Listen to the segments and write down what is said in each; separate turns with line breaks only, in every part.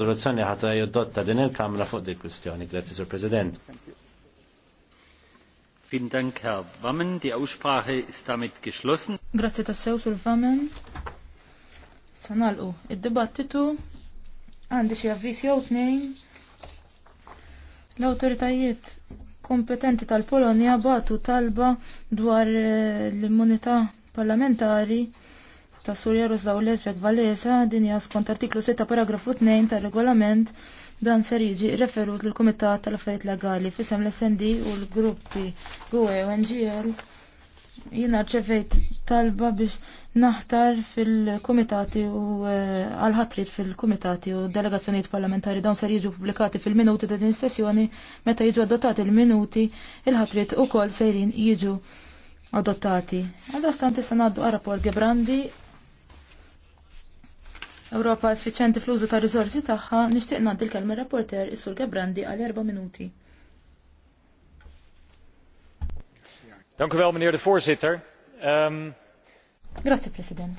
Rizoluzzjoni ħata joddotta din il-Kamra fuq dik kwistjoni. Grazie, Sur President.
Vielen Dank, Herr Wammen. Die Aussprache ist damit geschlossen.
Grazie
tassew, Sur Wammen. Sanalqu, id-dibattitu għandi xi avviż jew tnejn. L-awtoritajiet kompetenti tal-Polonja batu talba dwar l-immunità parlamentari ta' Sur Jaroslaw Lesbek Valesa din hija skont artiklu 6 paragrafu 2 tar-regolament dan ser jiġi referut lill kumitat tal-Affarijiet Legali fisem l-SND u l-gruppi GUE u e NGL jiena rċevejt talba biex naħtar fil kumitati u eh, għal-ħatrit fil kumitati u delegazzjoniet parlamentari dawn ser jiġu publikati fil-minuti ta' din sessjoni meta jiġu adottati il-minuti il-ħatrit u kol sejrin jiġu adottati. Għadastan tisa naddu għal Gebrandi Ewropa effiċenti fl-użu ta' rizorsi tagħha nixtieq ngħaddi l-kelma rapporter is-Sur Gebrandi għal erba' minuti.
Dank u wel, meneer de voorzitter. Um...
Grazie, president.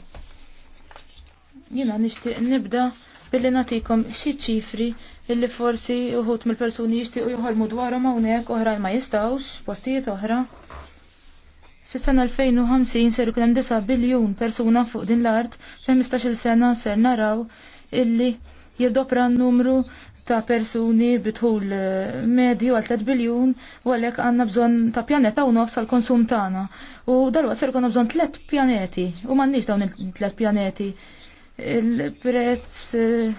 Jina nixtieq nibda billi natikom xi ċifri illi forsi uħut mill-persuni jixtiequ joħolmu dwarhom hawnhekk oħrajn ma jistgħux, postijiet oħra. Fis-sena 2050 ser ikun hemm 9 biljun persuna fuq din l-art 15 il sena ser naraw illi jirdopra n-numru ta' persuni bitħul eh, medju għal 3 biljun u għalek għanna bżon ta' pjaneta u nofs għal konsum tagħna. U darwa ser għanna bżon 3 pjaneti u m'għandniex dawn il-3 pjaneti. Il-prezz eh,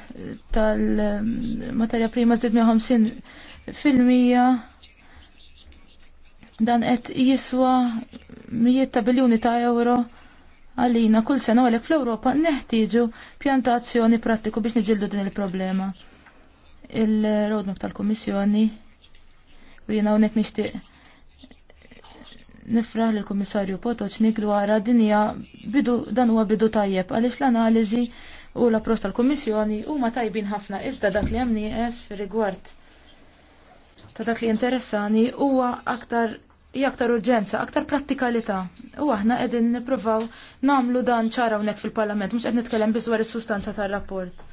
tal-materja eh, prima żdied 150 fil-mija Dan qed jiswa mijiet ta' biljuni ta' euro għalina kull sena għalek fl-Europa neħtieġu pjantazzjoni prattiku biex niġildu din il-problema. Il-roadmap tal-Kommissjoni u jena unek nishtiq nifraħ l komissarju Potoċnik dwar dinja bidu dan huwa bidu tajjeb għaliex l-analiżi u l-approċċ tal-Kummissjoni huma tajbin ħafna iżda dak li hemm nieqes fir-rigward ta' dak li interessani huwa aktar hija aktar urġenza, aktar prattikalità. U aħna qegħdin nippruvaw nagħmlu dan ċara hawnhekk fil-Parlament, mhux qed nitkellem biss dwar is-sustanza tar-rapport.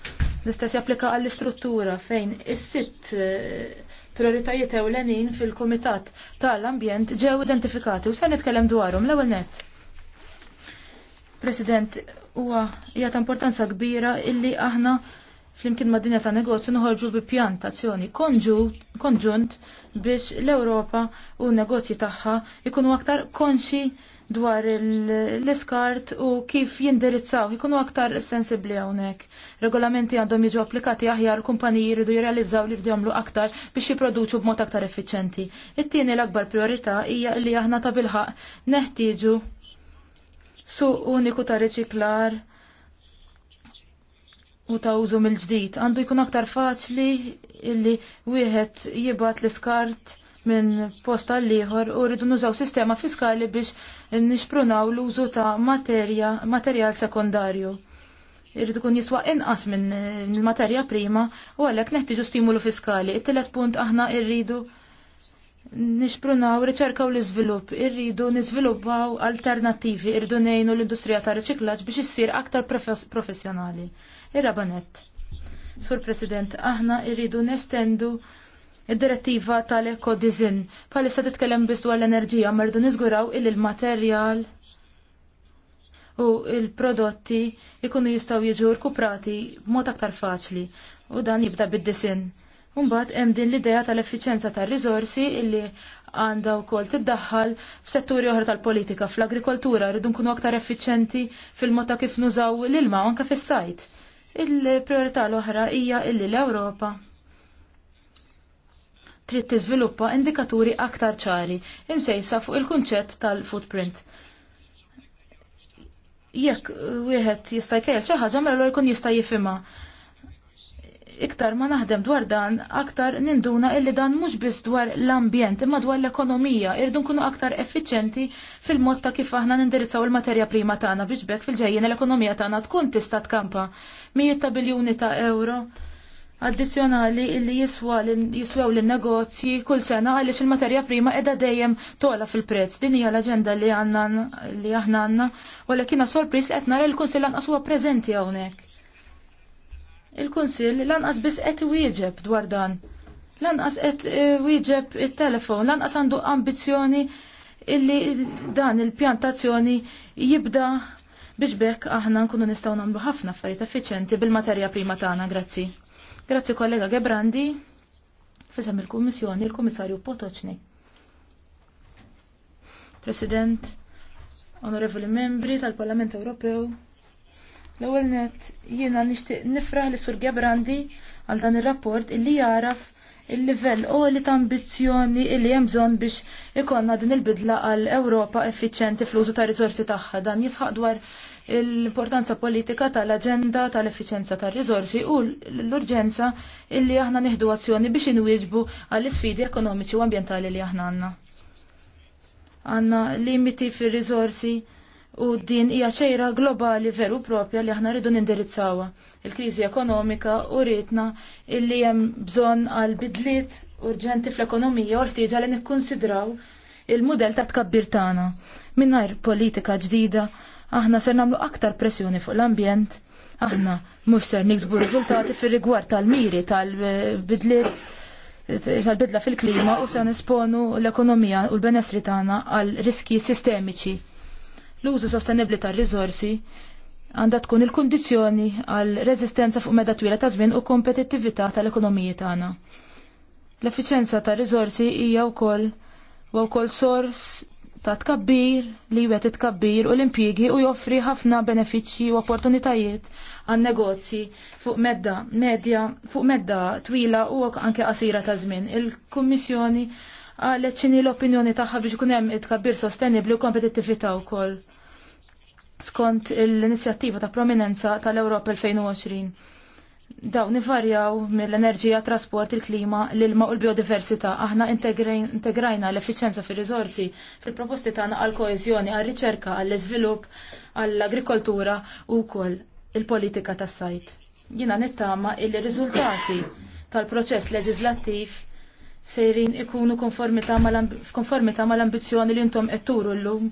L-istess japplika għall-istruttura fejn is-sitt eh, prioritajiet ewlenin fil-Kumitat tal-Ambjent ġew identifikati u se nitkellem dwarhom l-ewwel nett. President, huwa hija ta' importanza kbira illi aħna flimkien ma' dinja ta' negozju nħorġu bi pjantazzjoni konġunt biex l-Ewropa u negozji tagħha ikunu aktar konxi dwar l-iskart u kif jindirizzaw, ikunu aktar sensibli hawnhekk. Regolamenti għandhom jiġu applikati aħjar kumpaniji jridu jirrealizzaw li jridu aktar biex jipproduċu b'mod aktar effiċenti. It-tieni l-akbar priorità hija li aħna ta' bilħaq neħtieġu suq uniku ta' riċiklar u ta' użu mill-ġdid. Għandu jkun aktar faċli illi wieħed jibat l-iskart minn post tal ieħor u rridu nużaw sistema fiskali biex nixprunaw l-użu ta' materja, materjal sekondarju. Irridu kun jiswa inqas minn il-materja prima u għalhekk neħtieġu stimulu fiskali. It-tielet punt aħna rridu nixprunaw riċerkaw l-iżvilupp, irridu niżviluppaw alternattivi, irridu ngħinu l-industrija ta' riċiklaġġ biex issir aktar professjonali il rabanet Sur President, aħna irridu nestendu id-direttiva tal-eko Palissa titkellem biss dwar l-enerġija, merdu niżguraw il materjal u il-prodotti ikunu jistaw jiġu rkuprati mod aktar faċli u dan jibda bid-disin. Umbat hemm din l-idea tal-effiċenza tar-riżorsi illi għandha wkoll tiddaħħal f'setturi oħra tal-politika fl-agrikoltura rridu nkunu aktar effiċenti fil-mod ta' kif nużaw l-ilma anke fis-sajt Il-priorità l-oħra hija illi l-Ewropa trid tiżviluppa indikaturi aktar ċari imsejsa fuq il-kunċett tal-footprint. Jekk wieħed jista' jkejjel xi ħaġa mela jkun jista' jifhimha iktar ma naħdem dwar dan, aktar ninduna illi dan mhux biss dwar l-ambjent, imma dwar l-ekonomija, irdu nkunu aktar effiċenti fil-mod ta' kif aħna nindirizzaw il-materja prima tagħna biex bekk fil-ġejjien l-ekonomija tagħna tkun tista' tkampa mijiet ta' biljuni ta' euro addizzjonali illi jiswa jiswew l-negozji kull sena għaliex il-materja prima edha dejjem tola fil-prezz. Din hija l-aġenda li għandna li aħna għandna, u l sorpriż sorpris qed nara l-Kunsill lanqas huwa preżenti hawnhekk il-Kunsill lanqas biss qed wieġeb dwar dan. Lanqas qed eh, wieġeb it-telefon, lanqas għandu ambizzjoni illi dan il-pjantazzjoni jibda biex bekk aħna nkunu nistgħu nagħmlu ħafna affarijiet effiċjenti bil-materja prima tagħna, grazzi. Grazzi kollega Gebrandi, fisem il-Kummissjoni, il-Kummissarju Potoċni. President, onorevoli membri tal-Parlament Ewropew, L-ewwel net jiena nixtieq nifraħ li Sur Gebrandi għal dan ir-rapport illi jaraf il-livell u li ta' ambizzjoni illi hemm bżonn biex ikonna din il-bidla għal Ewropa effiċjenti fl-użu ta' riżorsi tagħha. Dan jisħaq dwar l-importanza politika tal-aġenda tal effiċenza tar-riżorsi u l-urġenza illi aħna nieħdu azzjoni biex inwieġbu għall-isfidi ekonomiċi u ambjentali li aħna għandna. Għandna limiti fir-riżorsi U din hija xejra globali veru propja li aħna rridu nindirizzawa. Il-kriżi ekonomika u rritna illi hemm bżonn għal bidliet urġenti fl-ekonomija u ħtieġa li nikkonsidraw il-mudell ta' tkabbir tagħna. Mingħajr politika ġdida, aħna ser nagħmlu aktar pressjoni fuq l-ambjent, aħna mhux ser niksbu riżultati fir-rigward tal-miri tal-bidliet tal-bidla fil-klima u se nisponu l-ekonomija u l-benessri tagħna għal riski sistemiċi L-użu sostenibli tar rizorsi għandha tkun il-kundizzjoni għal reżistenza fuq meda twila ta' żmien u kompetittività tal-ekonomiji tagħna. L-effiċenza ta' rizorsi hija wkoll u wkoll sors ta' tkabbir li wet tkabbir u l-impjiegi u joffri ħafna benefiċċji u opportunitajiet għan negozji fuq medda medja fuq medda twila u anke qasira ta' żmien. Il-Kummissjoni għalet ċini l-opinjoni tagħha biex ikun hemm it-tkabbir sostenibbli u kompetittività wkoll skont l-inizjattiva ta' prominenza tal-Europa 2020. Dawn ivarjaw mill-enerġija, trasport, il-klima, l-ilma u l-biodiversità. Aħna integrajna l-effiċenza fir rizorsi fil-proposti tagħna għal koeżjoni għal riċerka għall iżvilupp għall agrikoltura u wkoll il-politika tas-sajt. Jina nittama il-riżultati tal-proċess leġislattiv sejrin ikunu f'konformità mal-ambizzjoni li intom qed turu llum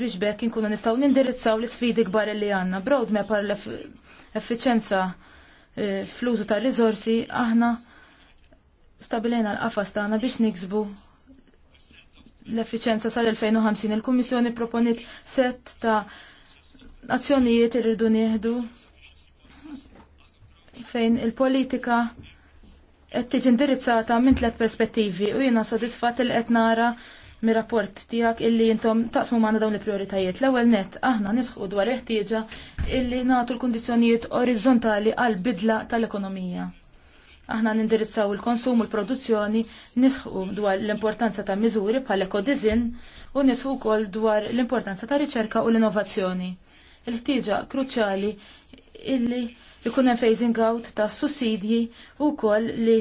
biex bekk inkunu nistgħu nindirizzaw l-isfidi gbar li għandna. Broadmap l effiċenza eh, fl-użu ta' rizorsi, aħna stabilejna l-qafas għana biex niksbu l-effiċenza sal-2050. Il-Kummissjoni proponit set ta' azzjonijiet irridu nieħdu fejn il-politika qed tiġi indirizzata minn tliet perspettivi u jiena sodisfatt li qed nara mir-rapport tiegħek illi intom taqsmu magħna dawn il-prioritajiet. L-ewwel nett aħna nisħu dwar ħtieġa illi nagħtu l-kundizzjonijiet orizzontali għal bidla tal-ekonomija. Aħna nindirizzaw il-konsum u l-produzzjoni, nisħu dwar l-importanza ta' miżuri bħal ekodizin u nisħu wkoll dwar l-importanza ta' riċerka u l-innovazzjoni. Il-ħtieġa kruċjali illi ikun hemm phasing out ta' sussidji u wkoll li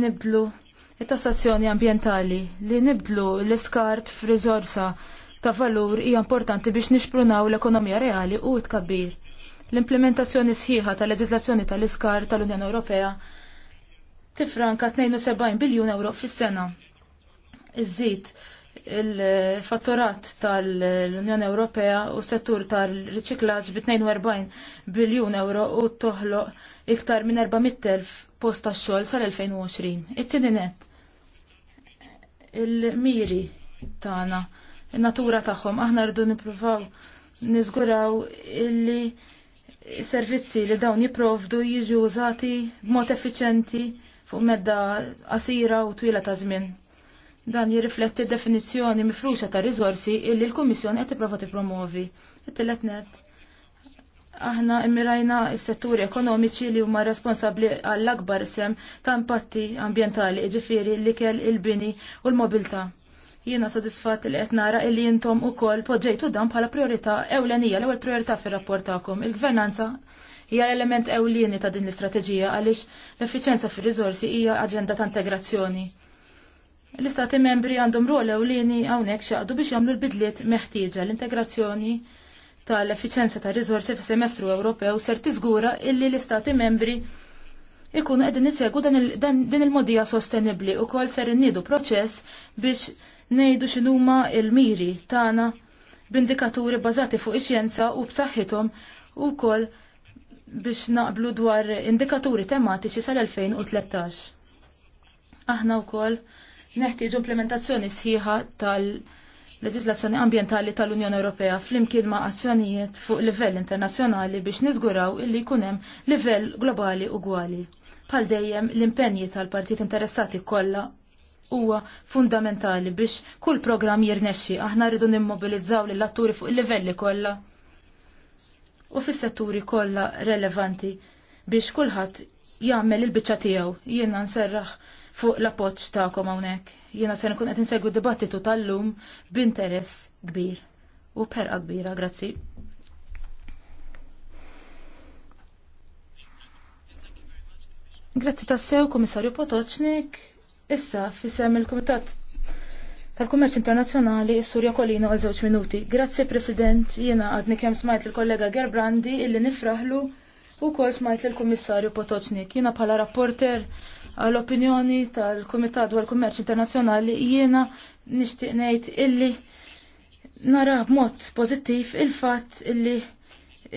nibdlu it-tassazzjoni ambjentali li nibdlu l-iskart f'riżorsa ta' valur hija importanti biex nixprunaw l-ekonomija reali u tkabbir. L-implementazzjoni sħiħa tal leġislazzjoni tal-iskar tal-Unjoni Ewropea tifranka 72 biljun euro fis-sena. Iż-żid il-fatturat tal-Unjoni Ewropea u settur tal-riċiklaġġ bi 42 biljun euro u toħlo iktar minn 400.000 post ta' xogħol sal-2020. It-tieni net il-miri tagħna, in-natura tagħhom aħna rridu nippruvaw niżguraw illi servizzi li dawn jipprovdu jiġu użati b'mod effiċjenti fuq medda qasira u twila ta' żmien. Dan jirrifletti definizzjoni mifruxa ta' rizorsi illi l-Kummissjoni qed tipprova tippromovi. It-tielet net. Aħna immirajna s-setturi ekonomiċi li huma responsabbli għall-akbar sem ta' impatti ambientali, ġifieri l-ikel, il-bini u l-mobilità. Jiena sodisfat li qed nara li jintom ukoll poġġejtu dan bħala priorità ewlenija l-ewwel priorità fir-rapport tagħkom. Il-gvernanza hija element ewlieni ta' din l-istrateġija għaliex l-effiċenza fir-riżorsi hija aġenda ta' integrazzjoni L-istati membri għandhom rol ewlieni hawnhekk xaqdu biex jagħmlu l-bidliet meħtieġa l-integrazzjoni tal-effiċenza ta' riżorsi fis-semestru Ewropew ser tiżgura illi l-istati membri ikunu qegħdin isegwu din il-modija sostenibbli u kol ser innidu proċess biex ngħidu x'inhuma l-miri tagħna b'indikaturi bbażati fuq ix-xjenza u b'saħħithom u biex naqblu dwar indikaturi tematiċi sal-2013. Aħna wkoll Neħtieġu implementazzjoni sħiħa tal-leġislazzjoni ambientali tal-Unjoni Ewropea flimkien ma' azzjonijiet fuq livell internazzjonali biex niżguraw illi jkun hemm livell globali ugwali. Bħal dejjem l-impenji tal-partit interessati kollha huwa fundamentali biex kull programm jirnexxi aħna rridu nimmobilizzaw lill-atturi fuq il-livelli kollha u fis-setturi kollha relevanti biex kulħadd jagħmel il-biċċa tiegħu. Jiena nserraħ fuq l-appoġġ tagħkom hawnhekk. Jiena se nkun qed insegwu dibattitu tal-lum b'interess kbir u perqa kbira, grazzi. Grazzi tassew, Komissarju Potoċnik. Issa, fissem il-Komitat tal-Kummerċ Internazzjonali, Surja Kolino, għal żewġ minuti. Grazzi, President, jiena għadni kemm smajt il-kollega Gerbrandi illi nifraħlu u kol smajt il-Komissarju Potoċnik. Jiena bħala rapporter għall-opinjoni tal-Kumitat dwar kummerċ Internazzjonali jiena nixtieq ngħid illi nara b'mod pożittiv il-fatt illi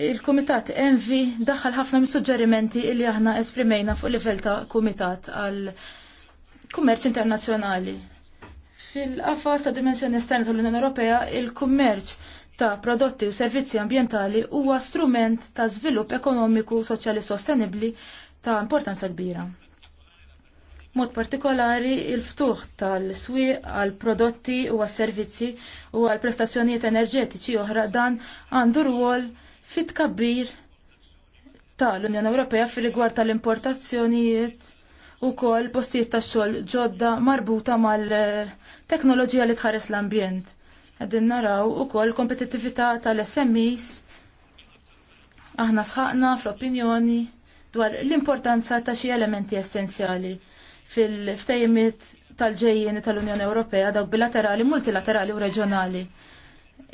il-Kumitat Envi daħħal ħafna mis-suġġerimenti illi aħna esprimejna fuq livell ta' Kumitat għal kummerċ internazzjonali. Fil-qafas ta' dimensjoni esterna tal-Unjoni Ewropea, il-kummerċ ta' prodotti u servizzi ambjentali huwa strument ta' żvilupp ekonomiku soċjali sostenibbli ta' importanza kbira mod partikolari il-ftuħ tal-swieq għal prodotti u għas servizzi u għal prestazzjonijiet enerġetiċi oħra dan għandu rwol fit kabbir tal-Unjoni Ewropea fil-rigward tal-importazzjonijiet u kol postijiet ta' xogħol ġodda marbuta mal-teknoloġija li tħares l-ambjent. Għedin naraw u kol kompetittività tal-SMEs aħna sħaqna fl-opinjoni dwar l-importanza ta' xi elementi essenzjali fil-ftejmiet tal ġejjien tal-Unjoni Ewropea dawk bilaterali, multilaterali u reġjonali.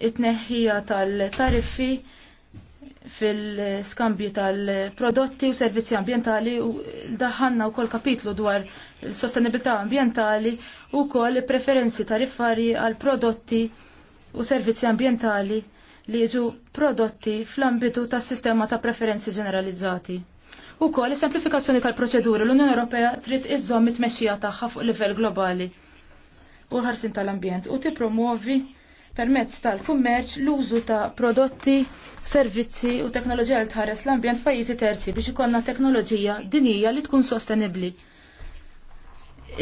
It-neħħija tal-tariffi fil-skambju tal-prodotti u servizzi ambientali u daħanna u kol kapitlu dwar il-sostenibilità ambientali u kol preferenzi tariffari għal prodotti u servizzi ambientali li jiġu prodotti fl-ambitu tas sistema ta' preferenzi ġeneralizzati. U kol semplifikazzjoni tal-proċeduri l-Unjoni Ewropea trid iżżomm it mexxija tagħha fuq livell globali u ħarsin tal-ambjent u tippromuovi permezz tal-kummerċ l-użu ta' prodotti, servizzi u teknoloġija li tħares l-ambjent f'pajjiżi terzi biex ikollna teknoloġija dinija li tkun sostenibbli.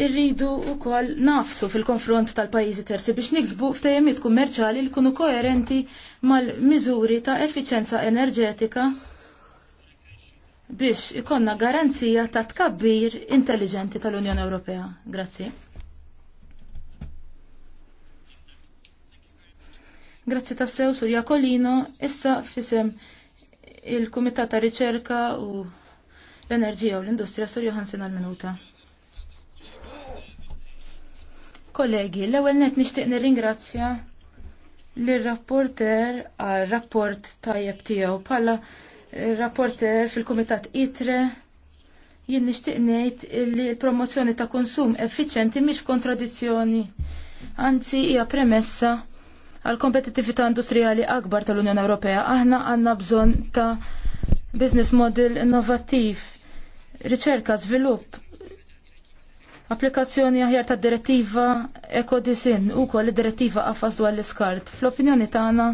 Irridu wkoll nafsu fil-konfront tal-pajjiżi terzi biex niksbu f'tejjemiet kummerċali li jkunu koerenti mal-miżuri ta' effiċenza enerġetika biex ikonna garanzija ta' tkabbir intelligenti tal-Unjoni Ewropea. Grazzi. Grazzi ta' sew Surja Jakolino, issa fisem il-Kumitat ta' Riċerka u l-Enerġija u l-Industrija Sur Johansen għal-Minuta. Kollegi, l-ewel net nishtiq nirringrazzja l-rapporter għal rapport tajjeb tiegħu pala rapporter fil-Kumitat ITRE jien nixtieq ngħid li l-promozzjoni ta' konsum effiċenti mhix kontradizzjoni. Anzi hija premessa għal kompetittività industrijali akbar tal-Unjoni Ewropea. Aħna għandna bżonn ta' business model innovattiv, riċerka, żvilupp, applikazzjoni aħjar ta' direttiva ekodisin u koll direttiva għafas dwar l-iskart. Fl-opinjoni tagħna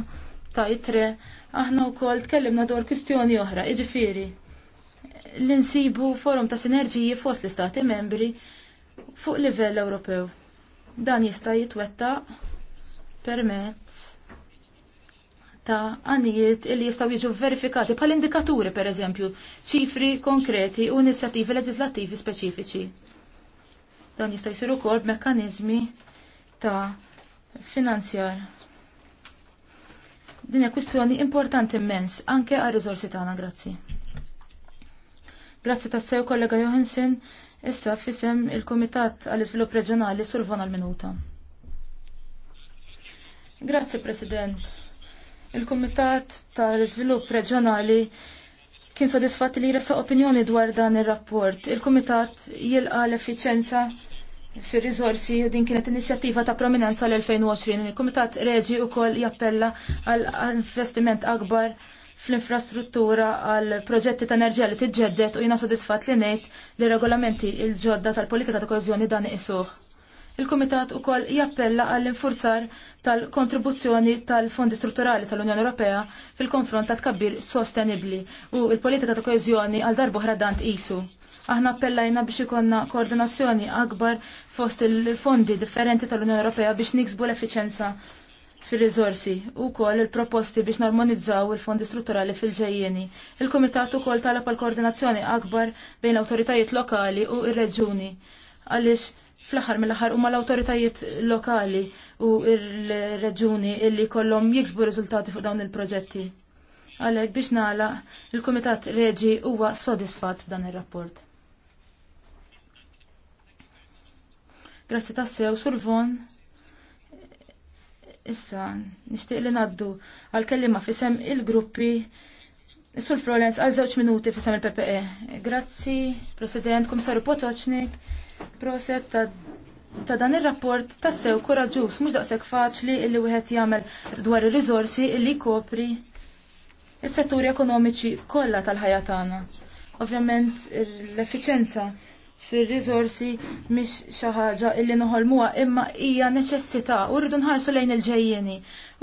ta' itre aħna wkoll tkellimna dwar kwistjoni oħra, iġifiri. li nsibu forum ta' sinerġiji fost l-istati membri fuq livell Ewropew. Dan jista' jitwettaq permezz ta' għanijiet li jistaw jiġu verifikati bħal indikaturi per eżempju, ċifri konkreti u inizjattivi leġislativi speċifiċi. Dan jista' jisiru kol b'mekkaniżmi ta' finanzjar Din hija kwistjoni importanti immens anke għar riżorsi tagħna, grazzi. Grazzi tassew kollega Johansen, issa fisem il-Kumitat għall iżvilupp Reġjonali survona l-minuta. Grazzi President. Il-Kumitat tal-Iżvilupp Reġjonali kien sodisfatt li jressa opinjoni dwar dan ir-rapport. Il-Kumitat jilqa l-effiċenza fir rizorsi u din kienet inizjattiva ta' prominenza l-2020. Il-Kumitat Reġi u koll jappella għal investiment akbar fl-infrastruttura għal proġetti ta' enerġija li tiġġeddet u jina sodisfat li nejt li regolamenti il-ġodda tal-politika ta' kozjoni dan isuħ. Il-Kumitat u koll jappella għall infurzar tal-kontribuzzjoni tal-Fondi Strutturali tal-Unjoni Ewropea fil-konfront ta' tkabbir sostenibli u il-politika ta' kozjoni għal darbuħra dan isu. Aħna appellajna biex ikonna koordinazzjoni akbar fost il-fondi differenti tal-Unjoni Ewropea biex niksbu l-efficienza fil-rizorsi u kol il-proposti biex narmonizzaw il-fondi strutturali fil-ġejjeni. il komitatu kol talab għal-koordinazzjoni akbar bejn l-autoritajiet lokali u ir-reġuni. Għalix fl-axar mill-axar huma l-autoritajiet lokali u ir-reġuni illi kollhom jiksbu riżultati fuq dawn il-proġetti. Għalek biex nala, il-Komitat Reġi huwa sodisfat b'dan ir-rapport. Grazzi tassew survon. Issa, nixtieq li ngħaddu għal kelliema fisem il-gruppi Sul Florence, għal żewġ minuti fisem il-PPE. Grazzi, President, Komissarju Potoċnik, proset ta' ta' dan ir-rapport tassew kuraġus. mhux daqshekk faċli li wieħed jagħmel dwar ir-riżorsi li jkopri is-setturi ekonomiċi kollha tal-ħajja tagħna. Ovvjament l-effiċenza fir rizorsi mhix xi ħaġa illi noħolmuha imma hija neċessità u rridu nħarsu lejn il-ġejjeni.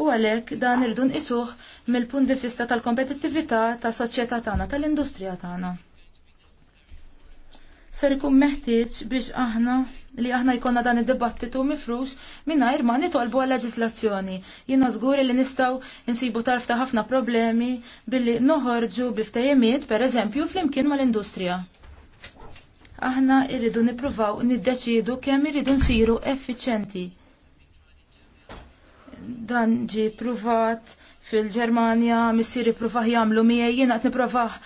U għalhekk dan rridu nqisuh mill-punt di vista tal-kompetittività tas soċjetà tagħna tal-industrija tagħna. Ser ikun meħtieġ biex aħna li aħna jkollna dan id-dibattitu mifrux mingħajr ma nitolbu għal leġislazzjoni. Jiena żgur li nistgħu insibu tarf ta' ħafna problemi billi noħorġu biftejjemiet pereżempju flimkien mal-industrija aħna irridu nippruvaw niddeċiedu kemm irridu nsiru effiċenti. Dan ġi pruvat fil-Ġermanja, missieri pruvaħ jagħmlu miegħi, jien qed nipprovaħ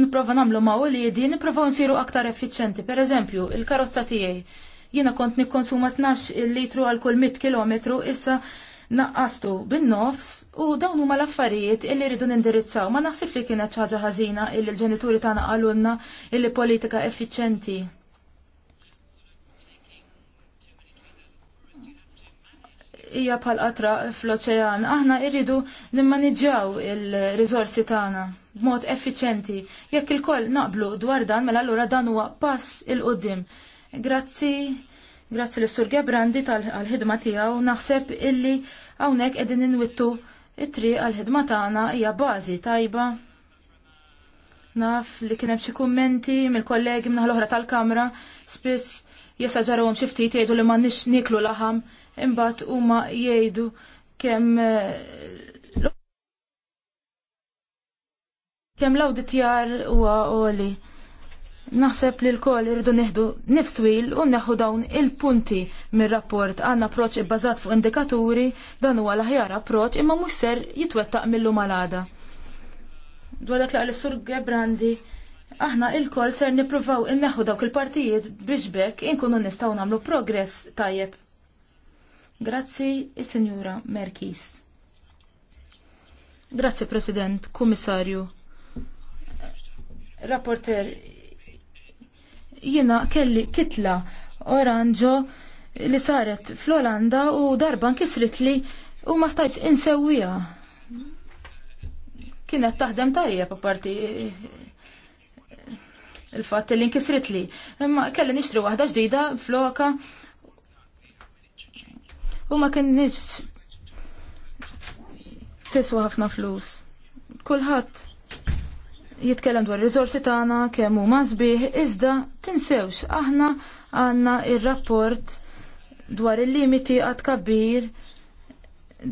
nipprova nagħmlu ma' uliedi, nippruvaw nsiru aktar effiċenti. Pereżempju, il-karozza tiegħi jiena kont nikkonsuma 12 il litru għal kull 100 km, issa naqqastu bin-nofs u dawn huma l-affarijiet illi rridu nindirizzaw. Ma naħsib li kienet ħaġa ħażina illi l-ġenituri tagħna qalulna illi politika effiċenti. Hija pal qatra fl-oċean. Aħna rridu nimmaniġġjaw il rizorsi tagħna b'mod effiċjenti. Jekk il-koll naqblu dwar dan mela allura dan huwa pass il-qudiem. Grazzi. Grazzi l-Sur Gebrandi tal-ħidma tiegħu naħseb illi Hawnhekk qegħdin ninwittu it-triq għal-ħidma tagħna hija bażi tajba. Naf li kien hemm xi kummenti mill-kollegi minn l-oħra tal-kamra spiss jesaġarawhom xi ftit jgħidu li m'għandniex niklu laħam imbagħad huma jgħidu kemm eh, kemm l-awditjar huwa għoli. Naħseb li l-koll irridu neħdu nifswil u neħu dawn il-punti mir rapport għanna i bazat fuq indikaturi dan huwa l-aħjar approċ imma mhux ser jitwettaq millu malada. Dwar dak li sur Gebrandi, aħna il-koll ser nippruvaw neħu dawk il-partijiet biex bekk inkunu nistgħu nagħmlu progress tajjeb. Grazzi is-Sinjura Merkis. Grazzi President, Kummissarju. Rapporter, jiena kelli kitla oranġo li saret fl-Olanda u darba nkisret li u ma stajtx insewija. Kienet taħdem tajjeb parti il-fatt li nkisrit li. Imma kelli nishtri waħda ġdida floka u ma nix tiswa ħafna flus. Kulħadd jitkellem dwar ir-riżorsi tagħna kemm huma sbieħ, iżda tinsewx aħna għandna ir-rapport dwar il-limiti għad kabbir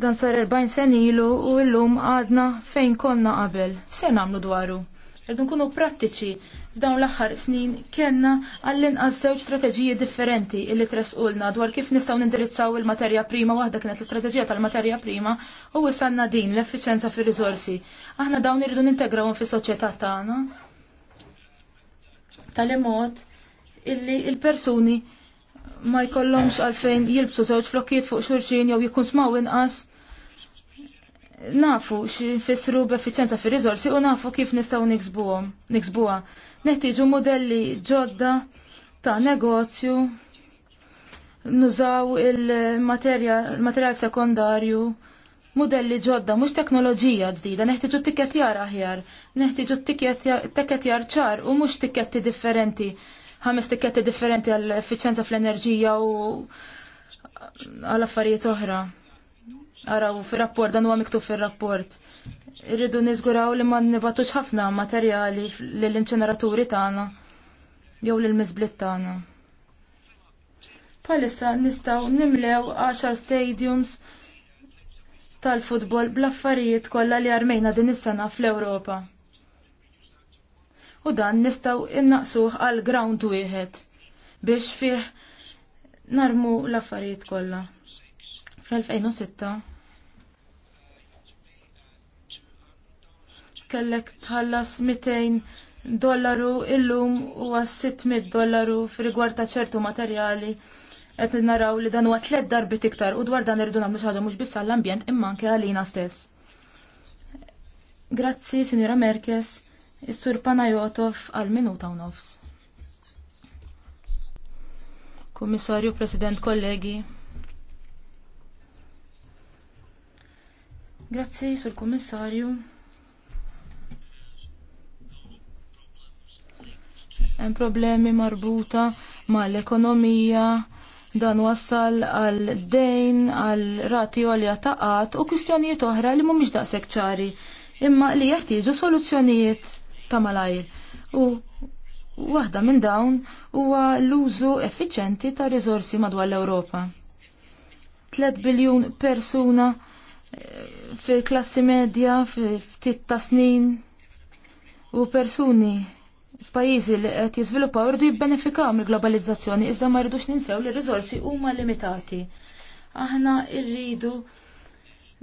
dan sar 40 sen ilu u llum għadna fejn konna qabel. Se nagħmlu dwaru. Irdu nkunu prattiċi F'dawn l-aħħar snin kellna għall-inqas żewġ strateġiji differenti illi tresqulna dwar kif nistgħu nindirizzaw il-materja prima waħda kienet l-istrateġija tal-materja prima u wissanna din l-effiċenza fir-riżorsi. Aħna dawn irridu nintegrawhom fis-soċjetà tagħna. Tal-imod illi il-persuni ma jkollhomx għalfejn jilbsu żewġ flokkiet fuq xulxin jew jkun smaw inqas nafu x'infissru b'effiċenza fir-riżorsi u nafu kif nistgħu niksbuhom, niksbuha. Nettiġu modelli ġodda ta' negozju, nużaw il-materjal sekondarju, modelli ġodda, mhux teknoloġija ġdida, neħtieġu tikketjar aħjar, t-tiket tikketjar ċar u mhux tikketti differenti, ħames tikketti differenti għall efficienza fl-enerġija u għal affarijiet oħra. Araw, fir rapport dan huwa għamiktu fir rapport Irridu niżguraw li ma nibatux ħafna materjali lill-inċeneraturi tagħna jew lill-miżbliet tagħna. Palissa nistgħu nimlew 10 stadiums tal-futbol bl-affarijiet kollha li armejna din is-sena fl-Ewropa. U dan nistgħu innaqsuh għal ground wieħed biex fih narmu l-affarijiet kollha. Fl-2006 kellek tħallas 200 dollaru illum u 600 dollaru f'rigward ta' ċertu materjali qed naraw li dan huwa tliet darbi iktar u dwar dan irridu nagħmlu xi ħaġa mhux biss għall-ambjent imma anke għalina stess. Grazzi, Sinjora Merkes, is-Sur Panajotov għal minuta u nofs. Komissarju, President, kollegi. Grazzi, Sur Kummissarju. hemm problemi marbuta mal-ekonomija, dan wassal għal dejn, għal rati għolja taqat u kwistjonijiet oħra li mhumiex daqshekk ċari, imma li jeħtieġu soluzzjonijiet ta' malajr. U waħda minn dawn huwa l-użu effiċenti ta' riżorsi madwar l-Ewropa. 3 biljun persuna eh, fil-klassi medja, ftit ta' snin, u persuni f'pajjiżi li qed jiżviluppaw irdu jibbenefikaw mill-globalizzazzjoni iżda ma rridux ninsew li r-riżorsi huma limitati. Aħna rridu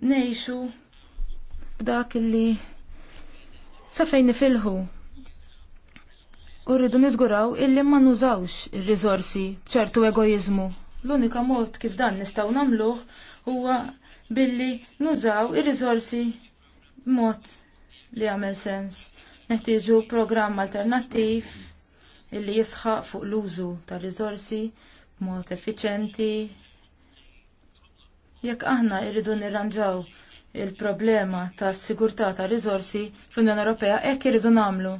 ngħixu b'dak li sa fejn nifilħu. U rridu niżguraw illi ma nużawx ir-riżorsi b'ċertu egoizmu. L-unika mod kif dan nistgħu nagħmluh huwa billi nużaw ir-riżorsi b'mod li għamel sens Neħtieġu programm alternattiv illi jisħaq fuq l-użu ta' riżorsi b'mod effiċenti. Jekk aħna irridu nirranġaw il-problema ta' sigurtà ta' riżorsi fl-Unjoni Ewropea hekk irridu nagħmlu.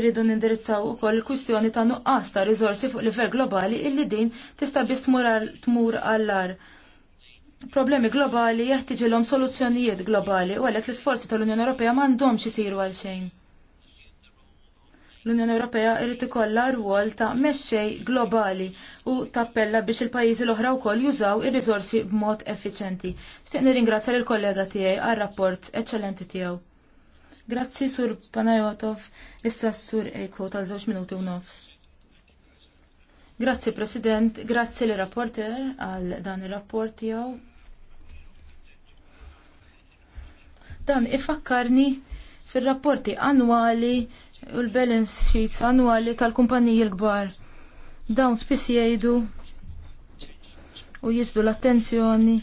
Irridu nindirizzaw ukoll il-kwistjoni ta' nuqqas ta' riżorsi fuq livell globali illi din tista' biss tmur għall għar Problemi globali jeħtieġilhom soluzzjonijiet globali u għalhekk l-isforzi tal-Unjoni Ewropea m'għandhomx isiru għal xejn. L-Unjoni Ewropea irrid ikollha rwol ta' mexxej globali u tappella biex il-pajjiżi l-oħra wkoll jużaw ir-riżorsi b'mod effiċenti. Xtieq nirringrazzja lill kollega tiegħi għar-rapport eċċellenti tiegħu. Grazzi sur Panajotov, issa sur Eko tal-żewġ minuti u nofs. Grazzi President, grazzi li rapporter għal dan ir-rapport tiegħu. Dan ifakkarni fil-rapporti annwali u l-balance sheets annwali tal-kumpaniji l-kbar. Dawn spiss jgħidu u jisdu l-attenzjoni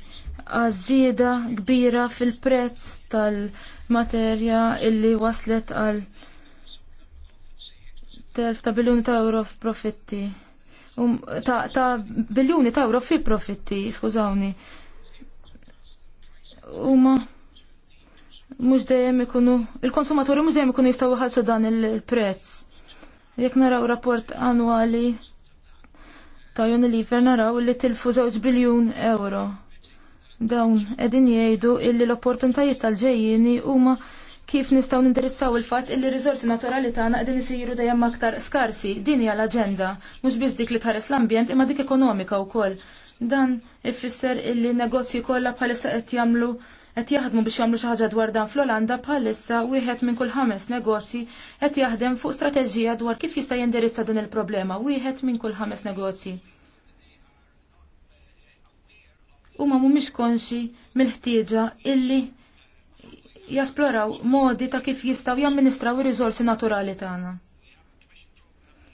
għażieda kbira fil-prezz tal-materja illi waslet għal telf ta' biljoni ta' euro f'profitti. Um, ta', ta biljoni ta' euro fi profitti, skużawni. Uma mhux dejjem ikunu il-konsumaturi mhux dejjem ikunu jistgħu jħallsu dan il-prezz. Jekk naraw rapport annwali ta' Unilever naraw li tilfu żewġ biljun euro. Dawn qegħdin jgħidu illi l-opportunitajiet tal ġejjini huma kif nistgħu nindirizzaw il-fatt illi riżorsi naturali tagħna qegħdin isiru dejjem aktar skarsi. Din hija l-aġenda, mhux biss dik li tħares l-ambjent imma dik ekonomika wkoll. Dan ifisser illi negozji kollha bħalissa qed jagħmlu qed jaħdmu biex jagħmlu xi ħaġa dwar dan fl-Olanda bħalissa wieħed minn kull ħames negozji qed jaħdem fuq strateġija dwar kif jista' jindirizza din il-problema wieħed minn kull ħames negozji. Huma mhumiex konxi mill-ħtieġa illi jasploraw modi ta' kif jistgħu jamministraw ir-riżorsi naturali tagħna.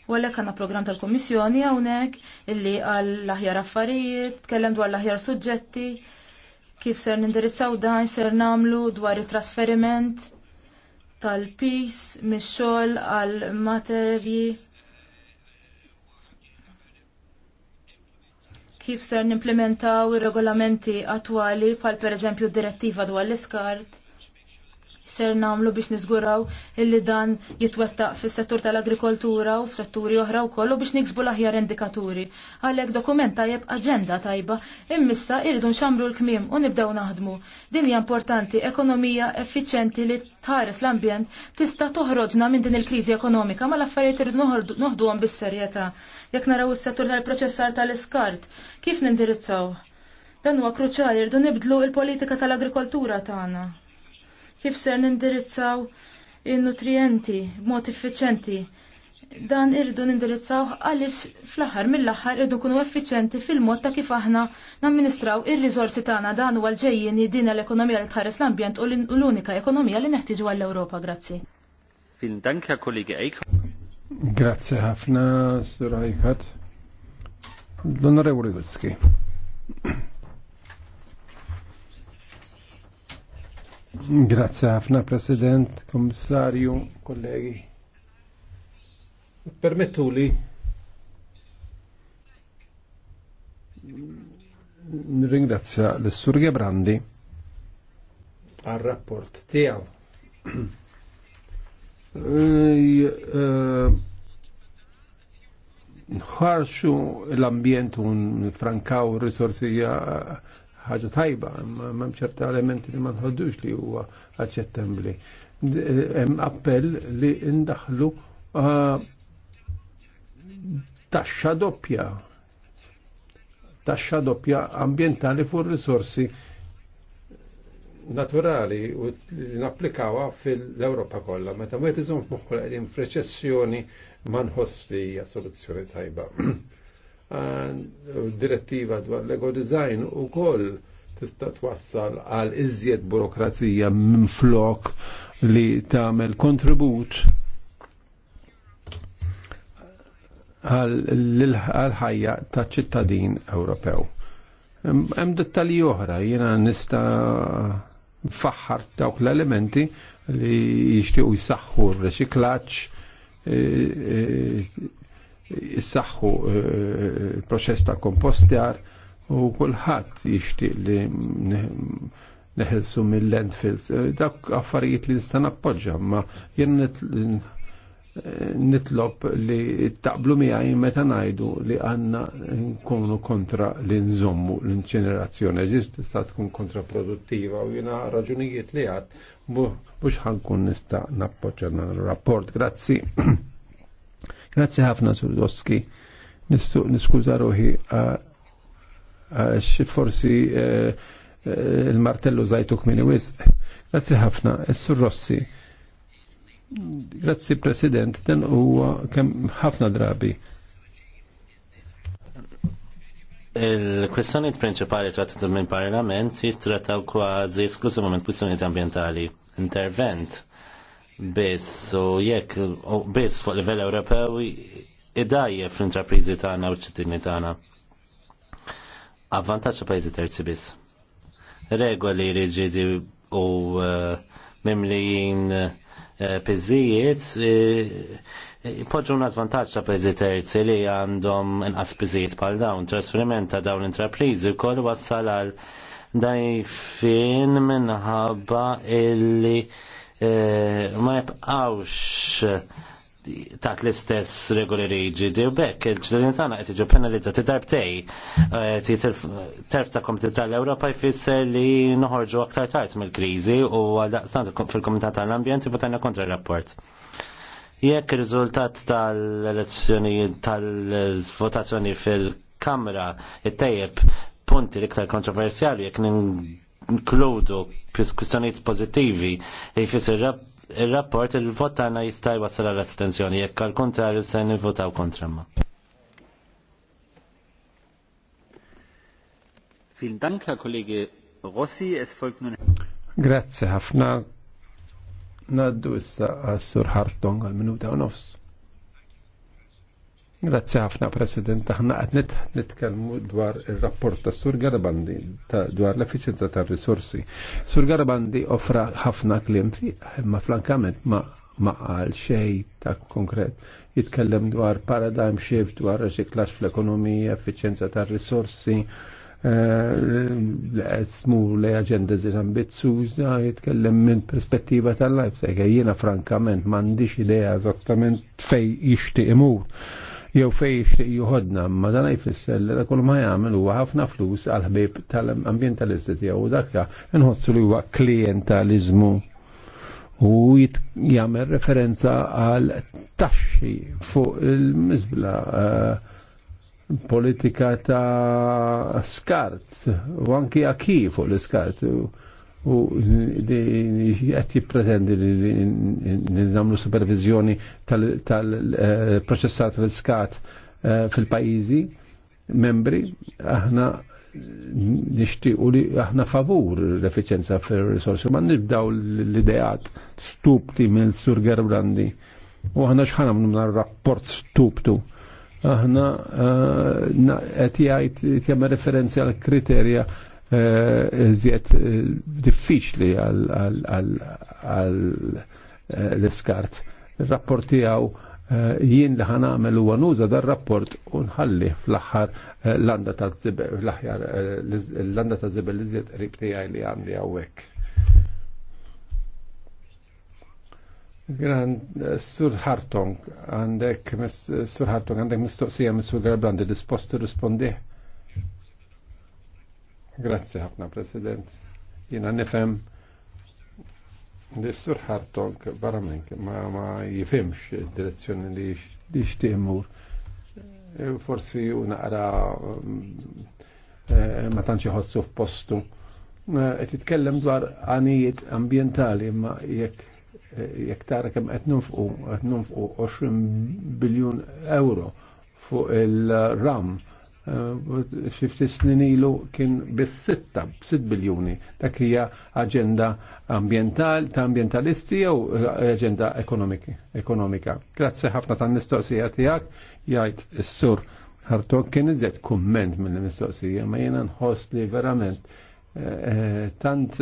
U għalhekk għandna programm tal-Kummissjoni hawnhekk illi għall aħjar affarijiet, tkellem dwar l-aħjar suġġetti, kif ser nindirizzaw dan ser namlu dwar it-trasferiment tal-pis mix-xogħol għal materji kif ser nimplementaw ir-regolamenti attwali bħal pereżempju d-direttiva dwar l-iskart ser namlu biex nizguraw illi dan jitwettaq fis-settur tal-agrikoltura u f'setturi oħra u kollu biex niksbu l-aħjar indikaturi. Għalhekk dokument tajjeb aġenda tajba immissa irridu nxamru l-kmiem u nibdew naħdmu. Din hija importanti ekonomija effiċjenti li tħares l-ambjent tista' toħroġna minn din il-kriżi ekonomika ma l-affarijiet irridu noħduhom bis-serjetà. Jekk naraw is-settur tal-proċessar tal-iskart, kif nindirizzaw? Dan huwa kruċjali rridu nibdlu l politika tal-agrikoltura tagħna kif ser nindirizzaw il nutrienti b'mod effiċenti. Dan irridu nindirizzaw għaliex fl-aħħar mill-aħħar irridu kunu effiċenti fil-mod ta' kif aħna namministraw ir-riżorsi tagħna dan huwa l-ġejjin din l-ekonomija li tħares l-ambjent u l-unika ekonomija li neħtieġu għall-Ewropa. Grazzi.
Vielen
Grazie ħafna, Sir Eickhardt. L-Onorevoli Witzki. Grazie Afna, President, Commissario, colleghi. Permettu li ringrazzja l-Sur Gebrandi al rapporto tijaw. Eh, ħarxu l-ambjent un frankaw risorsi ħaġa tajba, ma ċerta elementi li ma nħoddux li huwa aċċettabbli. Hemm appell li ndaħlu uh, taxxa doppja taxxa doppja ambientali fuq risorsi naturali u li napplikawa fil-Europa kollha. Meta wieħed iżomm f'moħħu qegħdin f'reċessjoni ma nħoss li hija soluzzjoni tajba. direttiva dwar l-ego design u koll tista' twassal għal iżjed burokrazija minn flok li tagħmel kontribut għal ħajja ta' ċittadin Ewropew. Hemm dettalji oħra jiena nista' faħħar dawk l-elementi li jixtiequ jsaħħu r-reċiklaġġ eh, eh, jissaxħu eh, il-proċess ta' kompostjar u kullħat jixtieq li neħelsu mill-landfills. Eh, dak affarijiet li nista' nappoġġa, ma jien eh, nitlob li taqblu miegħi meta ngħidu li għandna nkunu kontra l-inżommu l-inċenerazzjoni ġist tista' tkun kontraproduttiva u jiena raġunijiet li għad mhux ħankun nista' nappoġġa rapport. Grazzi. Grazie ħafna Zurdowski. Doski. Niskuża ruħi għax forsi e, e, il martello zajtuk minni wisq. Grazie ħafna, e, Sur Rossi. Grazie, President, dan huwa kemm ħafna drabi
il kwestjoni principali trattat minn parlament jittrataw kważi esklusivament kwestjoniet ambientali. Intervent biss u jekk biss fuq livell Ewropew idajje fl-intrapriżi tagħna u ċittadini tagħna. Avvantaġġ pajjiżi terzi biss. Regoli riġidi u eh, mimlijin eh, pizzijiet eh, poġġu un avvantaġġ ta' pajjiżi terzi li għandhom inqas piżijiet bħal dawn. Trasferiment ta' dawn l-intrapriżi wkoll wassal għal dajfin minħabba illi Eh, ma jibqawx eh, taħt l-istess regoli riġidi u bekk il-ċittadin tagħna qed iġu penalizzati darbtej eh, terf ta' komitet tal-Ewropa jfisser li noħorġu aktar tard mill-kriżi u għal daqstant fil komitet tal-Ambjent votajna kontra r-rapport. Jekk ir-riżultat tal elezzjoni tal-votazzjoni fil-Kamra it punti l-iktar kontroversjali jekk nkludu kwistjonijiet pozittivi li jfis il rapport il-vot tagħna jista' jwassal għal astensjoni jekk għal kontrarju se nivvotaw kontra ma.
Vielen Dank, Herr Kollege Rossi. Es folgt nun.
Grazie, ħafna. Naddu issa għas-sur Hartong għal-minuta u nofs. Grazie ħafna President, aħna qed nitkellmu dwar ir-rapport ta' Sur Garabandi ta' dwar l-effiċenza tar risorsi. Sur Garabandi offra ħafna kliem imma flankament ma ma qal xejn ta' konkret. Jitkellem dwar paradigm shift, dwar reċiklax fl-ekonomija, effiċenza tar risorsi, l-esmu eh, le agenda zir ambizzuża, jitkellem minn perspettiva tal-life, jiena frankament m'għandix idea eżattament fej jixtieq imur jew fej jixtieq juħodna, ma dan jfisser li kull ma jagħmel huwa ħafna flus għal ħbieb tal-ambjentalisti tiegħu dakja. nħossu li huwa klientaliżmu u jagħmel referenza għal taxxi fuq il-miżbla eh, politika ta' skart u anki aki fuq l-skart u qed jipretendi li namlu supervizjoni tal-proċessat eh, tal-iskat eh, fil pajizi membri aħna nishti u li aħna favur l-efficienza fil risorsi ma nibdaw l-ideat stupti minn sur Gerbrandi u aħna xħana minn minn rapport stuptu aħna għet eh, jgħid jagħmel referenzi għal kriterja Eh, iżjed eh, diffiċli għal eh, l-iskart. Il-rapport tiegħu jien li ħan għamel huwa nuża dar rapport unħalli fl axħar l-għanda ta' zibel li żied qrib tiegħi li għandi għawek. Grand Sur Hartong għandek Sur Hartong għandek mistoqsija Mr. Garbrandi dispost rispondi? Grazie ħafna, President. Jina nifem Nistur ħartonk barra ma, ma jifimx direzzjoni li jishtimur. E, forsi unaqra e, ma tantx f postu e, Qed titkellem dwar għanijiet ambientali ma jekk jekk tara kemm qed nunfqu qed nunfqu 20 biljun euro fuq il-ram xifti eh, snin ilu kien bis-sitta, sitt biljuni. Dak hija aġenda ambiental, ta' ambientalisti jew eh, aġenda ekonomika. Grazzi ħafna tan-mistoqsija tiegħek jgħid is-sur ħartok kien iżjed kumment mill-mistoqsija, ma jiena nħoss li verament eh, tant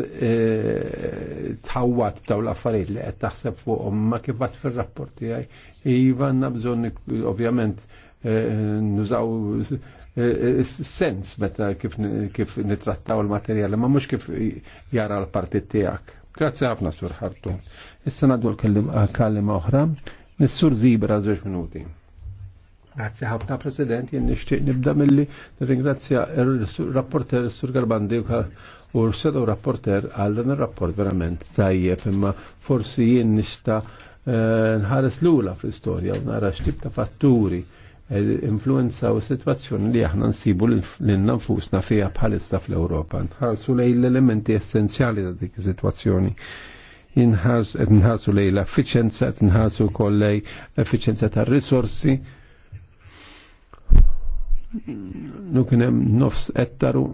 tħawat b'daw l-affarijiet li qed taħseb fuqhom ma kif għad fir-rapport tiegħi. Iva għandna bżonn ovvjament nużaw Eh, eh, sens meta kif kif nitrattaw il-materjali, ma mhux kif jara l-partit tiegħek. Grazzi ħafna sur ħartu. Issa nagħdu l-kallima eh, oħra, Nissur Zibra żewġ minuti. Grazzi ħafna President, jien nixtieq nibda milli nirringrazzja r-rapporter Sur Garbandi u r-sedu rapporter għal dan ir-rapport verament tajjeb imma forsi jien nista' nħares l-ula fl-istorja u nara x'tib ta' fatturi influenza u situazzjoni li aħna nsibu l-nanfusna fija bħalissa fl-Europa. Nħarsu lej l-elementi essenzjali ta' dik situazzjoni. Nħarsu lej l-efficienza, nħarsu koll lej l-efficienza ta' risorsi. Nukinem nofs ettaru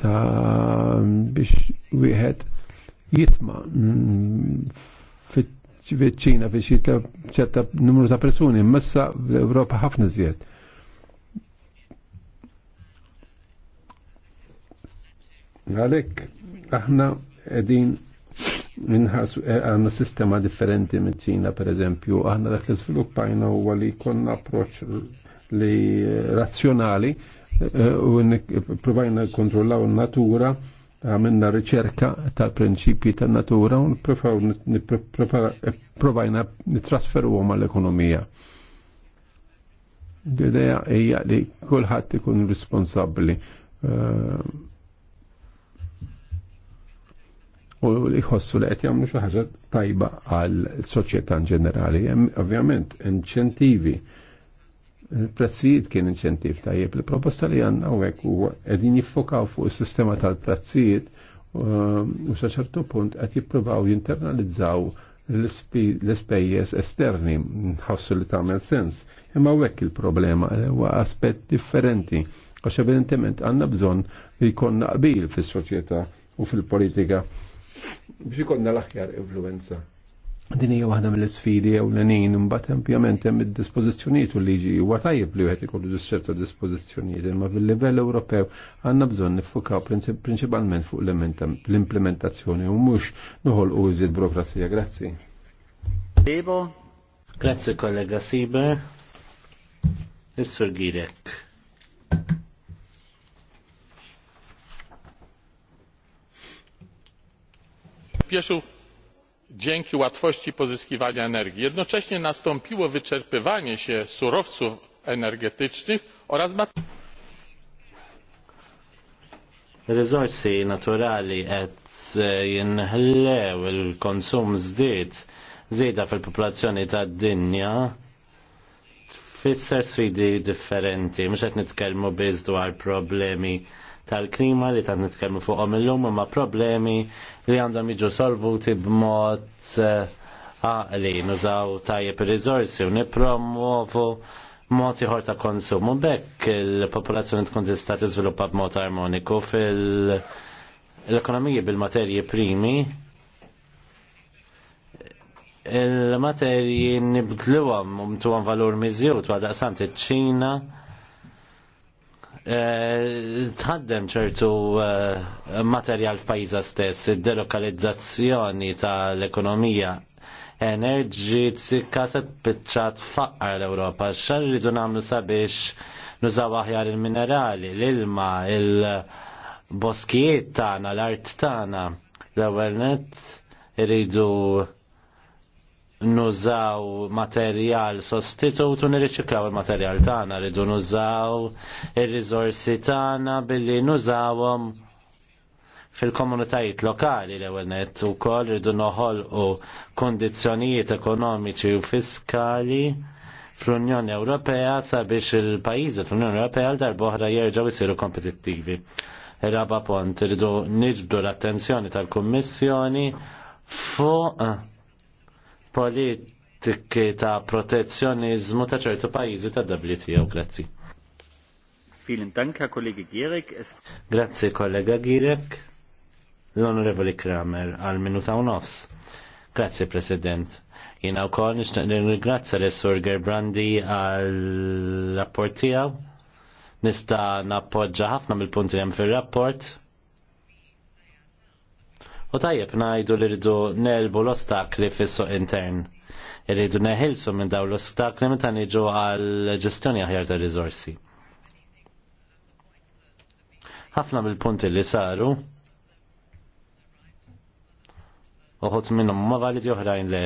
ta' biex wieħed jitma' mm, fit ċina fi jitla ċerta numru ta' persuni, messa l-Europa ħafna zjed. Għalek, aħna edin minħas eh, għanna sistema differenti minn ċina, per eżempju, aħna dak li sviluppajna u li konna approċ li razzjonali eh, u provajna kontrollaw natura għamilna riċerka tal-prinċipji tan natura u provajna nitrasferu għom għall-ekonomija. l idea hija li kulħadd ikun responsabbli eh, u li jħossu li qed jagħmlu xi ħaġa tajba għal soċjetà ġenerali. Ovvjament, inċentivi il-prezzijiet kien inċentiv tajjeb. Il-proposta li għanna u għek u għedin jiffokaw fuq il-sistema tal-prezzijiet um, u saċertu punt għed jippruvaw jinternalizzaw l-spejjes esterni, nħossu li tamel sens. Imma għek il-problema u aspet differenti, għax evidentement għanna bżon li jkonna qbil fis-soċjetà u fil-politika biex ikonna l-aħjar influenza. Din hija waħda mill-isfidi jew l ewlenin imbagħad ovvjament hemm id-dispożizzjonijiet u liġi huwa tajjeb li wieħed ikollu disċertu dispożizzjonijiet, imma fil-livell Ewropew għandna bżonn niffukaw prinċipalment fuq l-implementazzjoni u mhux noħolqu iżid burokrazija. Grazzi.
Sibo.
Grazzi kollega Siber. Is-Sur Girek.
Pjaxu dzięki łatwości pozyskiwania energii. jednocześnie nastąpiło wyczerpywanie się surowców energetycznych oraz
Rizorsi naturali qed jinħlew il-konsum żdied żieda fil-popolazzjoni tad-dinja tfisser sfidi differenti, mhux qed nitkellmu biz dwar problemi tal-klima li tan nitkellmu fuqhom illum ma problemi li għandhom jiġu solvuti b'mod eh, għaqli, nużaw tajjeb ir rizorsi u nippromovu mod ieħor ta' konsum. U bekk il-popolazzjoni tkun tista' tiżviluppa b'mod armoniku fil-ekonomija bil-materji primi il-materji nibdluwam mtuhom valur mizjut għadaqsant iċ-ċina Eh, tħaddem ċertu eh, materjal f'pajjiża stess, id-delokalizzazzjoni tal-ekonomija enerġi t-kaset pitċat faqqar l-Europa. Xarridu namlu sabiex nużaw aħjar il-minerali, l-ilma, il-boskijiet tagħna, l-art tagħna. L-ewwel nett irridu nużaw materjal sostitut u nirriċiklaw il-materjal tagħna rridu nużaw ir rizorsi tagħna billi nużawhom fil-komunitajiet lokali l ewwel nett ukoll rridu noħolqu kundizzjonijiet ekonomiċi u fiskali fl-Unjoni Ewropea sabiex il-pajjiżi fl-Unjoni Ewropea l darboħra jirġaw jsiru kompetittivi. Raba pont, rridu niġbdu l-attenzjoni tal-Kummissjoni fuq politiki ta' protezzjonizmu ta' ċertu pajjiżi ta' WTO. Grazzi.
Filin tanka kollegi Gierek.
Grazzi, kollega Gierek. L-Onorevoli Kramer, għal minuta u nofs. Grazzi, President. Jina u kol nishtaq nirgrazza l-Sur Gerbrandi għal rapport tijaw. Nista nappoġġa ħafna mill-punti hemm fir rapport U tajjeb najdu li rridu nelbu l-ostakli fis-suq intern. Irridu neħilsu minn daw l-ostakli meta niġu għal ġestjoni aħjar ta' riżorsi. Ħafna mill-punti li saru uħut minnhom ma validi oħrajn le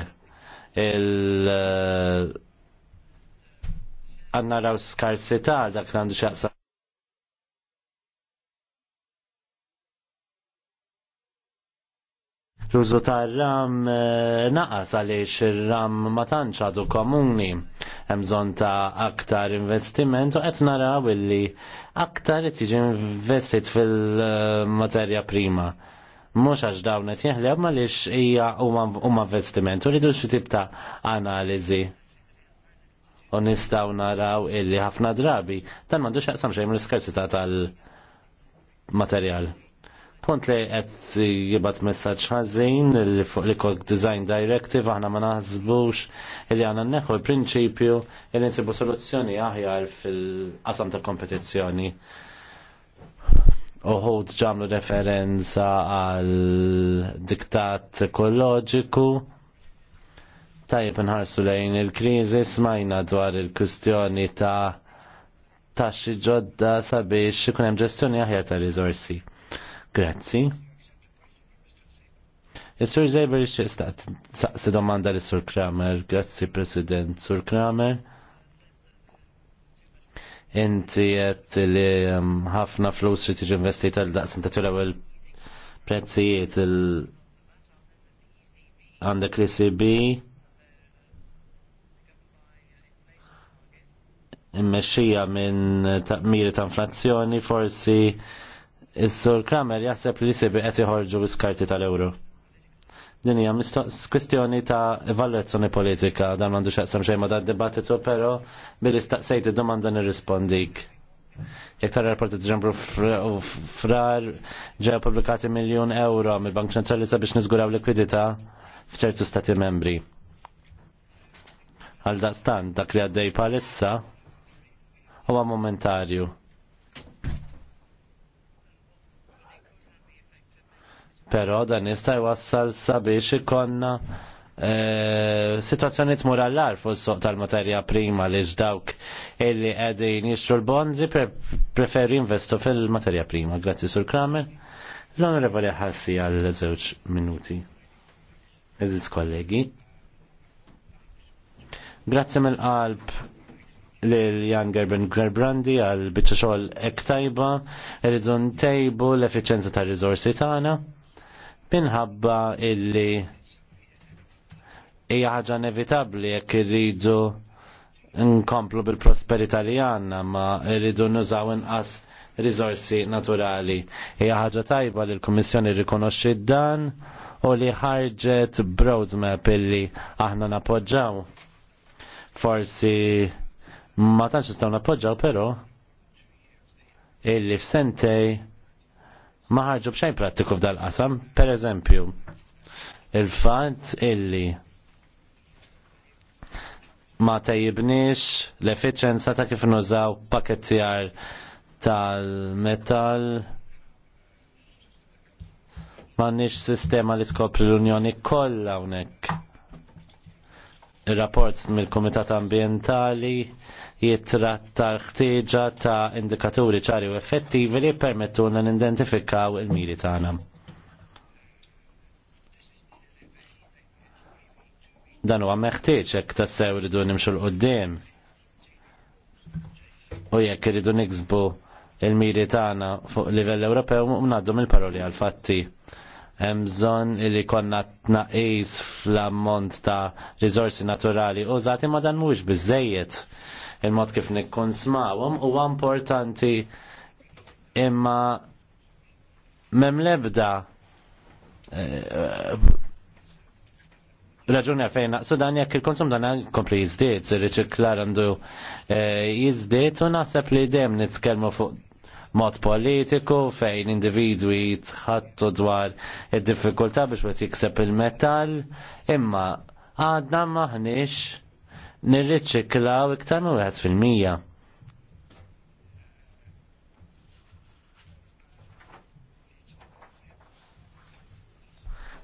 il eh, għanna raw skarsità dak l għandu xaqsa L-użu tar-ram eh, naqas għaliex ir-ram ma tantx għadu komuni. Hemm bżonn ta' aktar investiment u qed naraw illi aktar qed jiġi investit fil-materja prima. Mhux għax dawn qed jeħleb ma hija huma investiment u rridu xi tip ta' analiżi u nistgħu naraw illi ħafna drabi dan m'għandux jaqsam xejn mill-iskarsità tal-materjal. Punt li qed jibat messaġġ ħażin li fuq l-Eco Design Directive aħna ma naħsbux li għandna neħu l-prinċipju li nsibu soluzzjoni aħjar fil-qasam ta' kompetizzjoni uħud ġamlu referenza għal diktat ekoloġiku. Tajib nħarsu lejn il-krizi smajna dwar il-kustjoni ta' taxxi ġodda sabiex ikun hemm ġestjoni aħjar ta' rizorsi. Grazzi. Is-Sur Zeber ixtaqt saqsi domanda li Sur Kramer, grazzi President Sur Kramer. Inti qed li um, ħafna flus li tiġi investita għal daqsin ta' ewwel prezzijiet il għandek li sibi immexxija minn taqmiri ta' inflazzjoni forsi Is-Sur Kramer jaħseb li sibi qed iħorġu l-iskarti tal ewro Din hija kwistjoni ta' evalwazzjoni politika dan m'għandu xaqsam xejn ma' dan dibattitu, però billi staqsejt id-domanda nirrispondik. tara rapporti ġembru frar ġew publikati miljon euro mill-Bank Ċentrali sabiex niżguraw likwidità f'ċertu stati membri. Għal daqstan dak li għaddej palissa huwa momentarju Pero dan jista' jwassal sabiex ikonna e, situazzjoni tmur għallar fuq soq tal-materja prima li dawk illi qegħdin jixtru l-bonzi preferi investu fil-materja prima. Grazzi sur Kramer. L-onorevoli ħassi għal żewġ minuti. Eżis kollegi. Grazzi mill-qalb lil Jan Gerben Gerbrandi għal bieċa xogħol ek tajba, irridu ntejbu l-effiċenza tar rizorsi tagħna minħabba illi hija ħaġa inevitabbli jekk irridu nkomplu bil-prosperità li għandna ma rridu nużaw inqas risorsi naturali. Hija ħaġa tajba li l-Kummissjoni rikonoxxi dan u li ħarġet broadmap illi aħna napoġġaw. Forsi ma tantx nistgħu napoġġaw però illi f'sentej ma ħarġu b'xejn prattiku f'dal-qasam, per eżempju, il-fat illi ma tajibniex l-efficienza ta' kif nużaw pakettijar tal-metal ma nix sistema li skopri l-Unjoni kollha hawnhekk. Ir-rapport mill-Kumitat Ambientali jitratta l-ħtieġa ta' indikaturi ċari u effettivi li n nidentifikaw il-miri tagħna. Dan huwa meħtieġ jekk tassew iridu nimxu l qudiem u jekk iridu niksbu il-miri tagħna fuq livell Ewropew ngħaddu mill-paroli għal fatti. Hemm bżonn li konna tnaqis fl-ammont ta' riżorsi naturali użati ma dan mhuwiex biżejjed il-mod kif nikkun smawhom huwa importanti imma m'hemm l-ebda eh, raġuni għalfejn naqsu dan jekk il-konsum dan kompli jizdiet, il-riċiklar għandu eh, jizdiet u naħseb li dem nitkellmu fuq mod politiku fejn individwi tħattu dwar id-diffikultà biex wet jikseb il-metall imma għadna maħniex nirriċiklaw iktar minn wieħed fil-mija.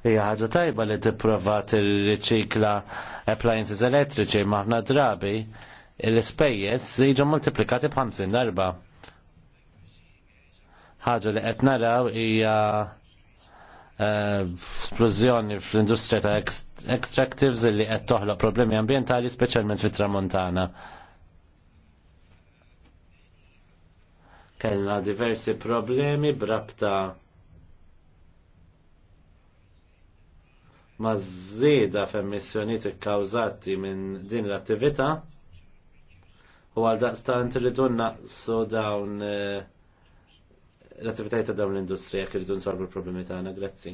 Hija ħaġa tajba li tipprova tirriċikla appliances elettriċi maħna drabi l-ispejjeż jiġu multiplikati b'ħamsin darba. Ħaġa li qed naraw hija splużjoni fl-industrija ta' extractives li qed toħloq problemi ambientali speċjalment fit-tramontana. Kellna diversi problemi brabta ma' żieda f'emissjonijiet ikkawżati minn din l-attività u għal daqstant irridu so dawn uh, l-attivitajiet ta' dawn l-industrija kif irridu nsolvu l-problemi tagħna, grazzi.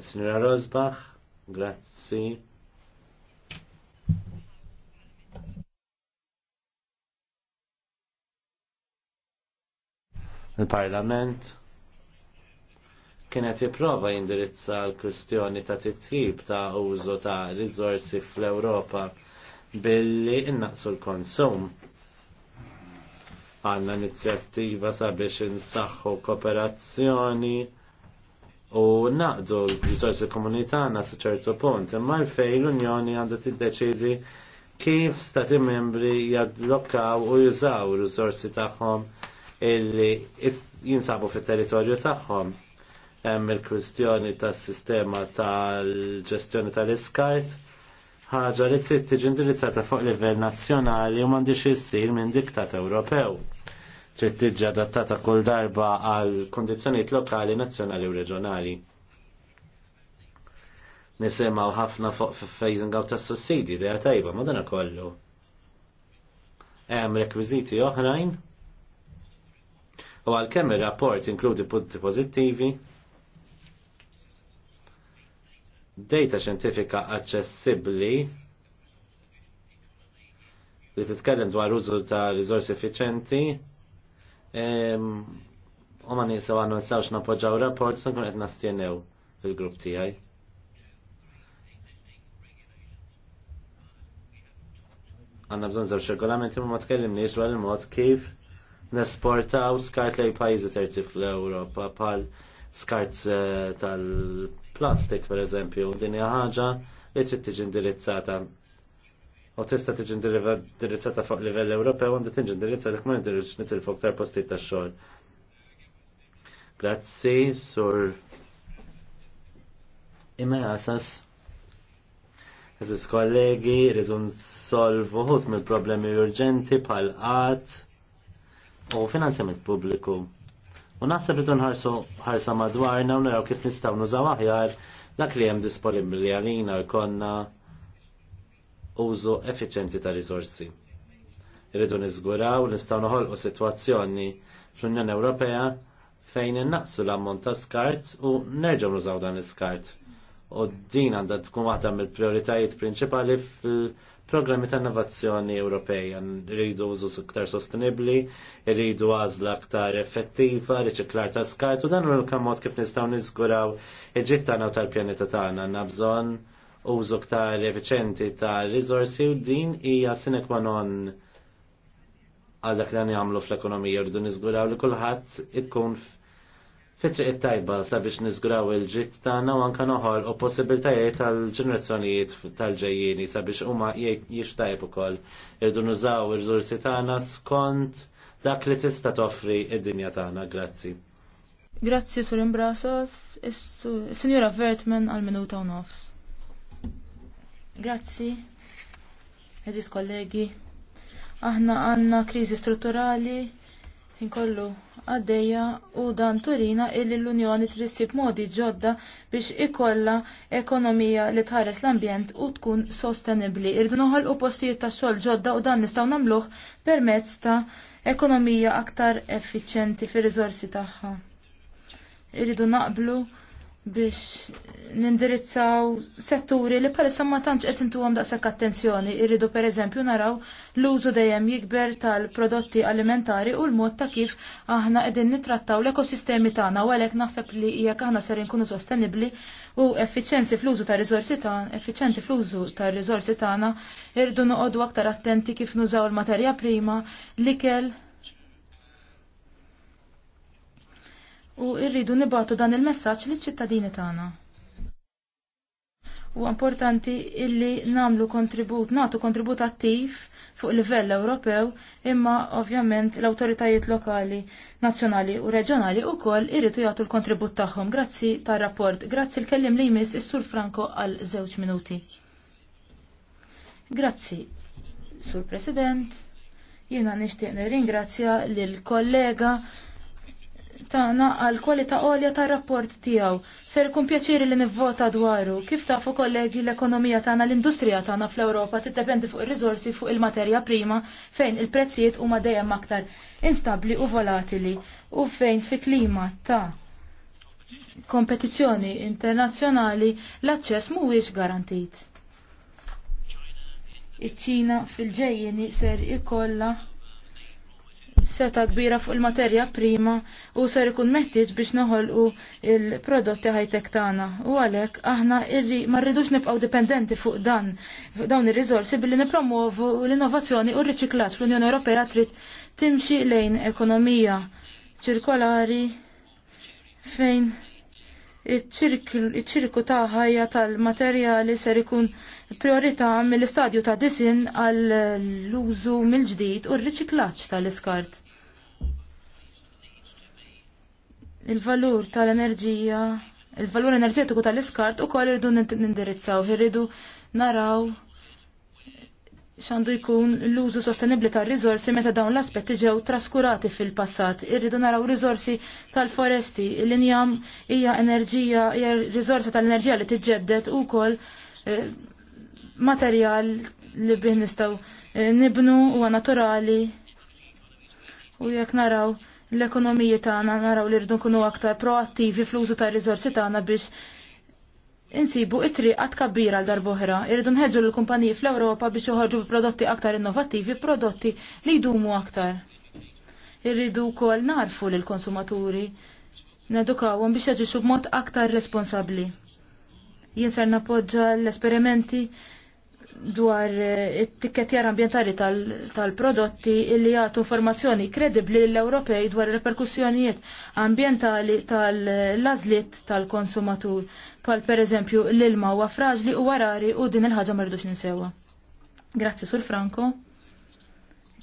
Is-Sinjora Rosbach, grazzi. Il-Parlament kienet jipprova jindirizza l kwestjoni ta' titjib ta' użu ta' rizorsi fl-Ewropa billi innaqsu l-konsum għanna inizjattiva sabiex insaħħu kooperazzjoni u naqdu l-risorsi komunitana sa ċertu punt, imma l-fej l-Unjoni għandha tiddeċidi kif stati membri jadblokkaw u jużaw risorsi tagħhom illi jinsabu fit-territorju tagħhom. Hemm il-kwistjoni tas-sistema tal-ġestjoni tal-iskart ħaġa li trid tiġi indirizzata fuq livell nazzjonali u m'għandix issir minn diktat Ewropew. Trid tiġi adattata kull darba għal kondizzjonijiet lokali, nazzjonali u reġjonali. Nisimgħu ħafna fuq phasing out tas-sussidji dejja tajba, ma dan kollu. Hemm rekwiżiti oħrajn? U għalkemm ir-rapport inkludi punti pożittivi, data xjentifika aċċessibbli li titkellem dwar użu ta' riżorsi effiċenti u ma ninsaw għannu nsaw napoġġaw rapport sankun kun qed fil-grupp tiegħi. Għanna bżon żewġ regolamenti ma tkellimniex dwar il-mod kif nesportaw skart lej pajjiżi terzi fl-Ewropa bħal skart eh, tal plastik per eżempju, din hija ħaġa li trid tiġi indirizzata. U tista' tiġi indirizzata fuq livell Ewropew għandha tiġi indirizzata kemm indirizzata nitilfu aktar postijiet tax-xogħol. Grazzi, sur Imma jasas. Eżis kollegi, rridu nsolvu ħut mill-problemi urġenti bħal qatt u finanzjament pubbliku. U naħseb li nħarsu ħarsa madwarna u naraw kif nistgħu nużaw aħjar dak li hemm disponibbli għalina konna użu effiċenti ta' risorsi. Irridu niżguraw li nistgħu noħolqu sitwazzjoni fl-Unjoni Ewropea fejn innaqsu l-ammont ta' skart u nerġgħu nużaw dan l-iskart. U din għandha tkun waħda mill-prioritajiet prinċipali fil programmi ta' innovazzjoni Ewropej rridu użu iktar sostenibbli, rridu għażla aktar effettiva, riċiklar ta' skart u dan u l mod kif nistgħu niżguraw il tagħna u tal-pjaneta tagħna għandna bżonn użu ktar effiċenti ta' risorsi u din hija sine qua non għal dak li għamlu fl-ekonomija rridu niżguraw li kulħadd ikun fitri it-tajba sabiex nizguraw il-ġit tagħna u anka noħol u possibiltajiet tal-ġenerazzjonijiet tal-ġejjini sabiex huma jixtajb ukoll irdu nużaw ir-żursi tagħna skont dak li tista' toffri id-dinja tagħna. Grazzi.
Grazzi sur imbrasos, Signora Vertman għal minuta u nofs. Grazzi, eżis kollegi. Aħna għanna kriżi strutturali inkollu għaddejja u dan turina illi l-Unjoni trissib modi ġodda biex ikollha ekonomija li tħares l-ambjent u tkun sostenibbli. Irdu noħolqu postijiet ta' xogħol ġodda u dan nistgħu nagħmluh permezz ta' ekonomija aktar effiċjenti fir-riżorsi tagħha. Irridu naqblu biex nindirizzaw setturi li palissa ma tantx qed intuhom daqshekk attenzjoni. Irridu pereżempju naraw l-użu dejjem jikber tal-prodotti alimentari u l-mod ta' kif aħna qegħdin nitrattaw l-ekosistemi tagħna u għalhekk naħseb li hija aħna ser inkunu sostenibbli u effiċjenzi fl-użu tar-riżorsi tagħna, effiċjenti fl-użu tar-riżorsi tagħna, irridu noqogħdu aktar attenti kif nużaw il-materja prima, l-ikel, u rridu nibatu dan il-messaġġ liċ ċittadini tagħna. U importanti illi namlu kontribut, natu kontribut attiv fuq livell Ewropew, imma ovvjament l-autoritajiet lokali, nazzjonali u reġjonali u koll irritu jagħtu l-kontribut tagħhom. Grazzi tar-rapport, grazzi l-kellim li jmiss is-Sur Franco għal żewġ minuti. Grazzi, Sur President, jiena nixtieq nirringrazzja lil kollega tagħna għall kwalità għolja tar rapport tiegħu. Ser ikun pjaċiri li nivvota dwaru. Kif tafu kollegi l-ekonomija tagħna l-industrija tagħna fl-Ewropa tiddependi fuq ir-riżorsi fuq il-materja prima fejn il-prezzijiet huma dejjem aktar instabbli u volatili u fejn fi klima ta' kompetizzjoni internazzjonali l-aċċess mhuwiex garantit. Iċ-Ċina fil-ġejjeni ser ikollha seta kbira fuq il-materja prima u ser ikun meħtieġ biex noħolqu il prodotti high-tech tagħna. U għalhekk aħna irri ma rridux nibqgħu dipendenti fuq dan fuq dawn ir-riżorsi billi nippromovu l-innovazzjoni u r-riċiklaġġ. L-Unjoni Ewropea trid timxi lejn ekonomija ċirkolari fejn iċ-ċirku ta' ħajja tal-materjali ser ikun priorità mill-istadju ta' disin għal l-użu mill-ġdid u r-riċiklaġġ tal-iskart. Il-valur tal-enerġija, il-valur enerġetiku tal-iskart ukoll irridu nindirizzaw, irridu naraw xandu jkun l-użu sostenibli tal rizorsi meta dawn l-aspetti ġew traskurati fil-passat. Irridu naraw rizorsi tal-foresti, l-injam hija enerġija, hija rizorsi tal-enerġija li tiġġedded ukoll eh, materjal li bih nistaw eh, nibnu huwa naturali u jekk naraw l-ekonomiji tagħna naraw li rridu nkunu aktar proattivi fl-użu ta' riżorsi tagħna biex insibu it-triqa tkabbira għal darbohra. Irridu nħeġġu l-kumpaniji fl-Ewropa biex joħorġu prodotti aktar innovattivi, prodotti li jdumu aktar. Irridu wkoll narfu lill konsumaturi nedukawhom biex jaġixxu b'mod aktar responsabbli. Jien ser nappoġġa l-esperimenti dwar eh, it-tikketjar ambientali tal-prodotti tal illi jagħtu informazzjoni kredibbli l-Ewropej dwar reperkussjonijiet ambientali tal-lażliet tal-konsumatur, pal pereżempju l-ilma huwa fraġli u warari u din il-ħaġa marridux ninsewa. Grazzi Sur Franco.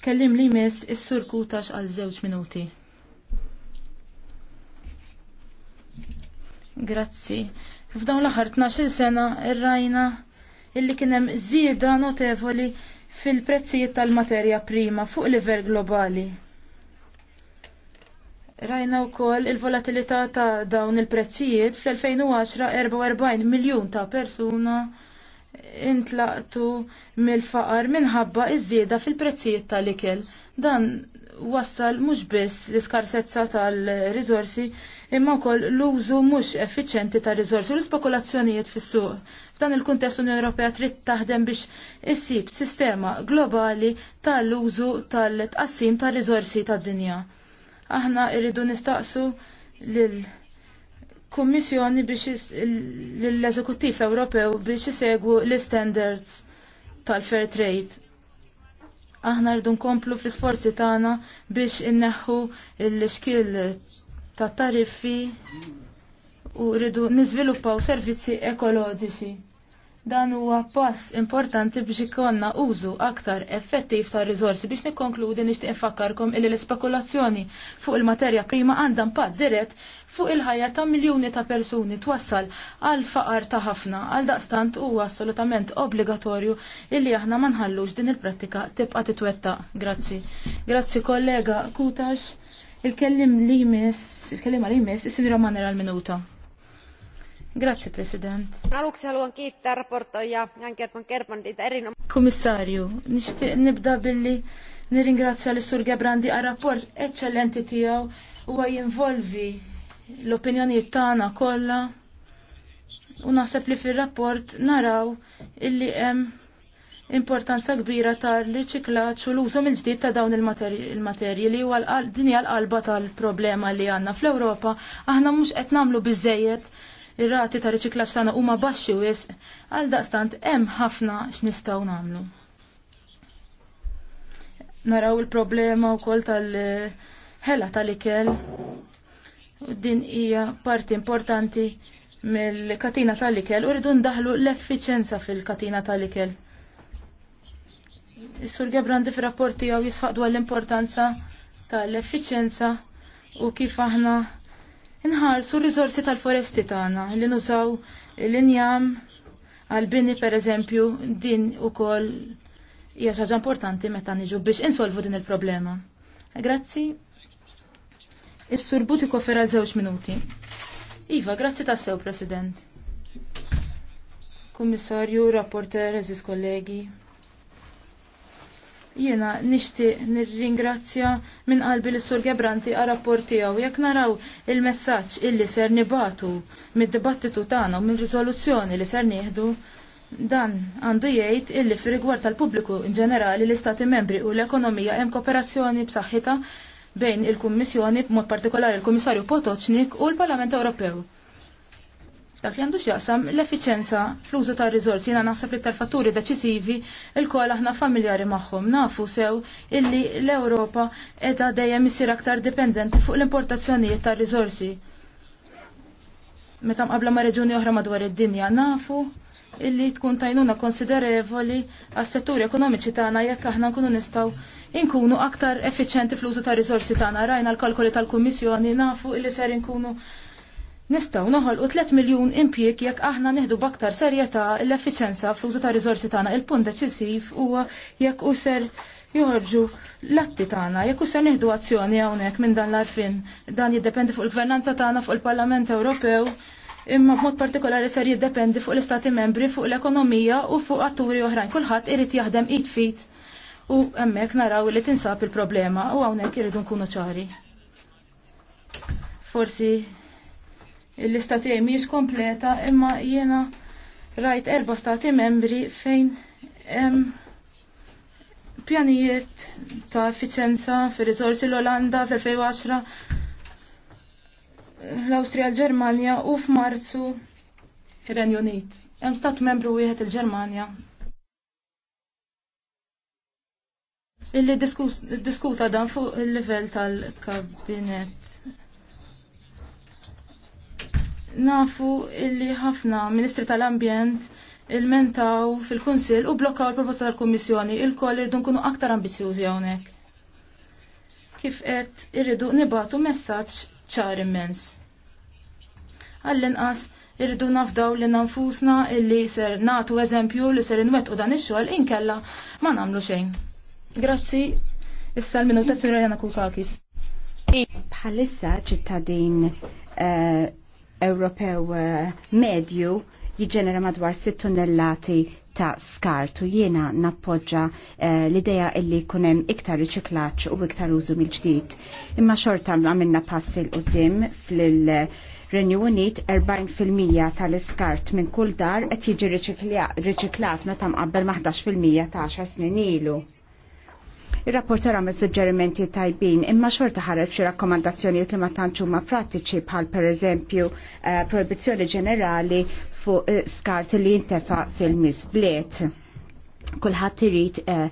Kellim li mis is-sur Kutax għal żewġ minuti. Grazzi. F'dawn l-aħħar 12 sena irrajna illi kien hemm żieda notevoli fil-prezzijiet tal-materja prima fuq livell globali. Rajna wkoll il-volatilità ta' dawn il-prezzijiet fl-2010 44 miljun ta' persuna intlaqtu mill-faqar minħabba iż-żieda fil-prezzijiet tal-ikel. Dan wassal mhux biss l-iskarsezza tal-riżorsi imma wkoll l-użu mhux effiċenti ta' riżorsi u l-spekulazzjonijiet fis-suq. F'dan il-kuntest unjoni Ewropea trid taħdem biex issib sistema globali tal-użu tal-tqassim ta' riżorsi tad-dinja. Aħna rridu nistaqsu lil kummissjoni biex l-Eżekuttiv Ewropew biex isegwu l-standards tal-fair trade aħna rridu nkomplu fl isforzi tagħna biex inneħħu l-xkil ta' tariffi u rridu niżviluppaw servizzi ekoloġiċi. Dan huwa pass importanti biex ikonna użu aktar effettiv ta' riżorsi biex nikkonkludi nixtieq infakkarkom illi l-ispekulazzjoni fuq il-materja prima għandha impatt dirett fuq il-ħajja ta' miljuni ta' persuni twassal għal faqar ta' ħafna għal daqstant huwa assolutament obbligatorju illi aħna ma nħallux din il-prattika tibqa' titwettaq. Grazzi. Grazzi kollega Kutax. Il-kellim li jmiss, il-kellim għal jmiss, il-sinjura Romani għal minuta Grazie, President.
Aluksi haluan kiittää raportoija Jan Kerpan Kerpandita erinomaisesti.
Komissarju, nishti nibda billi nirringrazzja l sur Gebrandi għal rapport eccellenti tiegħu huwa jinvolvi l-opinjonijiet tagħna kollha u naħseb li fir-rapport naraw illi hemm importanza kbira tal-riċiklaġġ u l-użu mill-ġdid ta' dawn il-materji li huwa dinja l-qalba tal-problema li għandna fl-Ewropa, aħna mhux qed nagħmlu biżejjed ir-rati ta' riċiklaġġ tagħna huma baxxi wis għal daqstant hemm ħafna x'nistgħu nagħmlu. Naraw il-problema wkoll tal-ħela tal-ikel. u Din hija parti importanti mill-katina tal-ikel u rridu ndaħlu l-effiċenza fil-katina tal-ikel Is-Sur Gebrandi f'rapport tiegħu jisħaq dwar l-importanza tal effiċenza u kif aħna nħarsu r rizorsi tal-foresti tagħna li nużaw l-injam għal-bini pereżempju din ukoll hija ħaġa importanti meta niġu biex insolvu din il-problema. Grazzi. Is-Sur Butiko ferra żewġ minuti. Iva, grazzi tassew, President. Kummissarju, rapporter, eżis kollegi, Jiena nixtieq nirringrazzja minn qalbi l sur Gebranti għal rapport tiegħu jekk naraw il-messaġġ illi ser nibatu mid-dibattitu tagħna u mir-riżoluzzjoni li ser nieħdu dan għandu jgħid illi fi rigward tal-pubbliku in ġenerali l-Istati membri u l-ekonomija hemm kooperazzjoni b'saħħitha bejn il-Kummissjoni b'mod partikolari l-Kummissarju Potoċnik u l-Parlament Ewropew dak li għandux jaqsam l efficienza fl-użu ta' rizorsi jina naħseb li tal-fatturi deċisivi il-kol aħna familjari magħhom nafu sew illi l-Ewropa qiegħda dejjem jisir aktar dipendenti fuq l-importazzjonijiet ta' rizorsi. Meta mqabla ma' reġuni oħra madwar id-dinja nafu illi tkun tajnuna konsiderevoli għas-setturi ekonomiċi tagħna jekk aħna nkunu nistgħu inkunu aktar effiċjenti fl-użu ta' riżorsi tagħna. Rajna l-kalkoli tal-Kummissjoni nafu illi ser inkunu Nistaw noħolqu 3 miljun impjieg jekk aħna neħdu baktar serjetà l-effiċenza fl-użu ta' rizorsi tagħna. Il-punt deċisiv huwa jekk u ser joħorġu l-atti tagħna, jekk u ser neħdu azzjoni hawnhekk minn dan l-arfin. Dan jiddependi fuq il-gvernanza tagħna fuq il-Parlament Ewropew imma b'mod partikolari ser jiddependi fuq l-Istati membri, fuq l-ekonomija u fuq atturi oħrajn. Kulħadd irid jaħdem id fit u hemmhekk naraw li tinsab il-problema u hawnhekk iridu nkunu ċari. Forsi Il-lista tiegħi mhijiex kompleta imma jiena rajt erba' stati membri fejn hemm pjanijiet ta' effiċenza fir-riżorsi l-Olanda fl-2010 l-Awstrija l-Ġermanja u f'Marzu ir-Renju Unit. Hemm stat membru wieħed il-Ġermanja illi diskuta dan fuq il-livell tal-kabinet. Nafu illi ħafna Ministri tal-Ambjent il-mentaw fil-Kunsil u blokkaw il-proposta tal-Kommissjoni il-koll irridu nkunu aktar ambizjużi hawnhekk. Kif qed irridu nibatu messaġġ ċar immens. Għall-inqas irridu nafdaw li nanfusna illi ser natu eżempju li ser inwettqu dan ix-xogħol inkella ma nagħmlu xejn. Grazzi, issa l-minuta Jana Kukakis. Bħalissa
ċittadin eh, Ewropew eh, medju jiġenera madwar 6 tonnellati ta' skartu jiena nappoġġa eh, l-ideja illi kunem iktar riċiklaċ u iktar użu mill-ġdid. Imma xorta għamilna passi l-qoddim fil-Renju Unit 40% tal-iskart minn kull dar qed jiġi riċiklat meta mqabbel ma' 11% ta' 10 snin ilu il rapportera me suġġerimenti tajbin imma xorta ħareb xi rakkomandazzjonijiet li ma tantxu huma prattiċi bħal pereżempju eżempju eh, proibizzjoni ġenerali fuq eh, skart li jintefa' fil bliet. Kulħadd irid uh,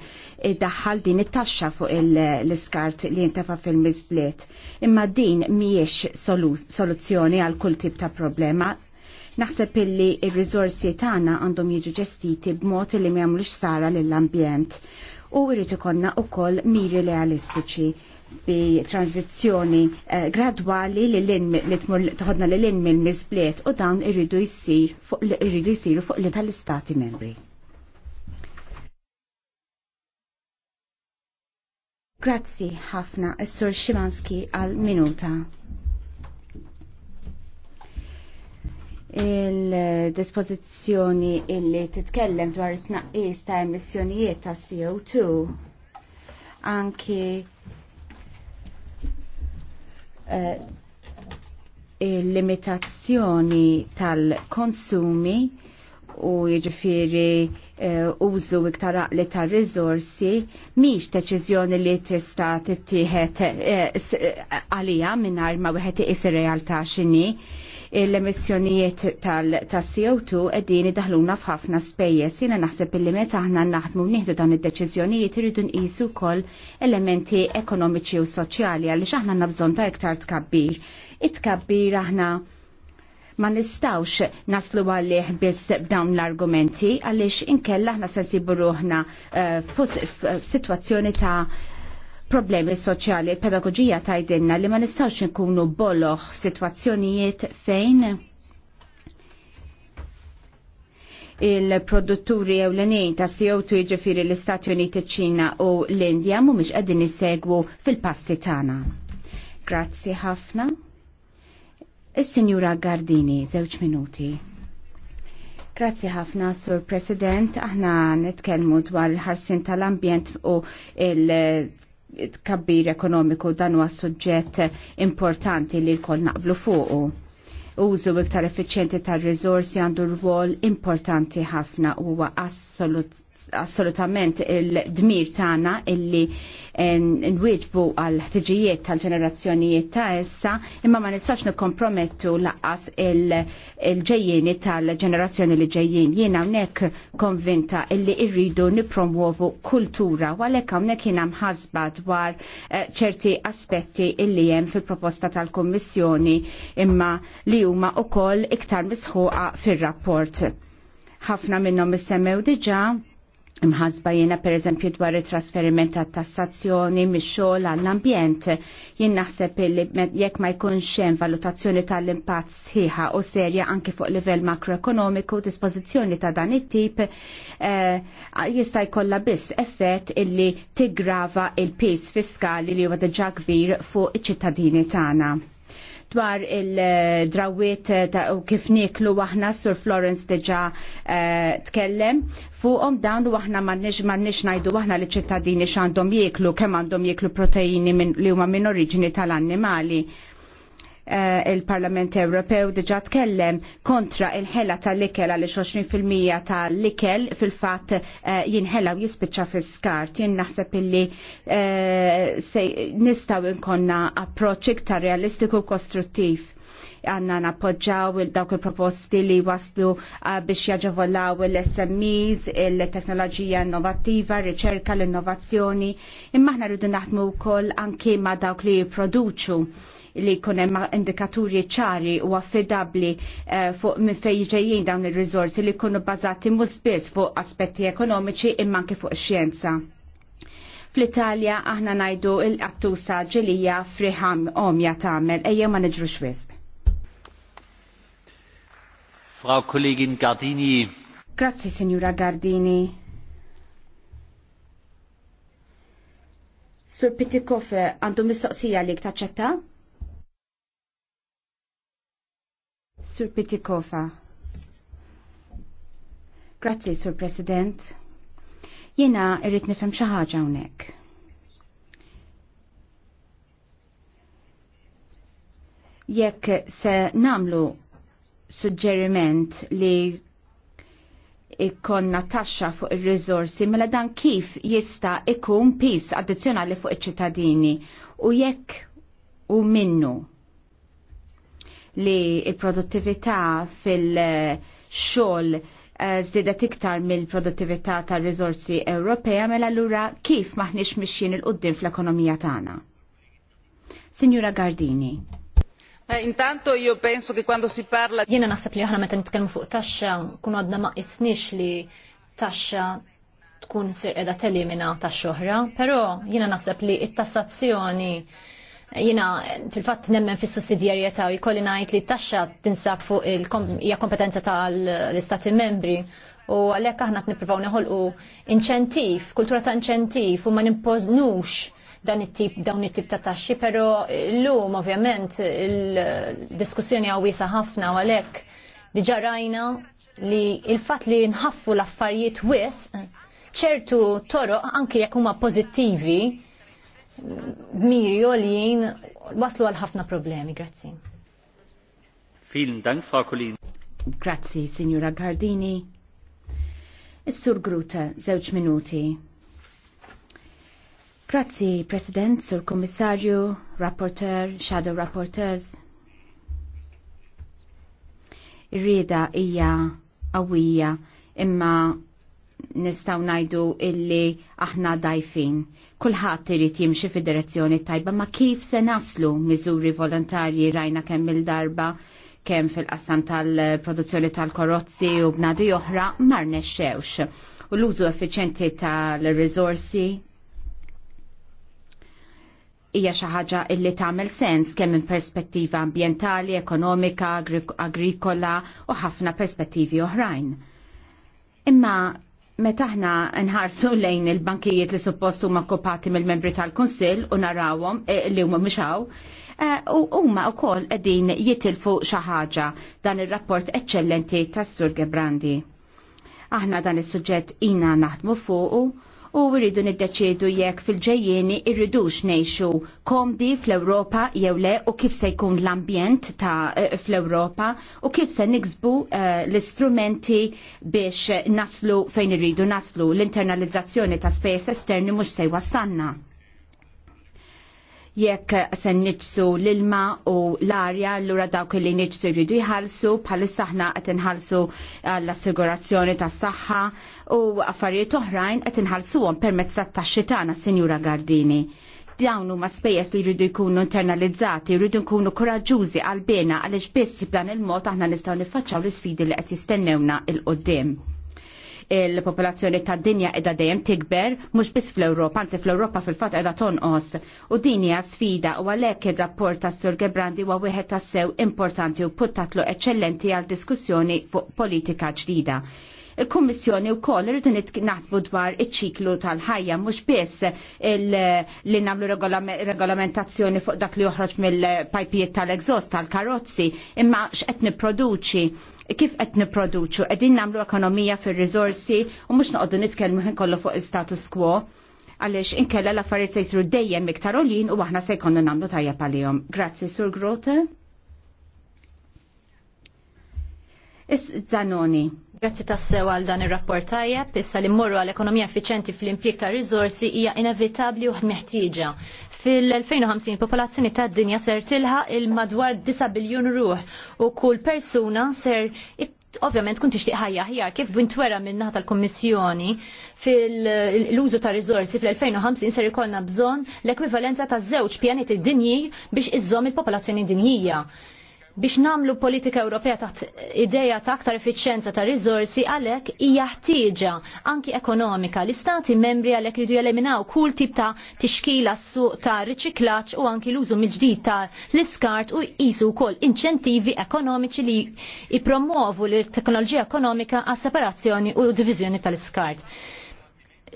iddaħħal din it-taxxa fuq l-iskart li jintefa' fil bliet. Imma din mhijiex soluzzjoni għal kull tip ta' problema. Naħseb illi r-riżorsi tagħna għandhom jiġu ġestiti b'mod li ma sara lill-ambjent u rrit ikonna wkoll miri realistiċi bi tranzizzjoni eh, gradwali li tħodna li l inmi l misbliet u dawn irridu jissir fuq irridu jisiru fuq li tal-istati membri. Grazzi ħafna, s-sur Szymanski għal minuta. il-dispozizjoni illi titkellem dwar it-tnaqqis ta' emissjonijiet ta' CO2 anki uh, il-limitazzjoni tal-konsumi u jiġifieri eh, użu iktar għaqli ta' rizorsi miex deċiżjoni li tista' tittieħed eh, għalija mingħajr ma wieħed iqis ir-realtà x'inhi l-emissjonijiet tal-CO2 qegħdin idaħluna f'ħafna spejjeż. Jiena naħseb illi meta aħna naħdmu nieħdu dawn id-deċiżjonijiet iridu nqisu wkoll elementi ekonomiċi u soċjali għaliex aħna nabżon ta' iktar tkabbir. It-tkabbir aħna ma nistawx naslu għalih biss dawn l-argumenti għaliex inkella aħna sensibu ruħna eh, f'sitwazzjoni ta' problemi soċjali. Il-pedagogija tajdinna li ma nistawx nkunu bolloħ situazzjonijiet fejn il-produtturi ewlenin ta' CO2 ġifiri l-Istati Uniti ċina u l-Indja mumiex qegħdin nisegwu fil-passi tagħna. Grazzi ħafna. Is-Sinjura Gardini, żewġ minuti. Grazzi ħafna, Sur President. Aħna nitkellmu dwar l ħarsin tal-ambjent u tkabbir ekonomiku dan huwa suġġett importanti li l-kol naqblu fuqu. Użu iktar effiċjenti tal-riżorsi għandu rwol importanti ħafna u huwa assolut assolutament il-dmir tagħna illi eh, nwieġbu għal ħtiġijiet tal-ġenerazzjonijiet ta' issa, imma ma nistax nikkompromettu laqas il ġejjini tal-ġenerazzjoni li ġejjin. Jiena hawnhekk konvinta illi irridu nipromuovu kultura u għalhekk hawnhekk jiena mħasba dwar eh, ċerti aspetti illi hemm fil-proposta tal-Kummissjoni imma li huma wkoll iktar misħuqa fir-rapport ħafna minnhom issemmew diġà Imħazba jena per eżempju dwar il-trasferiment ta' tassazzjoni mix-xogħol għall-ambjent. Jien naħseb li jekk ma jkunx hemm valutazzjoni tal-impatt sħiħa u serja anke fuq livell makroekonomiku, dispożizzjoni ta' dan it-tip eh, jista' jkollha biss effett illi tigrava il-pis fiskali li huwa diġà kbir fuq iċ-ċittadini tagħna dwar il-drawiet u kif niklu waħna sur Florence deġa eh, tkellem fuqom dawn u waħna ma nix najdu waħna li ċittadini xandom jiklu kemm għandhom jiklu proteini li huma minn oriġini tal-annimali Eh, il-Parlament Ewropew diġa tkellem kontra il-ħela tal-ikel għal 20% tal-ikel fil-fat eh, jinħela u jispiċċa fil-skart. Jien naħseb illi eh, nistaw inkonna approċ iktar realistiku u kostruttiv għanna nappoġġaw il-dawk il-proposti li waslu biex jaġavollaw l-SMEs, il-teknoloġija innovativa, riċerka, l-innovazzjoni, imma ħna rridu naħdmu wkoll anki ma' dawk li jipproduċu li kunem indikaturi ċari u affidabli eh, fuq minn fej ġejjin dawn il-rizorsi li kunu bazati mhux fuq aspetti ekonomiċi imma anke fuq xjenza. Fl-Italja aħna najdu il-qattusa ġilija friħam omja tagħmel eja ma niġrux wisq.
Frau Kollegin Gardini.
Grazzi, Signora Gardini. Sur Pitikofe, għandu mistoqsija li ktaċċetta? Sur Pitikova. Grazzi, Sur President. Jena irrit nifhem xi ħaġa hawnhekk. Jekk se namlu suġġeriment li ikkonna taxxa fuq ir-riżorsi mela dan kif jista' ikun pis addizzjonali fuq iċ-ċittadini u jekk u minnu li il-produttività fil-xogħol żdiedet eh, iktar mill-produttività tar rizorsi Ewropea mela allura kif maħniex mixin il-qudiem fl-ekonomija tagħna. Signora Gardini.
Eh, intanto io penso che quando si parla Jiena naħseb li aħna meta nitkellmu fuq taxxa nkunu għadna ma qisniex li taxxa tkun sirqeda telimina tax-xoħra, però jiena naħseb li t tassazzjoni jina fil-fatt nemmen fis sussidjarjetà u jkolli ngħid li t-taxxa tinsab fuq hija kompetenza tal-istati membri u għalhekk aħna t-niprofaw neħol neħolqu inċentiv, kultura ta' inċentiv u ma nimpożnux dan it-tip dawn it-tip ta' taxxi, però llum ovvjament il-diskussjoni għawisa ħafna u għalhekk diġà rajna li il-fatt li nħaffu l-affarijiet wis ċertu toroq anke jekk huma pożittivi miri jien waslu għal ħafna
problemi. Grazzi.
Film Dank, fakulin.
Grazzi, Signora Gardini. Is-Sur Gruta, żewġ minuti. Grazzi, President, Sur Kommissarju, Rapporteur, Shadow Rapporteurs. Irrida hija qawwija imma nistaw najdu illi aħna dajfin. Kulħadd irid jimxi fid-direzzjoni tajba ma kif se naslu miżuri volontarji rajna kemm il-darba kemm fil-qassam tal-produzzjoni tal-karozzi u bnadi oħra mar nexxewx. U l-użu effiċenti tal rizorsi hija xi ħaġa illi tagħmel sens kemm in perspettiva ambjentali, ekonomika, agrikola u ħafna perspettivi oħrajn. Imma Meta ħna nħarsu lejn il-bankijiet li suppost huma kopati mill-membri tal-Kunsill u narawhom eh, li huma mhux eh, u huma wkoll qegħdin jitilfu xi ħaġa dan ir-rapport eċċellenti tas-Sur Gebrandi. Aħna dan is-suġġett ina naħdmu fuqu u rridu niddeċiedu jekk fil-ġejjeni irridux nejxu komdi fl-Ewropa jew le u kif se jkun l-ambjent ta' eh, fl-Ewropa u kif se niksbu uh, l-istrumenti biex naslu fejn irridu naslu l-internalizzazzjoni ta' spejs esterni mhux se jwassanna jekk se niġsu l-ilma u l-arja l-ura dawk li niġsu jridu jħalsu bħal saħna qed nħalsu l-assigurazzjoni tas saħħa u affarijiet oħrajn qed inħallsuhom permezz tat-taxxi tagħna, Sinjura Gardini. Dawn huma spejjeż li jridu jkunu internalizzati, jridu nkunu koraġġużi għalbena għaliex biss b'dan il-mod aħna nistgħu niffaċċaw l-isfidi li qed jistennewna il-qudiem il-popolazzjoni ta' dinja edha dejjem tikber, mhux biss fl-Ewropa, anzi fl-Ewropa fil-fatt edha tonqos. U din hija sfida u għalhekk ir-rapport ta' Sur Gebrandi huwa wieħed tassew importanti u puttatlu eċċellenti għal diskussjoni fuq politika ġdida. Il-Kummissjoni wkoll irridu naħsbu dwar iċ-ċiklu tal-ħajja mhux biss li nagħmlu regolamentazzjoni fuq dak li joħroġ mill-pajpijiet tal egzost tal-karozzi, imma x'qed nipproduċi kif qed nipproduċu, qegħdin nagħmlu ekonomija fir-riżorsi u mhux noqogħdu nitkellmu ħin kollu fuq status quo għalix inkella l-affarijiet se jsiru dejjem iktar olin u aħna se jkunu nagħmlu tajjeb għalihom. Grazzi, Sur Grote. Is Zanoni.
Grazzi tassew għal dan ir-rapport tajjeb, issa li mmorru għal ekonomija effiċenti fl-impjeg ta' rizorsi hija inevitabbli u meħtieġa. Fil-2050 popolazzjoni tad dinja ser tilħa il-madwar 9 biljun ruħ u kull persuna ser ovvjament kun tixtieq ħajja ħjar kif wintwera min-naħa tal-Kummissjoni fil-użu ta' riżorsi fl-2050 ser ikollna bżonn l-ekwivalenza ta' żewġ pjaneti dinji biex iżżomm il-popolazzjoni dinjija biex namlu politika Ewropea taħt ideja ta' aktar effiċjenza ta' rizorsi għalek hija ħtieġa anki ekonomika. L-istati membri għalek ridu jeleminaw kull tip ta' tixkila suq ta' riċiklaċ u anki l-użu mill-ġdid ta' l-iskart u jisu wkoll inċentivi ekonomiċi li jipromuovu l-teknoloġija ekonomika għas separazzjoni u diviżjoni tal-iskart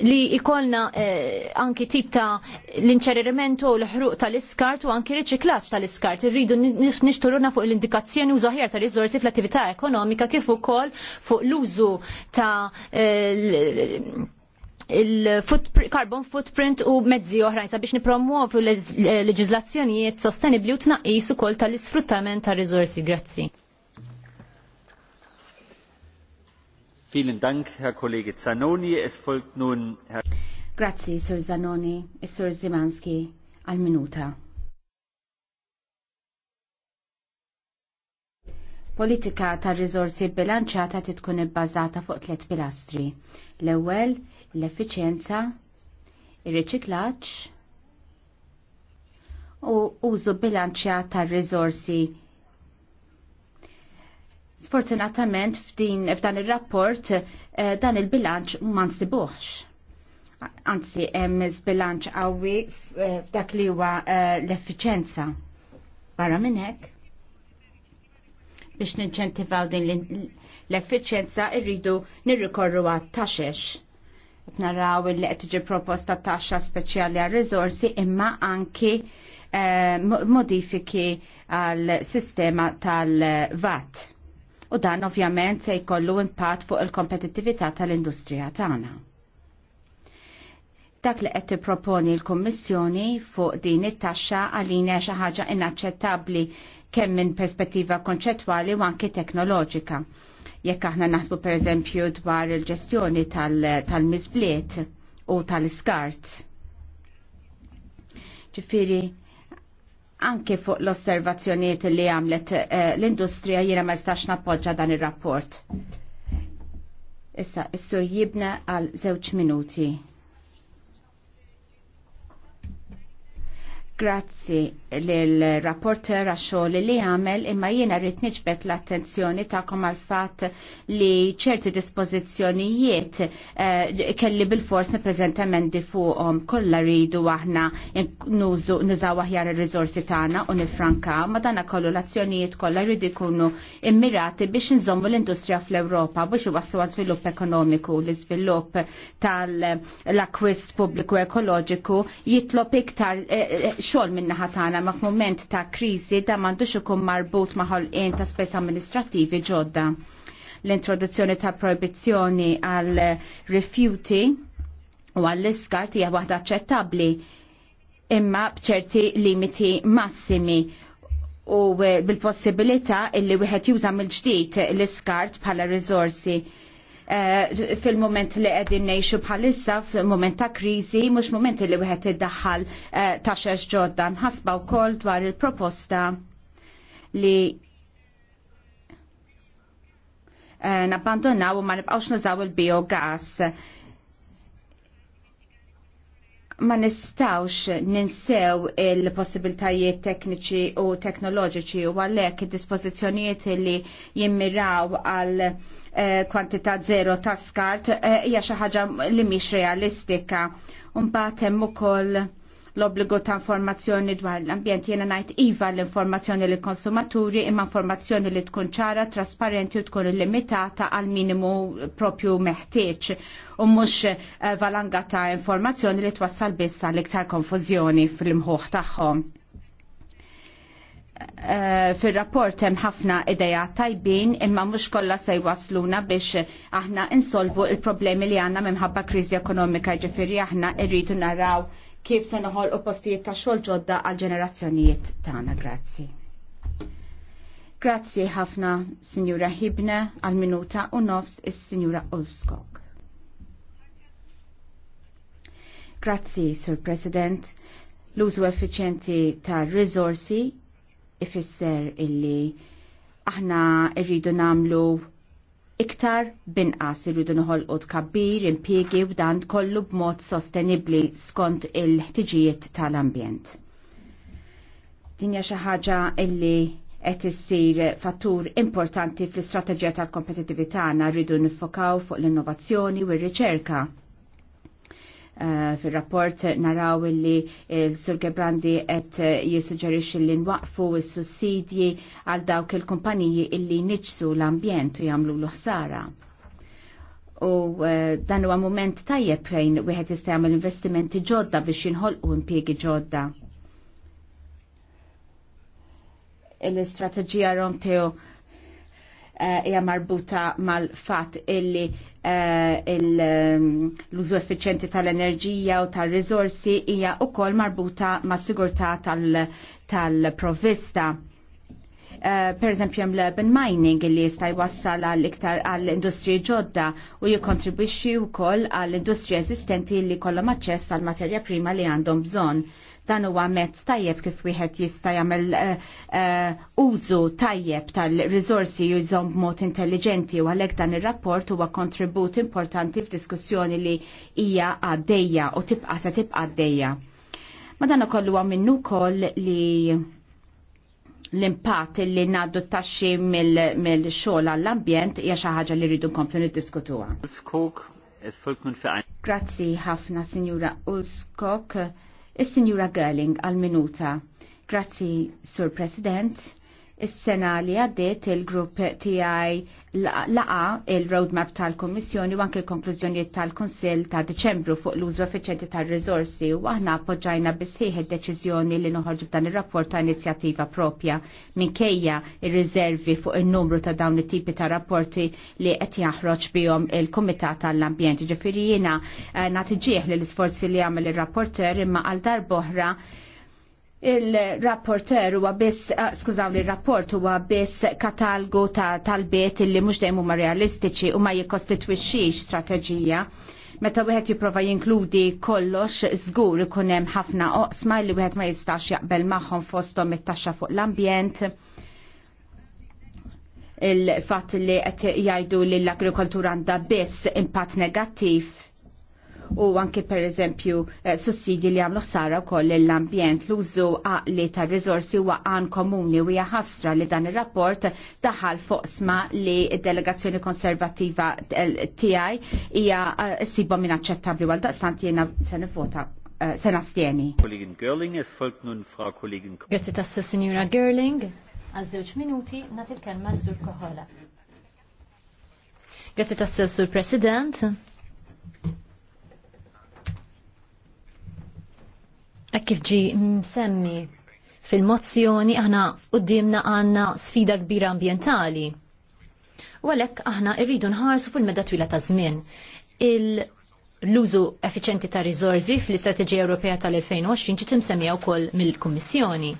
li ikolna eh, anki tip ta' l-inċeriment u l-ħruq tal-iskart u anki riċiklaċ tal-iskart. Irridu nishturuna fuq l-indikazzjoni u zaħir ta' rizorsi fl-attività ekonomika kif ukoll fuq l-użu ta' eh, il-carbon footprint u mezzi oħrajn sabiex nipromuovu leġizlazzjonijiet sostenibli u tnaqqis ukoll tal-isfruttament ta' rizorsi. Grazzi.
Vielen Dank, Zanoni.
Grazzi, Sur Zanoni, e Sur Zimanski, al minuta. Politika ta' riżorsi bilanċata titkun ibbażata fuq tliet pilastri. L-ewwel, l-effiċjenza, ir-riċiklaġġ u użu bilanċja ta' riżorsi Sfortunatament f'din f'dan ir-rapport eh, dan il-bilanċ ma nsibuħx. Anzi, hemm bilanċ qawwi eh, f'dak li huwa eh, l-effiċenza. Barra minn hekk biex ninċentivaw din l-effiċenza irridu nirrikorru għat taxex. Naraw li qed tiġi proposta taxxa speċjali għal riżorsi imma anki modifiki għal sistema tal-VAT u dan ovvjament se jkollu impatt fuq il-kompetittività tal-industrija tagħna. Dak li qed tipproponi l-Kummissjoni fuq din it-taxxa għalina xi ħaġa inaċċettabbli kemm minn perspettiva konċettwali u anki teknoloġika. Jekk aħna naħsbu pereżempju dwar il-ġestjoni tal-miżbliet tal u tal-iskart. Ġifieri, anke fuq l-osservazzjoniet li għamlet eh, l-industrija jiena ma jistax nappoġġa dan ir-rapport. Issa, issu jibna għal żewġ minuti. Grazzi l-rapporter għaxol li għamel imma jiena rrit niġbet l-attenzjoni ta'kom għal fat li ċerti dispozizjonijiet eh, kelli bil-fors niprezent emendi fuqhom kollha rridu aħna nużaw aħjar ir rizorsi tagħna u nifranka ma dana kollu l-azzjonijiet kollha rridu jkunu immirati biex nżommu l-industrija fl-Ewropa biex għassu għazvilup ekonomiku l iżvilupp tal-akwist pubbliku ekoloġiku jitlob iktar eh, eh, xol minna ħatana tagħna tagħna ma' f'mument ta' kriżi da m'għandux ikun marbut ma' ħolqien ta' spess amministrattivi ġodda. L-introduzzjoni ta' proibizzjoni għal rifjuti u għall iskart hija waħda aċċettabbli imma bċerti limiti massimi u eh, bil-possibilità illi wieħed juża mill-ġdid l-iskart bħala riżorsi Eh, fil-moment li qegħdin ngħixu bħalissa fil-moment ta' kriżi mhux moment li wieħed iddaħħal uh, ta' xex ġodda nħasba wkoll dwar il-proposta li eh, nabbandonaw u ma nibqgħux nużaw il-biogas ma nistawx ninsew il-possibiltajiet tekniċi u teknoloġiċi u għallek il dispozizjoniet li jimmiraw għal eh, kwantità zero ta' skart eh, hija xi ħaġa li mhix realistika. Mbagħad hemm ukoll l-obbligu ta' informazzjoni dwar l-ambjent jiena ngħid iva l-informazzjoni li konsumaturi imma informazzjoni li tkun ċara, trasparenti u tkun limitata għal minimu propju meħtieġ u mhux eh, valanga ta' informazzjoni li twassal biss għal iktar konfużjoni fil-imħuħ tagħhom. Uh, eh, fil-rapport hemm ħafna ideja tajbin imma mhux kollha se jwasluna biex aħna insolvu il-problemi li għandna minħabba kriżi ekonomika ġifieri aħna rridu naraw kif se noħolqu postijiet ta' xogħol ġodda għal ġenerazzjonijiet tagħna. Grazzi. Grazzi ħafna Sinjura Hibne għal minuta u nofs is-Sinjura Ulskog. Grazzi, Sur President. L-użu effiċenti ta' risorsi ifisser illi aħna rridu namlu iktar binqas irridu noħolqu tkabbir, impjiegi u dan kollu b'mod sostenibbli skont il-ħtiġijiet tal-ambjent. Dinja xi ħaġa illi qed issir fattur importanti fl-istrateġija tal-kompetitività għandna rridu niffokaw fuq l-innovazzjoni u r-riċerka Eh, fil-rapport naraw li l-Sur Gebrandi et eh, jissuġġerixxi li nwaqfu s-sussidji għal dawk il-kumpaniji illi niċsu l-ambjent u jamlu l-ħsara. U eh, dan huwa moment tajjeb fejn wieħed jista' jagħmel investimenti ġodda biex jinħolqu impjiegi ġodda. Il-istrateġija Romteo hija marbuta mal-fatt illi Eh, ehm, l-użu effiċenti tal-enerġija u tal-rizorsi hija ukoll marbuta ma' sigurtà tal-provvista. Eh, per eżempju hemm l-urban mining li jista' jwassal għal iktar għall industri ġodda u jikkontribwixxi wkoll għall industrija eżistenti li kollhom aċċess għal materja prima li għandhom bżonn. Dan huwa mezz tajjeb kif wieħed jista' jagħmel eh, eh, użu tajjeb tal-riżorsi jużhom b'mod intelligenti u għalhekk dan ir-rapport huwa kontribut importanti f'diskussjoni li hija għaddejja u tibqa' se tibqa' għaddejja. Ma dan ukoll huwa minnu wkoll li l-impatt li naddu t-taxxi mill-xogħol għall-ambjent hija xi ħaġa li rridu nkomplu
niddiskutuha.
Grazzi ħafna, Sinjura Ulskok. Is-Sinjura Gerling għal-minuta. Grazzi, Sur President. Is-sena li għaddiet il-grupp TI laqa il-roadmap tal-Kommissjoni u anke l-konklużjonijiet tal-Kunsill ta' Deċembru fuq l-użu effiċenti tal rizorsi u aħna appoġġajna bisħieħ id-deċiżjoni li noħorġu dan ir-rapport ta' inizjattiva propja minkejja ir-riservi fuq in-numru ta' dawn it-tipi ta' rapporti li qed jaħroġ bihom il-Kumitat tal-Ambjent. Ġifieri jiena eh, nagħti ġieħ l-isforzi li għamel ir-rapporter imma għal darboħra oħra Il-rapporter huwa biss, ah, skużawni, il-rapport huwa biss katalgu ta' talbiet illi mhux dejjem huma realistiċi u ma jikkostitwixxix strateġija. Meta wieħed jipprova jinkludi kollox żgur ikun hemm ħafna oqsma li wieħed ma jistax jaqbel magħhom fosthom it-taxxa fuq l-ambjent il-fatt li qed jgħidu li l-agrikoltura għandha biss impatt negattiv u anki per eżempju eh, sussidi li għamlu ħsara wkoll l-ambjent l-użu għaqli tar rizorsi huwa għan komuni u ħasra li dan il rapport daħal foqsma li d-delegazzjoni konservattiva tiegħi hija eh, minn inaċċettabbli għal daqstant jiena se nivvota eh,
sena stjeni. Kollegin Görling, es folgt nun Frau Kollegin Kohler.
Grazie tassa, signora Görling.
Għazzewċ minuti, nat il-kelma sur Kohola. Grazie tassa, sur President. kif ġi msemmi fil-mozzjoni aħna qudiemna għandna sfida kbira ambjentali. U għalhekk aħna rridu nħarsu fil meda twila ta' żmien. L-użu effiċenti ta' riżorsi fl-Istrateġija Ewropea tal-2020 ġiet timsemmija wkoll mill-Kummissjoni.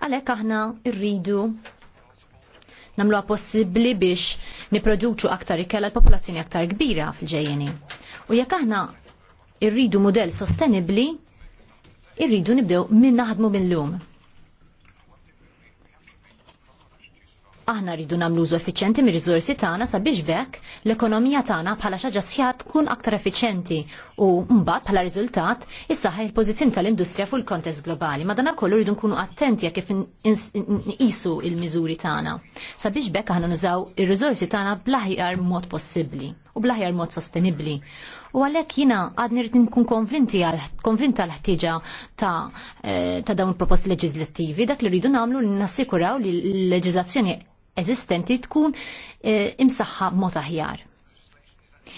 Għalhekk aħna rridu namluha possibbli biex niproduċu aktar ikel l-popolazzjoni aktar kbira fil-ġejjeni. U jekk aħna rridu mudell sostenibbli, irridu nibdew minn naħdmu mill-lum. Aħna rridu nagħmlu użu effiċenti mir-riżorsi tagħna sabiex bekk l-ekonomija tagħna bħala xi ġasħija tkun aktar effiċenti u mbagħad bħala riżultat issaħħa il pożizzjoni tal-industrija fuq il-kontest globali. Madankollu rridu nkunu attenti kif nqisu l miżuri tagħna sabiex bekk aħna nużaw ir-riżorsi tagħna bl-aħjar mod possibbli u blaħjar mod sostenibli. U għalhekk jiena għad nirrid nkun konvinti konvinta l-ħtieġa ta', eh, ta dawn il-proposti leġislattivi dak li rridu nagħmlu li nassikuraw li l-leġislazzjoni eżistenti tkun eh, imsaħħa mod aħjar.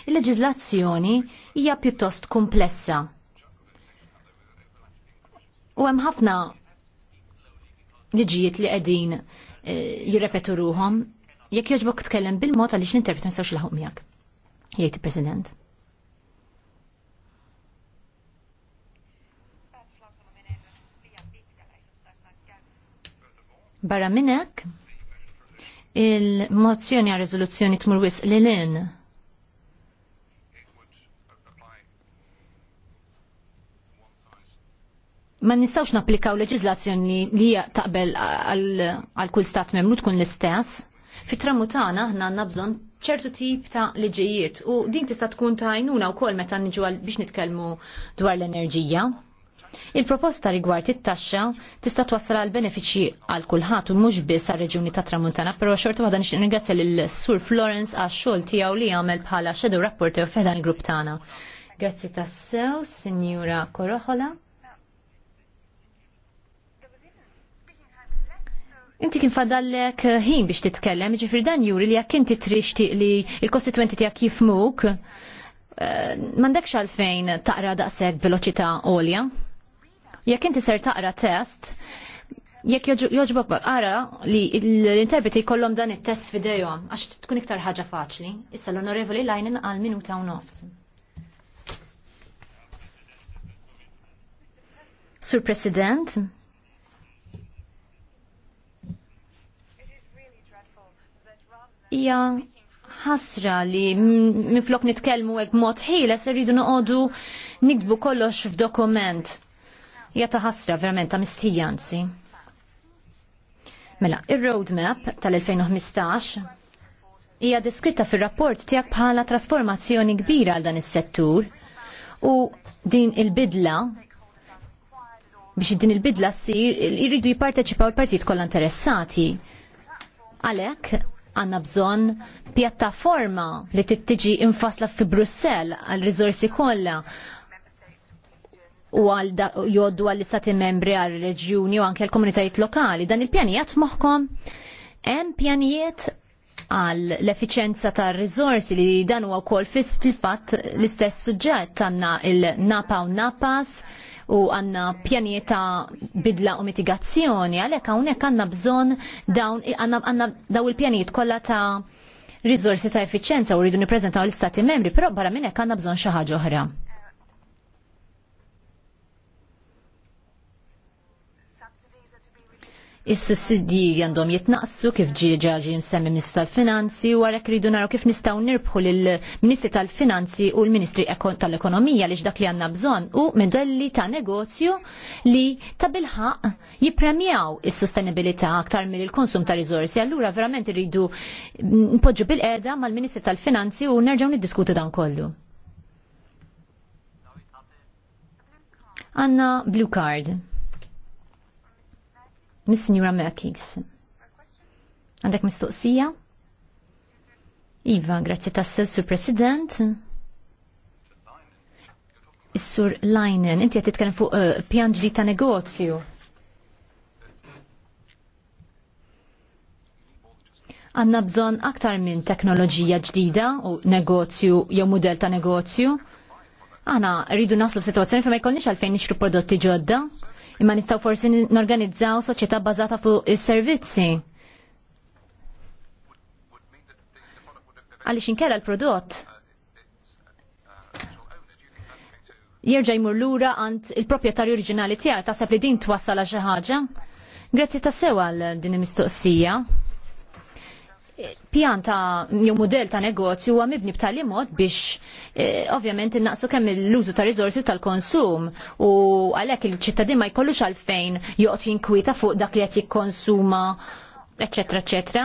il leġizlazzjoni hija pjuttost komplessa u hemm ħafna liġijiet li qegħdin eh, jirrepetu ruhom jekk jogħġbok tkellem bil-mod għaliex ninterpret ma sewx il-ħomjak jgħid president Barra minnek, il-mozzjoni għal rezoluzzjoni tmur wis li l-in. Ma nistawx napplikaw leġizlazzjoni li hija taqbel għal kull stat membru tkun l-istess. Fit-tramutana ħna għanna bżonn ċertu tip ta' liġijiet u din tista' tkun ta' għajnuna wkoll meta nġu biex nitkellmu dwar l-enerġija. Il-proposta rigward it-taxxa tista' twassal għal benefiċċji għal kulħadd u mhux biss għar-reġjuni ta' Tramuntana, però xorta waħda nixtieq ringrazzja lill Sur Florence għax xogħol tiegħu li jagħmel bħala shadow rapporteur f'dan il-grupp tagħna. Grazzi tassew, Sinjura Koroħola. Inti kien fadallek eh, ħin biex titkellem, ġifri dan juri li jekk inti trixti li il-kostituenti tiegħek jifmuk, eh, m'għandekx għalfejn taqra daqshekk veloċità għolja. Jekk inti ser taqra test, jekk joġbok ara li l-interpreti kollom dan it-test fidejhom għax tkun iktar ħaġa faċli. Issa l-onorevoli lajnin għal minuta u nofs. Sur President, hija ħasra li minflok nitkellmu hekk mod ħieles irridu noqogħdu nikbu kollox f'dokument. Hija ta' ħasra verament ta' mistija anzi. Mela, ir-roadmap tal-2015 hija deskritta fir-rapport tiegħek bħala trasformazzjoni kbira għal dan is-settur u din il-bidla biex din il-bidla ssir jridu jipparteċipaw il-partit kollha interessati. Għalhekk għanna bżon pjattaforma li tittiġi infasla fi Brussel għal rizorsi kollha u għal joddu għal istati membri għal reġjuni u anke għal komunitajiet lokali. Dan il-pjanijiet moħkom hemm pjanijiet għal l-efficienza tar rizorsi li dan huwa wkoll fil-fatt l-istess suġġett għandna il-napa u napas, -napa u għanna pjanieta bidla u mitigazzjoni, għalek għawnek għanna bżon dawn għanna daw il-pjaniet kolla ta' rizorsi ta' effiċenza u rridu niprezentaw l-istati membri, pero barra minnek għanna bżon xaħġa oħra. Is-sussidji għandhom jitnaqsu kif ġaġi nsemmi Ministru tal-Finanzi u għalhekk ridu naraw kif nistgħu nirbħu lill-Ministri tal-Finanzi u l-Ministri tal-Ekonomija li dak li għandna bżonn u medelli ta' negozju li ta' bilħaq jipremjaw is-sostenibilità aktar mill-konsum ta' riżorsi. Allura verament irridu npoġġu bil-qeda mal-Ministri tal-Finanzi u nerġgħu niddiskutu dan kollu. Anna Blue Card. Miss-Sinjura Merkis. Għandek mistoqsija? Iva, grazzi tassel, Sur President. Is-Sur Leinen, inti għed titkellem fuq uh, pjan ġdid ta' negozju. Għanna bżon aktar minn teknoloġija ġdida u negozju jew mudell ta' negozju. Għana rridu naslu situazzjoni fejn ma jkollniex għalfejn nixtru prodotti ġodda imma nistgħu forsi norganizzaw soċjetà bazata fuq is-servizzi. Għaliex inkella l-prodott jerġa' jmur lura għand il-proprjetarju oriġinali tiegħek tasab li din twassal għal xi ħaġa. Grazzi tassew għal din il-mistoqsija pjan ta' jew mudell ta' negozju huwa mibni b'tali mod biex eh, ovvjament innaqsu kemm l-użu ta' riżorsi tal-konsum u għalhekk il-ċittadin ma jkollux għalfejn joqgħod jinkwita fuq dak li qed jikkonsuma eċetera eċetera.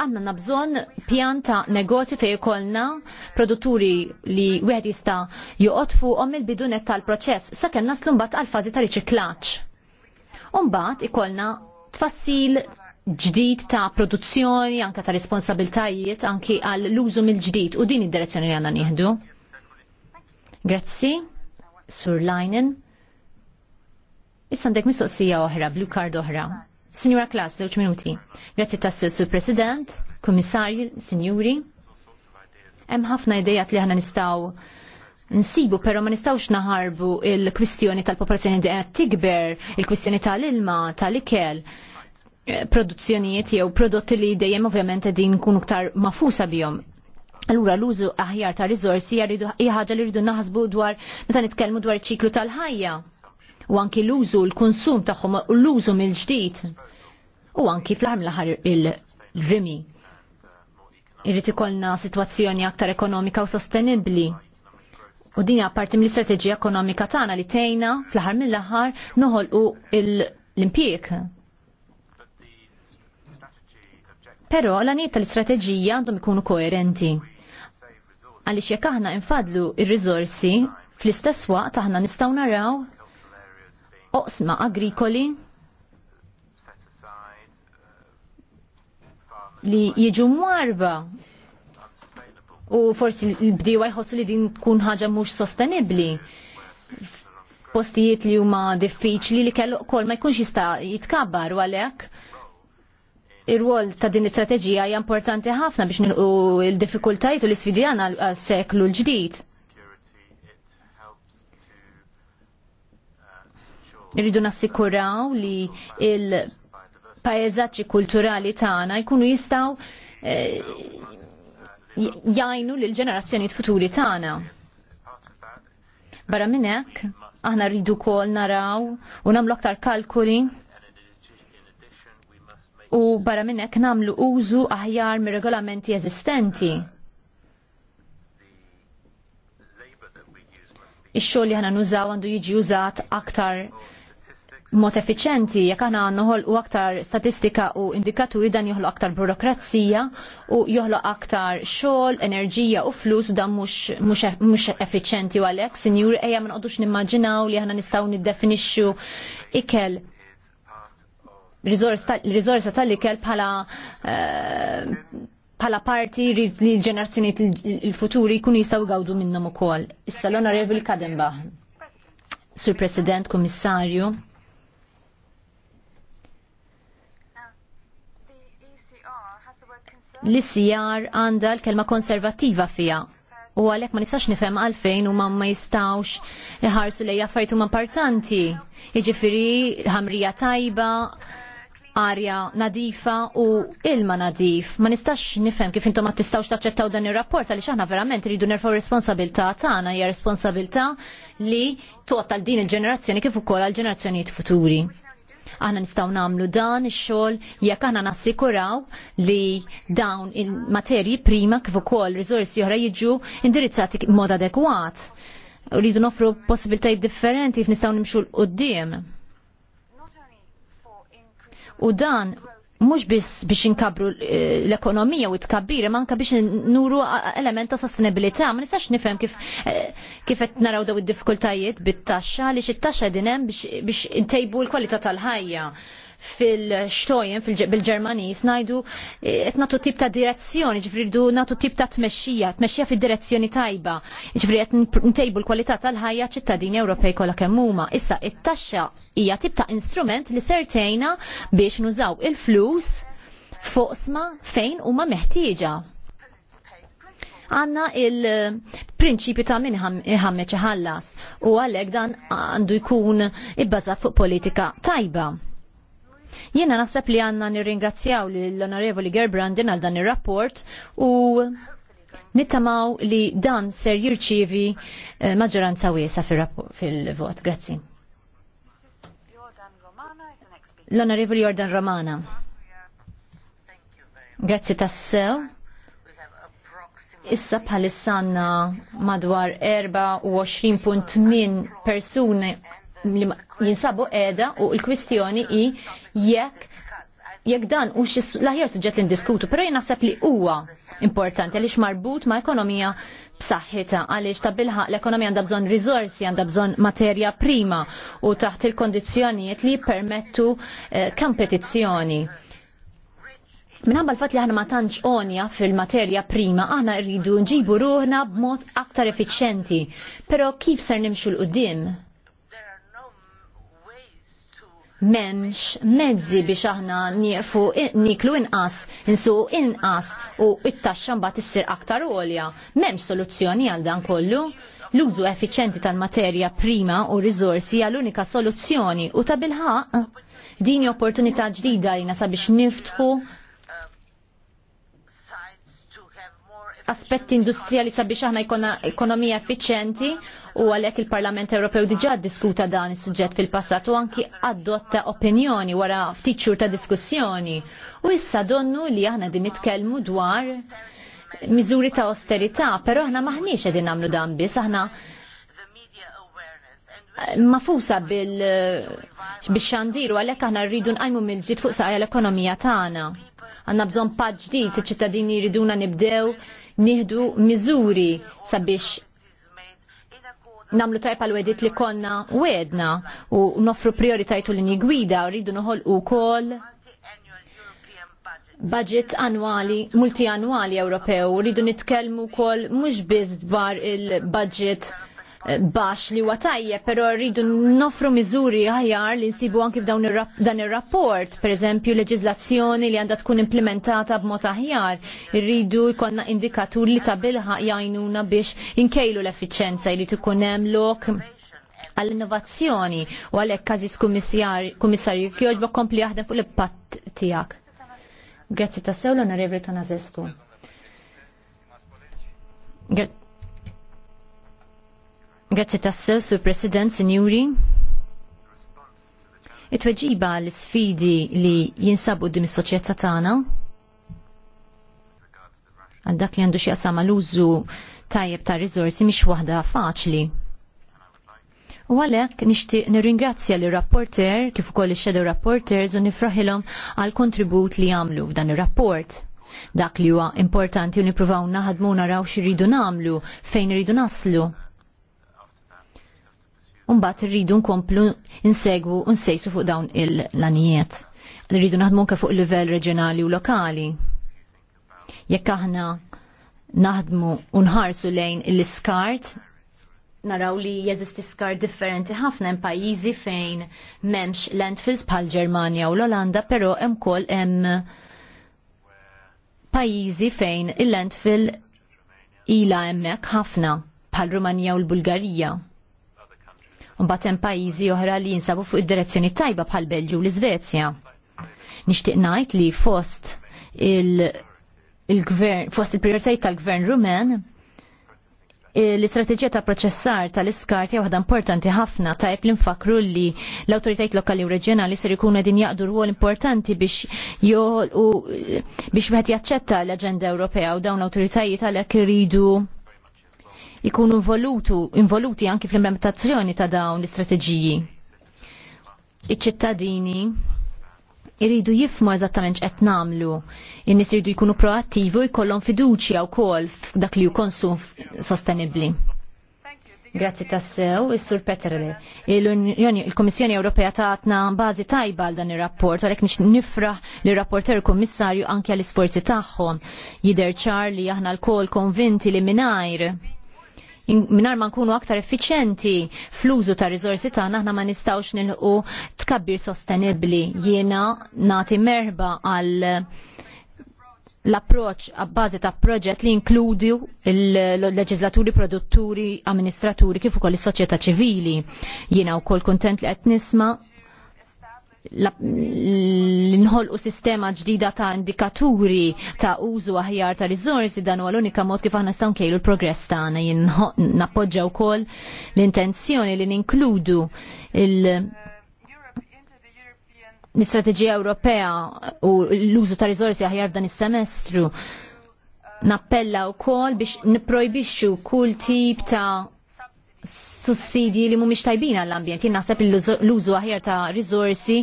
Għanna nabżon pjan ta' negozju fej kolna produtturi li wieħed jista' joqgħod fuqhom il-bidunet tal-proċess sakemm naslu mbagħad għal fażi ta' riċiklaġġ. Umbagħad ikolna tfassil ġdid ta' produzzjoni, anka ta' responsabiltajiet, anki għal l-użu mill-ġdid u din id-direzzjoni li għanna nieħdu. Grazzi, Sur Linen. Issa għandek mistoqsija oħra, blue card oħra. Signora Klaas, żewġ minuti. Grazzi tas Sur President, Kummissarju, Sinjuri. Hemm ħafna idejat li aħna nistgħu Nsibu, pero ma nistawx naħarbu il-kwistjoni tal-popolazzjoni dejjem tikber, il-kwistjoni tal-ilma, tal-ikel. tal popolazzjoni dejjem tikber il kwistjoni tal ilma tal ikel tikber il kwistjoni tal ilma tal ikel produzzjonijiet jew prodotti li dejjem ovvjament din kunu ktar mafusa bihom. Allura l-użu aħjar ta' rizorsi hija ħaġa li rridu naħsbu dwar meta nitkellmu dwar ċiklu tal-ħajja. U anki l-użu l-konsum tagħhom u l-użu mill-ġdid. U anki fl-ħarm l-aħħar il-rimi. Irrid ikollna sitwazzjoni aktar ekonomika u sostenibbli. U din hija parti mill-istrateġija ekonomika tagħna li tgħinna fl-aħħar mill-aħħar noħolqu l-impjieg Però l-għaniet tal-istrateġija għandhom ikunu koerenti. Għaliex jekk aħna infadlu ir rizorsi fl-istess waqt aħna nistgħu naraw oqsma agrikoli li jiġu marba u forsi l-bdiewa jħossu li din tkun ħaġa mhux sostenibbli postijiet li huma diffiċli li kellu kol ma jkunx jista' jitkabbar u għalhekk ir wol ta' din l-istrateġija hija importanti ħafna biex nilqu l-diffikultajiet u l-isfidi għal għas-seklu l-ġdid. Irridu nassikuraw li il-pajeżaċċi kulturali tagħna jkunu jistgħu eh, jgħinu lil ġenerazzjonijiet futuri tagħna. Barra minn hekk, aħna rridu kol naraw u nagħmlu aktar kalkuli u barra minnek namlu nagħmlu użu aħjar mir regolamenti eżistenti. Ix-xogħol li ħana nużaw għandu jiġi użat aktar mod effiċenti jekk aħna noħolqu aktar statistika u indikaturi dan joħloq aktar burokrazija u joħloq aktar xogħol, enerġija u flus dan mhux effiċenti u għalhekk, sinjur ejja ma nqogħdux nimmaġinaw li aħna nistgħu niddefinixxu ikel risorsa tal-ikel bħala eh, bħala parti li l ġenerazzjoni il-futuri jkunu jistgħu gawdu minnhom ukoll. Issa l-Onorevoli Kadenbach, Sur President, Kummissarju. L-ICR għandha l-kelma konservativa fija u għalek ma nistax nifhem għalfejn u ma ma jistawx iħarsu lejja affarijiet huma importanti. Jiġifieri ħamrija tajba, arja nadifa u ilma nadif. Ma nistax nifhem kif intom ma tistawx taċċettaw dan ir-rapport għaliex aħna verament iridu nerfgħu responsabilità tagħna hija responsabilità li toqgħod għal din il-ġenerazzjoni kif ukoll għal ġenerazzjonijiet futuri. Aħna nistgħu nagħmlu dan ix-xogħol jekk aħna nassikuraw li dawn il-materji prima kif ukoll riżorsi oħra jiġu indirizzati b'mod adekwat. Rridu nofru possibilitajiet differenti kif nistgħu nimxu l-qudiem U dan mhux biss biex inkabru l-ekonomija u tkabbir, ma anke biex nuru element ta' sostenibilità. Ma nistax nifhem kif eh, kif qed naraw daw id-diffikultajiet bit-taxxa li it taxxa din hemm biex intejbu l-kwalità tal-ħajja fil-xtojen bil-Ġermanis najdu e, qed nagħtu tip ta' direzzjoni, ġifri rridu tip ta' tmexxija, tmexxija fid-direzzjoni tajba. Ġifri qed ntejbu l-kwalità tal-ħajja ċittadini Ewropej kollha kemm huma. Issa it-taxxa hija tip ta' instrument li sertejna biex nużaw il-flus foqsma fejn huma meħtieġa għanna il-prinċipi ta' minn ħammeċ ħallas u għalek dan għandu jkun ibbażat fuq politika tajba. Jiena naħseb li għandna nirringrazzjaw l-Onorevoli Gerbrandin għal dan ir-rapport u nittamaw li dan ser jirċievi eh, maġġoranza wiesa fil-vot. Grazzi. L-Onorevoli Jordan Romana. Grazzi tassew. Issa bħalissanna madwar 24.000 persuni jinsabu edha u l-kwistjoni i jekk jekk dan u l-aħjar suġġett li ndiskutu, pero jien naħseb li huwa importanti għaliex marbut ma' ekonomija b'saħħitha għaliex ta' bilħaq l-ekonomija għandha bżonn riżorsi, għandha bżonn materja prima u taħt il-kondizzjonijiet li jippermettu eh, kompetizzjoni. Minħabba l-fat li ħana ma tantx onja fil-materja prima, aħna rridu nġibu ruħna b'mod aktar effiċjenti. Però kif ser nimxu l-qudiem? memx mezzi biex aħna nieqfu niklu inqas, insu inqas u it-taxxa mbagħad issir aktar għolja. Memx soluzzjoni għal dan kollu. L-użu effiċenti tal-materja prima u rizorsi hija l-unika soluzzjoni u ta' bilħaq dini opportunità ġdida li nasa biex niftħu aspetti industrijali sabiex aħna jkollna ekonomija effiċjenti u għalhekk il-Parlament Ewropew diġà diskuta dan is-suġġett fil-passat u anki adotta opinjoni wara ftit xhur ta' diskussjoni. U issa donnu li aħna din nitkellmu dwar miżuri ta' austerità, però aħna maħniex qegħdin nagħmlu dan biss, aħna mafusa bil bix għalhekk aħna rridu nqajmu mill ġdid fuq saqja l-ekonomija tagħna. Għandna bżonn paġ ġdid, iċ-ċittadini jriduna nibdew nieħdu miżuri sabiex namlu tajpa l-wedit li konna wedna u nofru prioritajtu li gwida u rridu noħol u kol budget annuali, multiannuali Ewropew, rridu nitkelmu kol mux biz dwar il-budget bax li huwa tajjeb, però rridu nofru miżuri aħjar li nsibu anki f'dawn dan ir-rapport, pereżempju leġiżlazzjoni li għandha tkun implementata b'mod aħjar, irridu jkollna indikatur li ta' bilħaq jgħinuna biex inkejlu l-effiċenza li ikun hemm lok għall-innovazzjoni u għalhekk każis kummissarju kjoġbok kompli jaħdem fuq l pat tiegħek. Grazzi tassew l-onorevoli Tonazesku. Grazie. Grazzi tassel, Sur President, Sinjuri. It-tweġiba l sfidi li jinsabu dim is-soċjetà tagħna għal dak li għandu xi qasam l-użu tajjeb ta' rizorsi mhix waħda faċli. U għalhekk nixtieq nirringrazzja lir rapporter kif ukoll il shadow rapporters u nifraħilhom għal kontribut li għamlu f'dan ir-rapport dak li huwa importanti u nippruvaw naħdmu naraw x'iridu nagħmlu, fejn iridu naslu. Umbat rridu nkomplu nsegwu nsejsu fuq dawn il-lanijiet. Rridu naħdmu anke fuq livell reġjonali u lokali. Jekk aħna naħdmu unħarsu lejn l-iskart, naraw li jeżisti skart differenti ħafna hemm pajjiżi fejn m'hemmx landfills bħal Ġermanja u l-Olanda, però hemm ukoll hemm pajjiżi fejn il-landfill ila hemmhekk ħafna bħal Rumanija u l-Bulgarija. Mbagħad hemm pajjiżi oħra li jinsabu fuq id-direzzjoni tajba bħal Belġju u l-Iżvezja. Nixtieq ngħid li fost il-gvern il fost il-prijoritajiet tal-gvern Rumen eh, l-istrateġija ta' proċessar tal-iskart hija waħda importanti ħafna tajb li nfakru li l-awtoritajiet lokali u reġjonali ser ikunu qegħdin jaqdu rwol importanti biex joħolqu eh, biex wieħed jaċċetta l-aġenda Ewropea u dawn l-awtoritajiet għalhekk iridu jkunu involuti anki fl-implementazzjoni ta' dawn l-istrateġiji. Iċ-ċittadini irridu jifmu eżattament x'qed namlu. In-nies iridu jkunu proattivi u jkollhom fiduċja wkoll f'dak li hu konsum sostenibbli. Grazzi tassew, il-Sur Peterle. Il-Komissjoni Ewropea għatna bazi tajba għal dan il-rapport, għalek nix nifraħ li rapporter Kummissarju anki għal isforzi taħħom. Jider ċar li aħna l-kol konvinti li minajr minar ma nkunu aktar effiċenti fl-użu ta' rizorsi tagħna naħna ma nistgħux nilħu tkabbir sostenibbli. Jiena nagħti merba għal l-approċ għabbażi ta' proġett li inkludi l-leġislaturi, produtturi, amministraturi kif ukoll is-soċjetà ċivili. Jiena wkoll kuntent li qed nisma' l-inħolqu sistema ġdida ta' indikaturi ta' użu aħjar ta' rizorsi dan huwa l-unika mod kif aħna nistgħu nkejlu l-progress tagħna nappoġġja wkoll l-intenzjoni li ninkludu il- l-istrateġija Ewropea u l-użu ta' rizorsi aħjar dan is-semestru nappella wkoll biex nipprojbixxu kull tip ta' sussidji li mhumiex tajbina għall-ambjent. Jien naħseb l-użu aħjar ta' riżorsi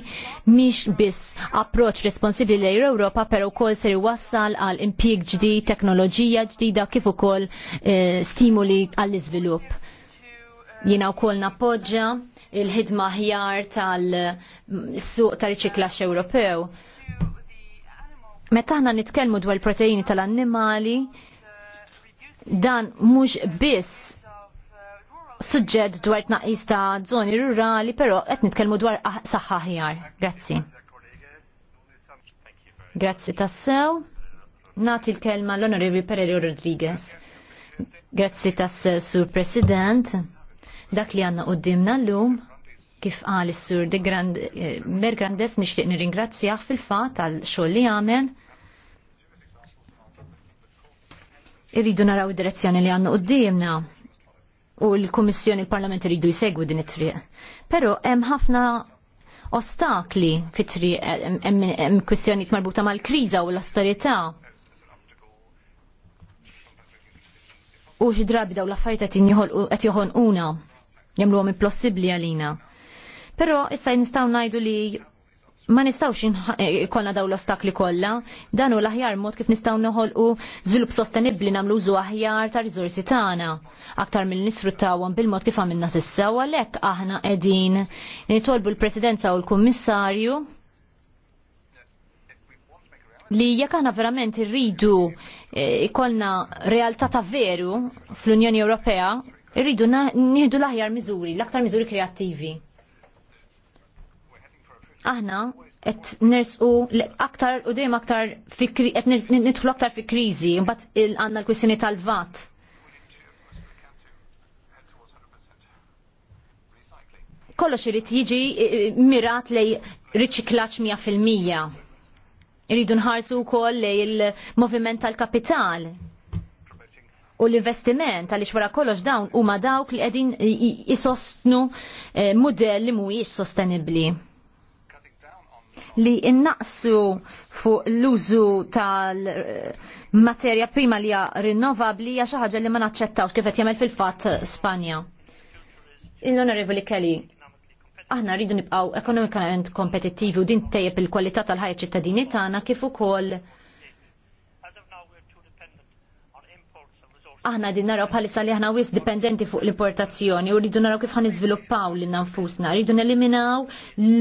mhix biss approċċ responsibbli lejn Ewropa, però wkoll ser wassal għal impieg ġdid, teknoloġija ġdida kif ukoll e, stimuli għall-iżvilupp. Jiena wkoll nappoġġa il-ħidma aħjar tal-suq ta' riċiklax Ewropew. Meta aħna nitkellmu dwar il-proteini tal-annimali, dan mhux biss suġġed dwar tnaqqis ta' zoni rurali, però qed nitkellmu dwar ah, saħħa aħjar. Grazzi. Grazzi tassew. Nati l-kelma l onorevi Pereiro Rodriguez. Grazzi tassew, Sur President. Dak li għanna qoddimna l-lum kif qal is-sur de Grand eh, Mer Grandes nixtieq nirringrazzjah fil fat għal xogħol li għamel. Irridu naraw id-direzzjoni li għandna dimna u l-Kummissjoni l-Parlament iridu jsegwu din it-triq. Però hemm ħafna ostakli fit-triq hemm kwistjonijiet marbuta mal-kriża u l astarjetà U xi drabi daw l-affarijiet qed joħolquna jagħmluhom impossibbli għalina. Però issa nistgħu ngħidu li ma nistawx eh, konna daw l-ostakli kollha, dan hu l-aħjar mod kif nistgħu noħolqu żvilupp sostenibbli nagħmlu użu aħjar ta' riżorsi tagħna aktar mill nisfruttawhom bil-mod kif għamilna s'issa u għalhekk aħna qegħdin nitolbu l-Presidenza u l-Kummissarju li jekk aħna verament irridu eh, ikollna realtà ta' veru fl-Unjoni Ewropea, irridu nieħdu l-aħjar miżuri, l-aktar miżuri kreattivi aħna qed nersqu aktar u dejjem aktar qed nidħlu aktar fi kriżi, imbagħad għandna l-kwissjoni tal-vat. Kollox irid jiġi mirat lej riċiklaċ 100%. Iridu nħarsu wkoll lej il-moviment tal-kapital u l-investiment għaliex wara kollox dawn huma dawk li qegħdin isostnu eh, mudell li mhuwiex sostenibbli li innaqsu fuq l-użu tal-materja prima li rinnovabli rinnovabbli hija xi ħaġa li ma naċċettawx kif qed jagħmel fil-fatt Spanja. Il-Onorevoli Kelly, aħna rridu nibqgħu ekonomikament kompetittivi u din tejjeb il-kwalità tal-ħajja ċittadini tagħna kif ukoll aħna din naraw bħalissa li aħna wis dipendenti fuq l-importazzjoni u rridu naraw kif ħan iżviluppaw li nanfusna, rridu neliminaw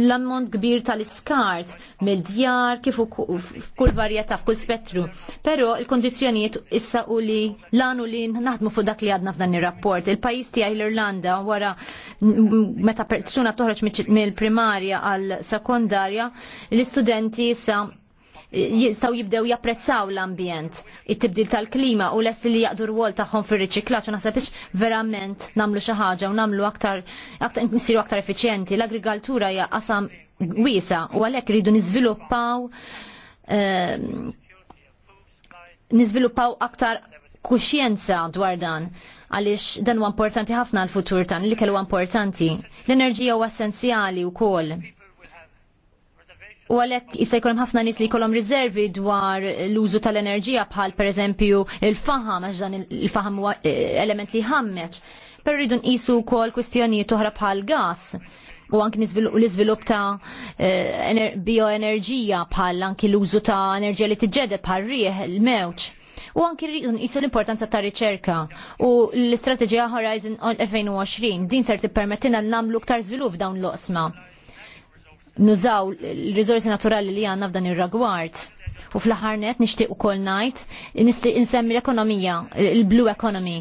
l-ammont kbir tal-iskart mill-djar kif f'kull varjetà f'kull spettru. Però il-kondizzjonijiet issa u li lanu li naħdmu fuq dak li għadna f'dan ir-rapport. Il-pajjiż tiegħi l-Irlanda wara meta persuna toħroġ mill-primarja għal sekondarja l-istudenti issa jistgħu jibdew japprezzaw l-ambjent, it-tibdil tal-klima u l-est li jaqdu rwol tagħhom fir-riċiklaġġ u naħseb verament nagħmlu xi ħaġa u nagħmlu aktar aktar nsiru aktar effiċjenti. L-agrikoltura hija qasam wiesa u għalhekk iridu niżviluppaw ehm, niżviluppaw aktar kuxjenza dwar dan għaliex dan huwa importanti ħafna l futur tan li kellu importanti. L-enerġija huwa essenzjali wkoll U għalek jista' jkun ħafna nies li jkollhom riservi dwar l-użu tal-enerġija bħal pereżempju il-faham għax dan il-faham huwa eh, element li ħammeġ. Però rridu nqisu wkoll kwistjonijiet oħra bħal gas u anki l-iżvilupp ta' eh, bioenerġija bħal anki l-użu ta' enerġija li tiġġedet bħal rieħ il-mewġ. U anki rridu nqisu l-importanza ta' riċerka u l-istrateġija Horizon 2020 din ser tippermettina nagħmlu ktar żvilupp dawn l-oqsma nużaw l-rizorsi naturali li għanna f'dan ir-ragward. U fl-ħarnet nixtieq ukoll ngħid, insemmi l-ekonomija, il-blue economy,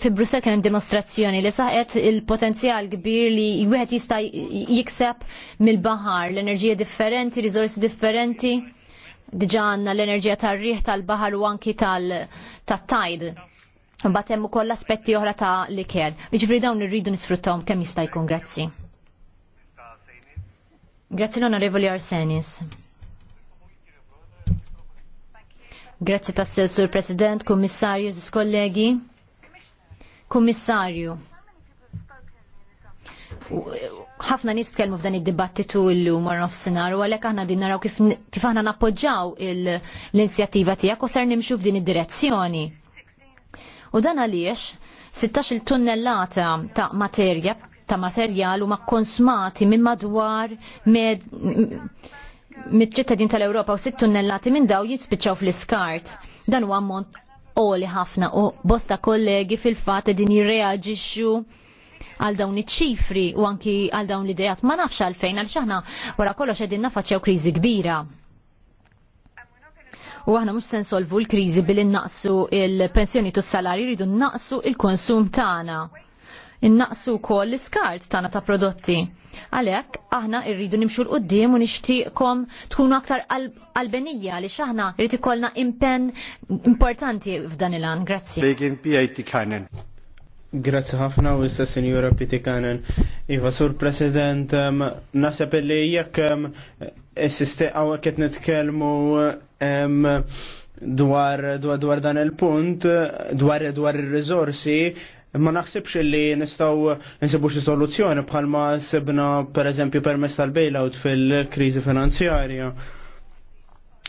fi Brussel kien dimostrazzjoni li saħet il-potenzjal kbir li wieħed jista' jikseb mill-baħar, l-enerġija differenti, rizorsi differenti. Diġà għandna l-enerġija tar-riħ tal-baħar u anki tal-tajd. Mbagħad hemm ukoll aspetti oħra ta' li kien. Jiġifieri dawn irridu nisfruttahom kemm jista' jkun grazzi. Grazzi l Arsenis. Grazzi tassew sur President, Kummissarju, colleghi. kollegi. Kummissarju. Ħafna nis tkellmu f'dan id-dibattitu llum lum nofsinhar u għalhekk aħna din naraw kif aħna nappoġġaw l-inizjattiva tiegħek u ser nimxu f'din id-direzzjoni. U dan għaliex 16 il-tunnellata ta' materja ta' materjal huma konsmati minn madwar med mit-ċittadin tal-Ewropa u 6 tunnellati minn daw jispiċċaw fl-iskart. Dan huwa ammont oli ħafna u bosta kollegi fil-fatt din jirreaġixxu għal dawn iċ-ċifri u anki għal dawn l-idejat ma nafx għalfejn għal xaħna wara kollox qegħdin nafaċċew kriżi kbira. U aħna mhux se nsolvu l-kriżi billi naqsu il-pensjoni tu s-salari rridu naqsu il-konsum tagħna innaqsu kol l skart tana ta' prodotti. Għalek, aħna irridu nimxu l-qoddim u nishtiqkom tkunu aktar għalbenija li xaħna irrid ikollna impen importanti f'dan il-an. Grazzi.
Begin PIT Kanen. Grazzi ħafna u issa Sinjura Pitikanen. Iva, Sur President, nasab li jekk s-sistema għawek qed nitkellmu dwar dwar dan il-punt, dwar dwar ir rizorsi Ma naħsibx li nistaw nsibu xi soluzzjoni bħalma sibna pereżempju permess tal-bailout fil-kriżi finanzjarja.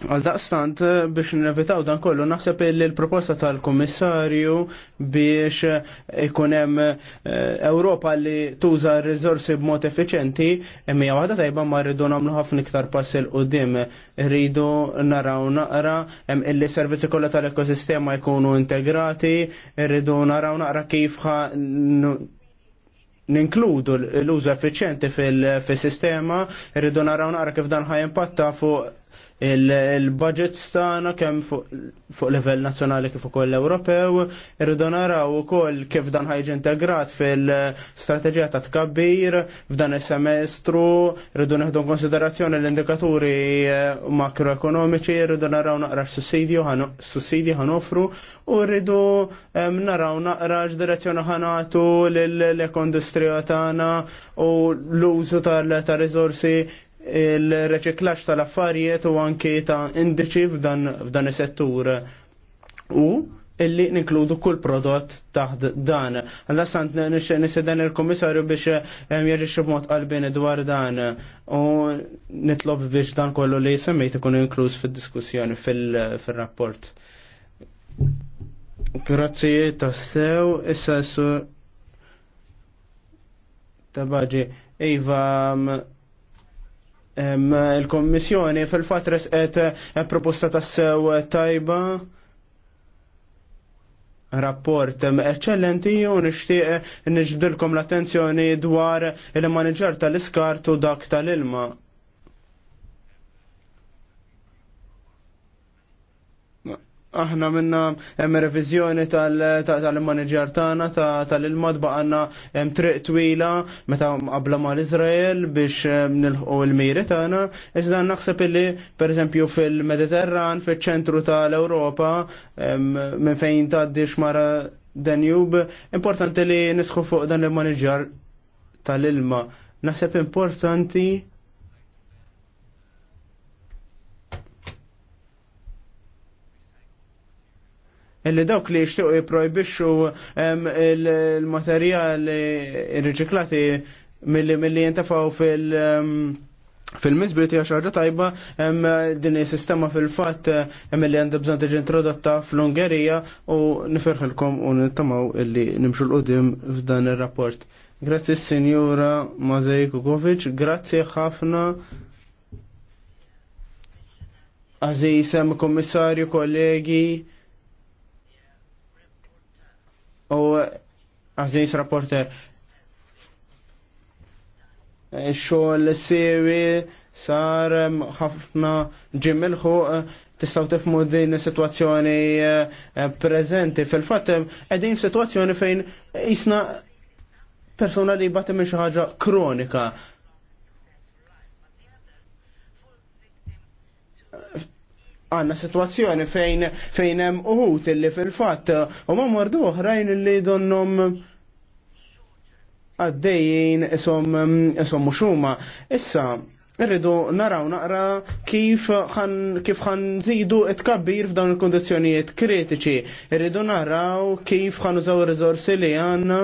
Għal daqstant eh, biex nevitaw dan kollu, naħseb li l-proposta tal-Komissarju biex ikunem eh, Ewropa li tuża r-rizorsi b'mod effiċenti, hija waħda tajba ma rridu nagħmlu ħafna iktar pass il qudiem rridu naraw naqra hemm illi servizzi kollha tal-ekosistema jkunu integrati, rridu naraw naqra kif ninkludu l-użu effiċjenti fil-sistema, rridu naraw naqra kif dan ħajimpatta fuq il-budgets tagħna kemm fuq livell nazzjonali kif ukoll Ewropew irridu naraw ukoll kif dan ħajġ integrat fil-strateġija ta' tkabbir f'dan is-semestru irridu neħdu konsiderazzjoni l-indikaturi eh, makroekonomiċi irridu naraw naqra sussidji ħanofru u rridu naraw naqra x'direzzjoni ħanatu l-ekondustrija tagħna u l-użu tal-riżorsi il-reċiklax tal-affarijiet u anke ta' indiċi f'dan is-settur. U illi ninkludu kull prodott taħt dan. Għalla sant nisidan il-komissarju biex jieġiċi b'mod qalbin dwar dan u nitlob biex dan kollu li semmejt ikun inkluż fil-diskussjoni fil-rapport. Grazzi tassew, issa s-sur. tabaġi, Iva il-Kommissjoni fil fatres resqet eh, proposta tassew tajba rapport eccellenti u nixtieq eh, nixbdilkom l-attenzjoni dwar il-manager tal-iskart u dak tal-ilma. Aħna minna hemm revizjoni tal-manager tagħna tal-ilma tbaqanna hemm triq twila meta qabla mal Iżrael biex nilħqu l-miri tagħna. Iżda naħseb illi pereżempju fil-Mediterran, fiċ-ċentru tal-Ewropa minn fejn tgħaddi xmara Danube, importanti li nisħu fuq dan il-manager tal-ilma. Naħseb importanti li dawk li jixtiequ jipprojbixxu il-materjali riċiklati milli jintafaw fil- Fil-mizbiti għax ħaġa tajba, din sistema fil-fat li għandha bżon tiġi introdotta fl-Ungerija u nifirħilkom u nittamaw illi nimxu l-qudiem f'dan ir-rapport. Grazzi s Mazej Kukovic, grazzi ħafna għazisem, kommissarju, kollegi u għazdejs rapporter xogħol sewi sar ħafna ġimilħu tistaw tifmu din situazzjoni eh, prezenti. Fil-fatt, għedin situazzjoni fejn jisna persona li batem xi ħaġa kronika għanna situazzjoni fejn fejn hemm uħut illi fil-fatt u ma mordu oħrajn illi donnom għaddejjin isom isom muxuma. Issa irridu naraw naqra kif ħan kif ħan żidu tkabbir f'dawn il-kondizzjonijiet kritiċi. Irridu naraw kif ħan użaw ir-riżorsi li għandna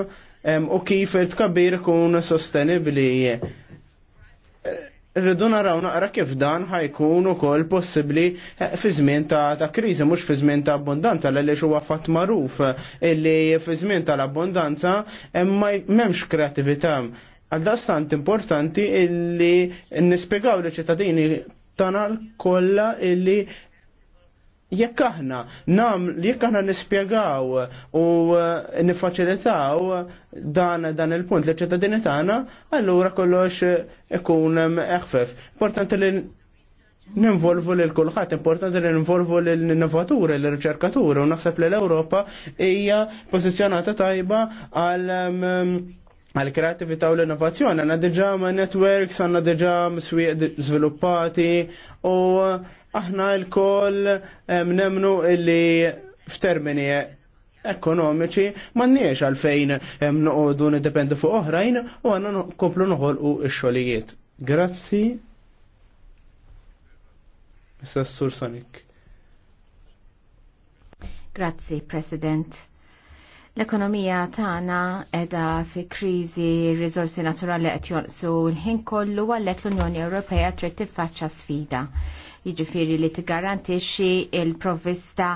u kif il-tkabbir ikun sostenibbli rridu naraw naqra kif dan ħajkun ukoll possibbli eh, fi żmien ta', ta kriżi mhux fi żmien ta' abbondanza għaliex huwa fatt magħruf eh, illi fi żmien tal-abbondanza eh, m'hemmx kreattività. Għal dastant importanti illi nispjegaw li ċittadini tana kolla illi jekk aħna nam jekk aħna nispjegaw u eh, nifaċilitaw dan dan il-punt li ċittadini tagħna, allura kollox ikun eh, eħfef. Importanti li ninvolvu lil kulħadd, importanti li ninvolvu lil innovaturi, l riċerkaturi u naħseb li l-Ewropa hija pożizzjonata tajba għal mm, għal kreativita u l-innovazzjoni. Għanna diġa ma networks, għanna diġa swieq sviluppati u aħna l-koll nemnu illi f'termini ekonomiċi manniex għalfejn noqogħdu nidependu fuq oħrajn u għanna komplu noħolqu x-xogħlijiet. Grazzi. Issa Sur Sonic.
Grazzi, President. L-ekonomija tagħna qiegħda fi kriżi r-riżorsi naturali qed jonqsu l-ħin kollu għalhekk l-Unjoni Ewropea trid tiffaċċa sfida jiġifieri li tiggarantixxi il-provvista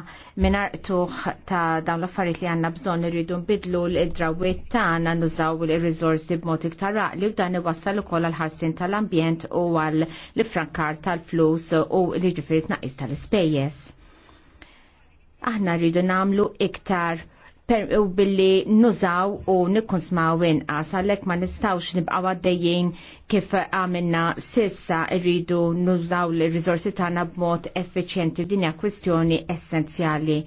mingħajr tuħ ta' dawn l-affarijiet li għandna bżonn irridu nbidlu l-drawiet tagħna nużaw il-riżorsi b'mod iktar raqli u dan iwassal ukoll għal ħarsien tal-ambjent u għal l-ifrankar tal-flus u l-jiġifieri tnaqqis tal-ispejjeż aħna rridu namlu iktar u billi nużaw u nikkonsmaw inqas għalhekk ma nistgħux nibqgħu għaddejjin kif għamilna sissa rridu nużaw l-riżorsi tagħna b'mod effiċjenti f'din hija kwistjoni essenzjali.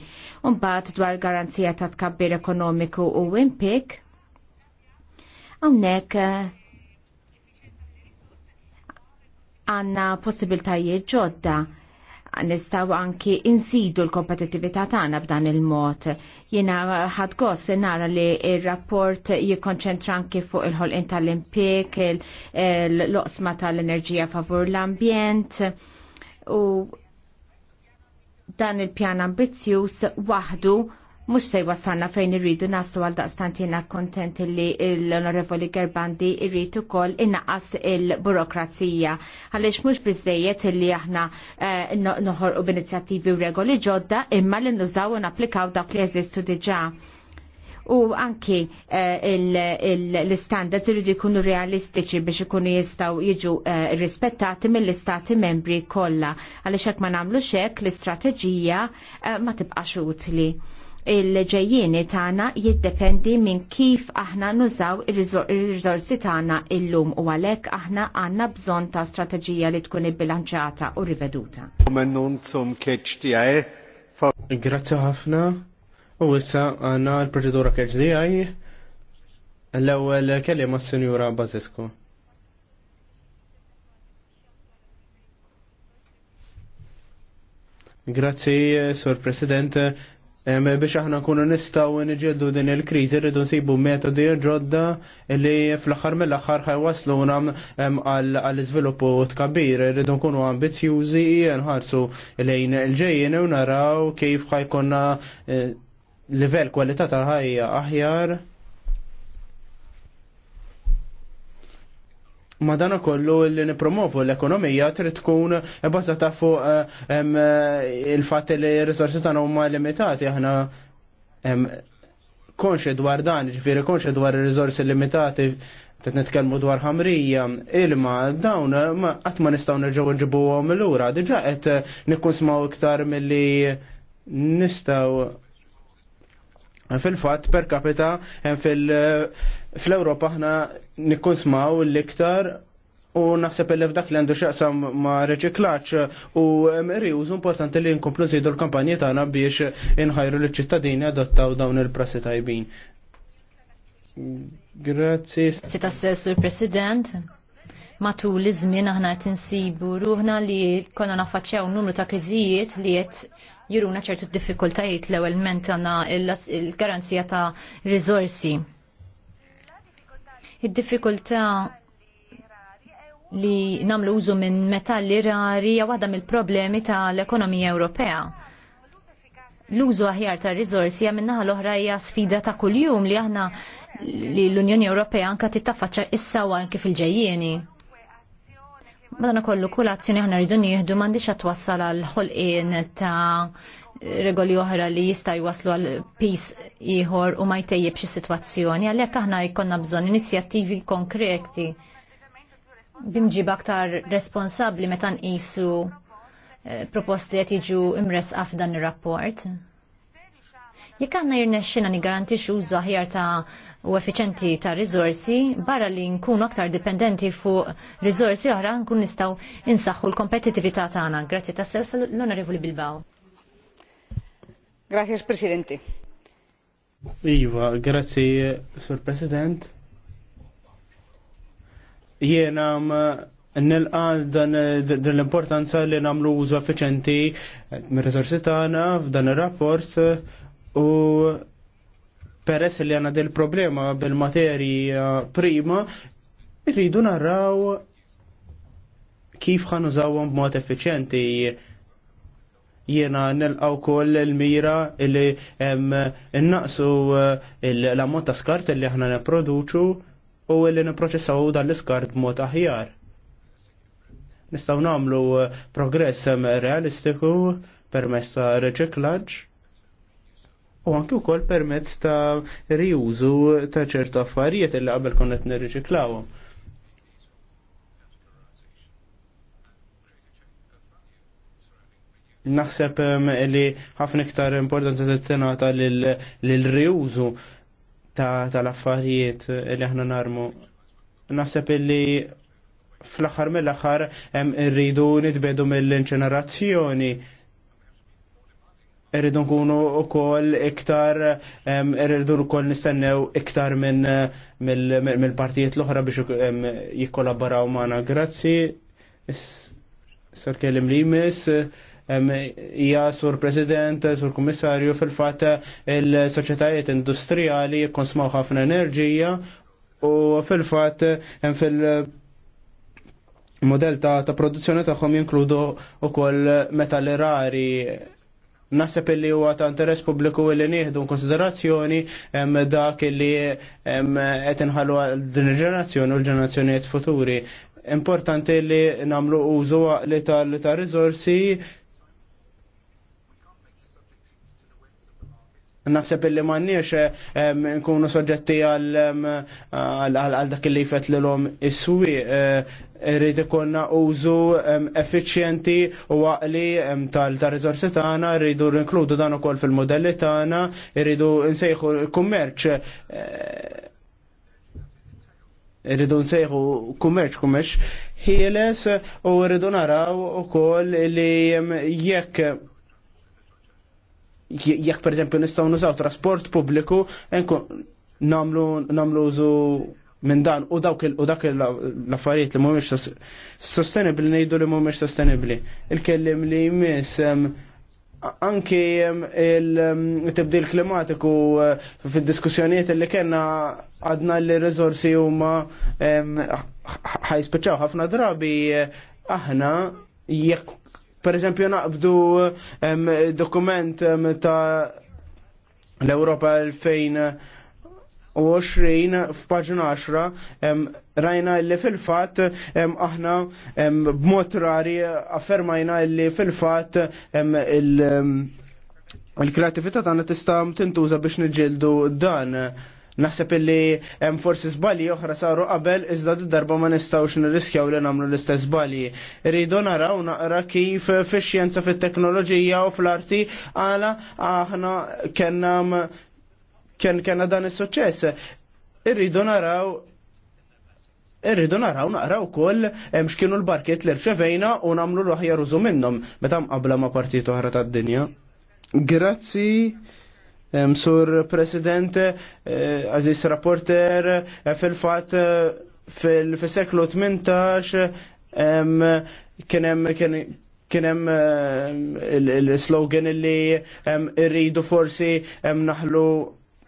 Mbagħad dwar garanzija ta' tkabbir ekonomiku u impik hawnhekk eh, għandna possibiltajiet ġodda nistaw anki insidu l-kompetitività tagħna b'dan il-mod. Jiena ħad gost nara li r rapport jikkonċentra anki fuq il-ħolqien tal-impik, l-oqsma tal-enerġija favur l-ambjent u dan il-pjan ambizzjuż waħdu mux se wasanna fejn irridu naslu għal daqstantina kontent li l-Onorevoli Gerbandi irridu kol innaqas il-burokrazija. Għalix mux bizzejiet li aħna eh, noħorqu b'inizjattivi u regoli ġodda imma li nużaw u napplikaw dawk li jeżistu diġa. U anki eh, l-standards irridu jkunu realistiċi biex ikunu jistaw jiġu eh, rispettati mill-istati membri kollha. Għaliex hekk ma namlu xek l-istrateġija ma tibqax utli il-ġejjieni tagħna jiddependi minn kif aħna nużaw ir-riżorsi tagħna illum u għalhekk aħna għandna bżonn ta' strateġija li tkun ibbilanċata u riveduta.
Grazzi ħafna. U issa għandna l-proċedura KDI. DI. L-ewwel kelliema s-Sinjura Bazescu. Grazzi, Sur President biex aħna nkunu nistaw niġieldu din il-krizi rridu nsibu metodi ġodda li fl-axar mill-axar ħajwaslu nam għall-izviluppu tkabbir rridu nkunu ambizjużi nħarsu lejn il-ġejjin u naraw kif ħajkonna eh, livell kwalità tal-ħajja aħjar. ma kollu li nipromovu l-ekonomija trid tkun bbażata fuq eh, eh, il-fatt li r-risorsi tagħna huma limitati aħna konxi dwar dan, ġifieri konxi dwar ir-risorsi limitati qed nitkellmu dwar ħamrija, ilma dawn qatt ma nistgħu nerġgħu nġibuhom lura, diġà qed nikkunsmaw iktar milli nistgħu fil-fatt per capita fil-Ewropa aħna sm'aw l-iktar u naħseb li dak li għandu xaqsam ma' reċiklaċ u riuż importanti li nkomplu nżidu l-kampanji tagħna biex inħajru l-ċittadini adottaw dawn il-prassi tajbin. Grazzi. Grazzi tas-Sur President
matul iż-żmien aħna qed insibu ruħna li konna nafaċċew numru ta' kriżijiet li qed juruna ċertu diffikultajiet l-ewwel ment għandna il-garanzija ta' riżorsi Id-diffikultà li namlu użu minn metalli rari hija waħda mill-problemi tal-ekonomija Ewropea. L-użu aħjar ta' rizorsi hija minnaħa l-oħra hija sfida ta' kuljum li aħna li l-Unjoni Ewropea anka tittaffaċċa issa u anke fil-ġejjieni. Madana kollu kull azzjoni aħna rridu nieħdu m'għandix twassal għal ħolqien ta' regoli oħra li jista' jwaslu għal peace ieħor u ma jtejjibx is-sitwazzjoni, għalhekk aħna jkollna bżonn inizjattivi konkreti bimġib aktar responsabbli meta nqisu eh, proposti qed jiġu imresqa f'dan ir-rapport. Jekk aħna jirnexxina nigarantixxu użu aħjar ta' u effiċenti ta' riżorsi, barra li nkunu aktar dipendenti fuq riżorsi oħra nkun nistgħu insaħħu l-kompetitività tagħna. Grazzi tassew l-Onorevoli Bilbao.
Grazie, Presidente.
Iva, grazzi, Sur President. Jena nilqa dan l-importanza li namlu użu effiċenti mir-resorsi tagħna f'dan ir-rapport u peress li għandna del problema bil-materja prima irridu narraw kif ħanużawhom b'mod effiċenti jiena nelqaw wkoll il-mira illi innaqsu eh, l-ammont ta' skart illi aħna nipproduċu u illi nipproċessaw dan l-iskart b'mod aħjar. Nistgħu nagħmlu eh, progress realistiku permezz ta' reċiklaġġ u anki wkoll permezz ta' riużu ta' ċertu affarijiet illi qabel konna qed nirriċiklawhom naħseb li ħafna iktar importanza t-tenata l-riużu tal-affarijiet li ħna narmu. Naħseb li fl-axar mill-axar rridu nitbedu mill-inċenerazzjoni. Rridu nkunu u koll iktar, rridu u nistennew iktar minn mill-partijiet l-oħra biex jikkollaboraw maħna. Grazzi, s kellim li jmiss hija sur President, sur Kummissarju fil-fatt il-soċjetajiet industrijali jikkonsmaw ħafna enerġija u fil-fatt hemm fil modell ta', ta produzzjoni tagħhom jinkludu wkoll metalli rari Naħseb illi huwa ta' interess pubbliku li nieħdu konsiderazzjoni dak illi qed inħallu din il-ġenerazzjoni u l-ġenerazzjonijiet futuri importanti li namlu użu li tal-rizorsi Naħseb illi m'għandniex nkunu soġġetti għal dak li jfet l-lom is-swi eh, rrid ikonna użu effiċjenti u għaqli tal-rizorsi tagħna, rridu rinkludu dan ukoll fil-modelli tagħna, rridu nsejħu l kummerċ eh, rridu nsejħu kummerċ kummerċ ħieles u rridu naraw ukoll li jekk jekk per eżempju nistgħu nużaw trasport pubbliku namlu namlu użu minn dan u dawk u dak l-affarijiet li mhumiex sostenibbli ngħidu li mhumiex sostenibbli. Il-kellim li jmiss anki il-tibdil klimatiku eh, fid-diskussjonijiet li kena għadna li rizorsi huma ħajspiċċaw ħafna drabi eh, aħna jekk Per eżempju naqbdu dokument ta' l-Europa 2020 f'paġna 10 rajna li fil-fat aħna b'mod rari affermajna li fil-fat il- il-kreativita tagħna tista' tintuża biex niġildu dan Naħseb illi hemm forsi żbalji oħra saru qabel iżda darba ma nistgħux nirriskjaw li nagħmlu l-istess żbalji. Rridu naraw naqra kif fix-xjenza fit-teknoloġija u fl-arti għala aħna kellna kien kena dan is-suċċess. Irridu naraw irridu naraw naqra wkoll hemm x'kienu l-barkiet li rċevejna u nagħmlu l-aħjar użu minnhom meta qabla ma' partit oħra tad-dinja. Grazzi. Sur President, eh, Aziz Rapporter, eh, fil-fat eh, fil-seklu 18 kienem il-slogan li irridu forsi naħlu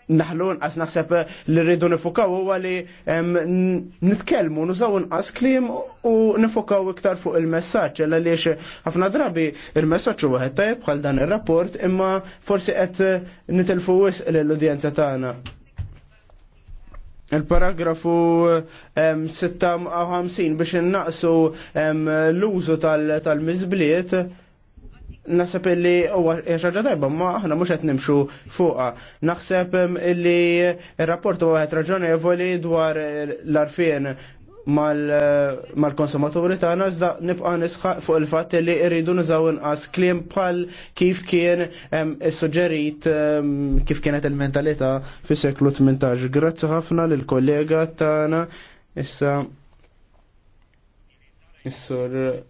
naħlu nqas naħseb li rridu nifukaw u għali nitkellmu nużaw nqas klim u nifukaw iktar fuq il-messaġġ għaliex ħafna drabi il-messaġġ u għahet tajb bħal dan ir-rapport imma forsi qed nitilfu wisq lill-udjenza tagħna. Il-paragrafu 56 biex innaqsu l-użu tal-miżbliet tal mizbliet tal miżbliet Nasab illi huwa ħaġa tajba, ma aħna mhux qed nimxu fuqha. Naħseb illi r-rapport huwa qed raġonevoli dwar l-arfien mal-konsumaturi tagħna iżda nibqa' nisħaq fuq il fat li irridu nużaw inqas kliem bħal kif kien is-suġġerit kif kienet il-mentalità fis-seklu 18. Grazzi ħafna lil kollega tagħna issa is-sur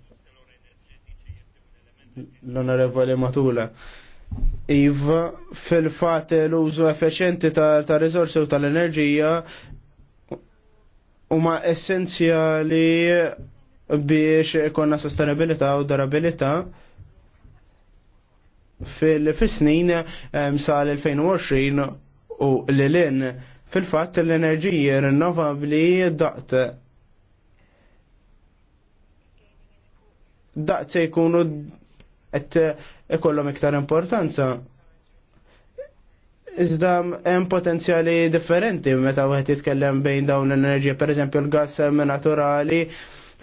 l-onorevoli Matula. Iva, fil-fat l-użu efficienti ta' rizorsi u tal-enerġija huma essenzjali biex ikonna sostenibilità u durabilità fil-snin ehm, sal-2020 u l-lin fil-fat l-enerġija rinnovabli daqt daqt se jkunu qed eh, ikollhom iktar importanza. Iżda hemm potenzjali differenti meta wieħed jitkellem bejn dawn l-enerġija, pereżempju l-gass naturali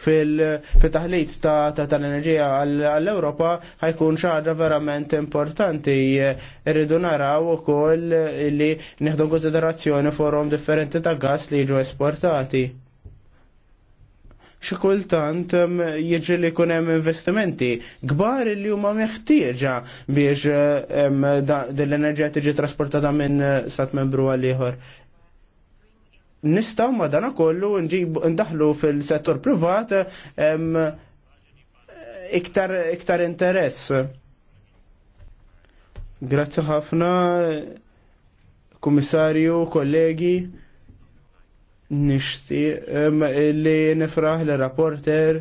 fil-taħlit ta' tal-enerġija għall ewropa ħajkun xaħġa verament importanti. Irridu naraw u koll li nieħdu konsiderazzjoni forum differenti ta' gas li ġu esportati xi kultant jiġri li jkun hemm investimenti kbar li huma meħtieġa biex din l-enerġija tiġi trasportata minn eh, stat membru għal ieħor. Nistgħu dana kollu ndaħlu fil-settur privat iktar, iktar interess. Grazzi ħafna, kummissarju, kollegi nishti li nifraħ l rapporter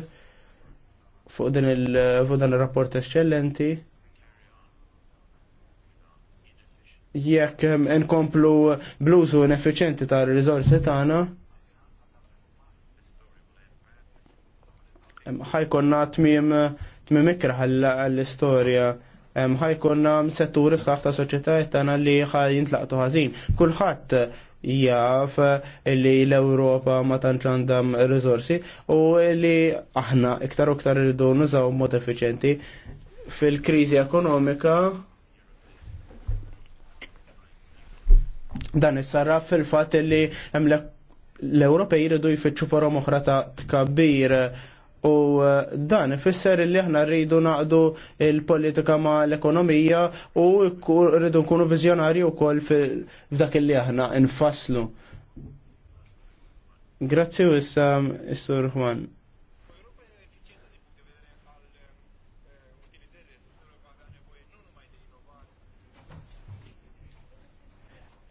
fuq din il-rapport eccellenti. Jekk nkomplu bluzu ineffiċenti ta' rizorsi tagħna, ħajkonna tmim tmim ikra għall-istorja ħajkonna setturi sħaħ ta' soċjetajiet tagħna li ħaj jintlaqtu ħażin. Kulħadd jaf eh, li l-Europa ma tanċandam għandha mm, u li aħna iktar u iktar rridu nużaw mod effiċenti fil-kriżi ekonomika dan issarra fil-fatt li l-Ewropej jridu jfittxu forom oħra ta' tkabbir U eh, dan ifisser li aħna rridu naqdu il-politika ma l-ekonomija u rridu nkunu vizjonari wkoll f'dak li aħna nfasslu. Grazzi wissam, issa, Juan.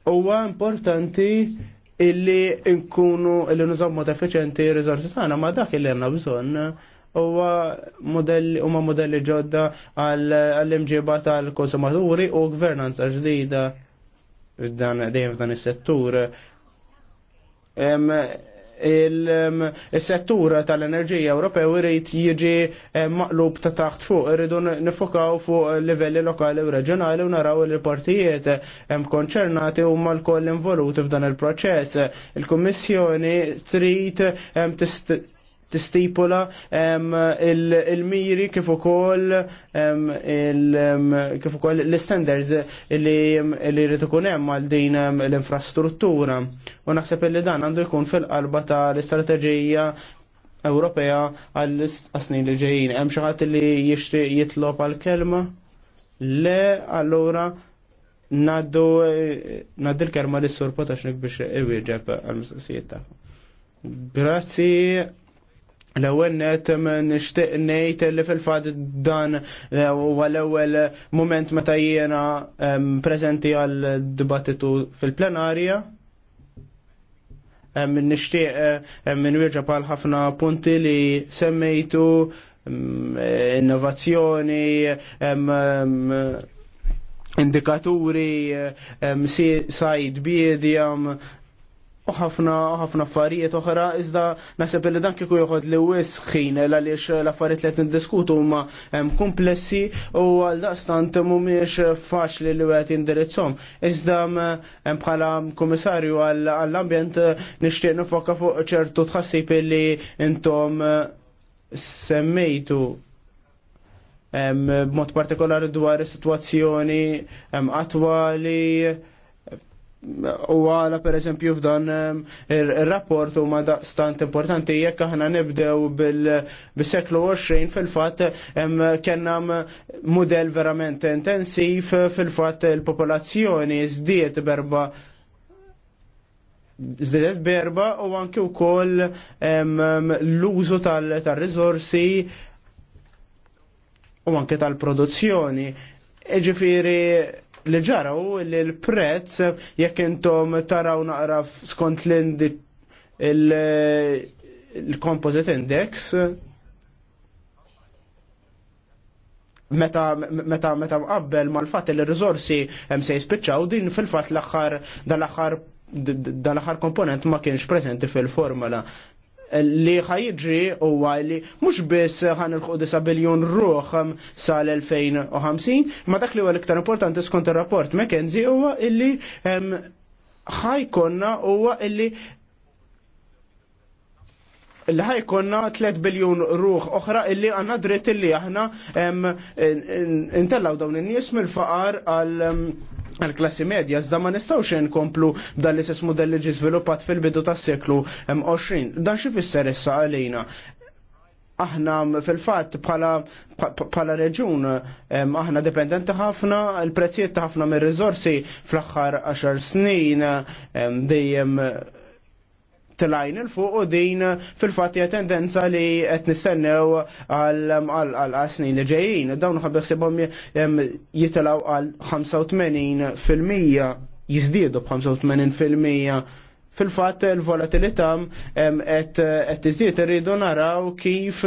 Uwa importanti illi nkunu illi nużaw mod effiċenti r-rizorsi tagħna ma dak illi għandna bżonn huwa modelli huma modelli ġodda għall-imġiba tal-konsumaturi u gvernanza ġdida f'dan dejjem f'dan is-settur il-settur tal-enerġija Ewropew irid jiġi maqlub ta' taħt fuq, irridu nifokaw fuq livelli lokali u reġjonali u naraw li partijiet konċernati huma mal koll involuti f'dan il-proċess. Il-Kummissjoni trid tistipula il-miri kif ukoll kif ukoll l-standards li jrid ikun hemm għal din l-infrastruttura. U naħseb li dan għandu jkun fil-qalba tal istrateġija Ewropea għal snin li ġejjin. Hemm xi ħadd li jixtieq jitlob għal kelma? Le allura naddu naddu l-kelma lis sur Potaxnik biex iwieġeb għal-mistoqsijiet tagħhom. Grazzi L-ewwel net nixtieq ngħid li fil-fatt dan eh, huwa l-ewwel mument meta jiena preżenti għal dibattitu fil-plenarja. Nixtieq eh, minwieġa bħal ħafna punti li semmejtu innovazzjoni, indikaturi, sajt bidjam, u ħafna ħafna affarijiet oħra iżda naħseb li dan kieku joħod li wis ħin għaliex l-affarijiet li qed niddiskutu huma komplessi u għal daqstant mhumiex faċli li wieħed jindirizzhom. Iżda bħala kummissarju għall-ambjent nixtieq nifokka fuq ċertu tħassib li intom eh, semmejtu b'mod partikolari dwar is-sitwazzjoni attwali u għala per eżempju f'dan ehm, il-rapport u ma daqstant importanti jekk aħna nibdew bil-seklu 20 fil-fat ehm, kena model verament intensiv fil-fat il-popolazzjoni zdiet berba zdiet berba u anki u koll ehm, l-użu tal-rizorsi u anki tal-produzzjoni ġifiri li ġaraw li l-prezz jekk intom taraw naqra skont l-composite index meta meta meta mqabbel mal-fatt li r-riżorsi hemm se jispiċċaw din fil-fatt l-aħħar dal-aħħar dal-aħħar komponent ma kienx preżenti fil-formula li ħajġri huwa li mhux biss ħan ilħuq disa biljon ruħ sal-2050, ma dak li huwa l-iktar importanti skont ir-rapport McKenzie u illi ħajkonna huwa illi li ħajkonna 3 biljun ruħ oħra illi għanna dritt illi aħna intellaw dawn in-nies mill-faqar għal għal-klassi medja, zda ma nistawx nkomplu dan l-istess modelli ġi sviluppat fil-bidu tas seklu 20. Dan xi fisser issa għalina. Aħna fil-fatt bħala reġun aħna dependenti ħafna, il prezzijiet ħafna mir rizorsi fl-aħħar 10 snin dejjem tlajn il-fuq u din fil-fatt hija tendenza li qed nistennew għal snin li ġejjin. Dawn ħabbeħsibhom jitilgħu għal 85 fil-mija jiżdiedu b'85 fil-mija fil-fatt il-volatilità qed iżjed irridu naraw kif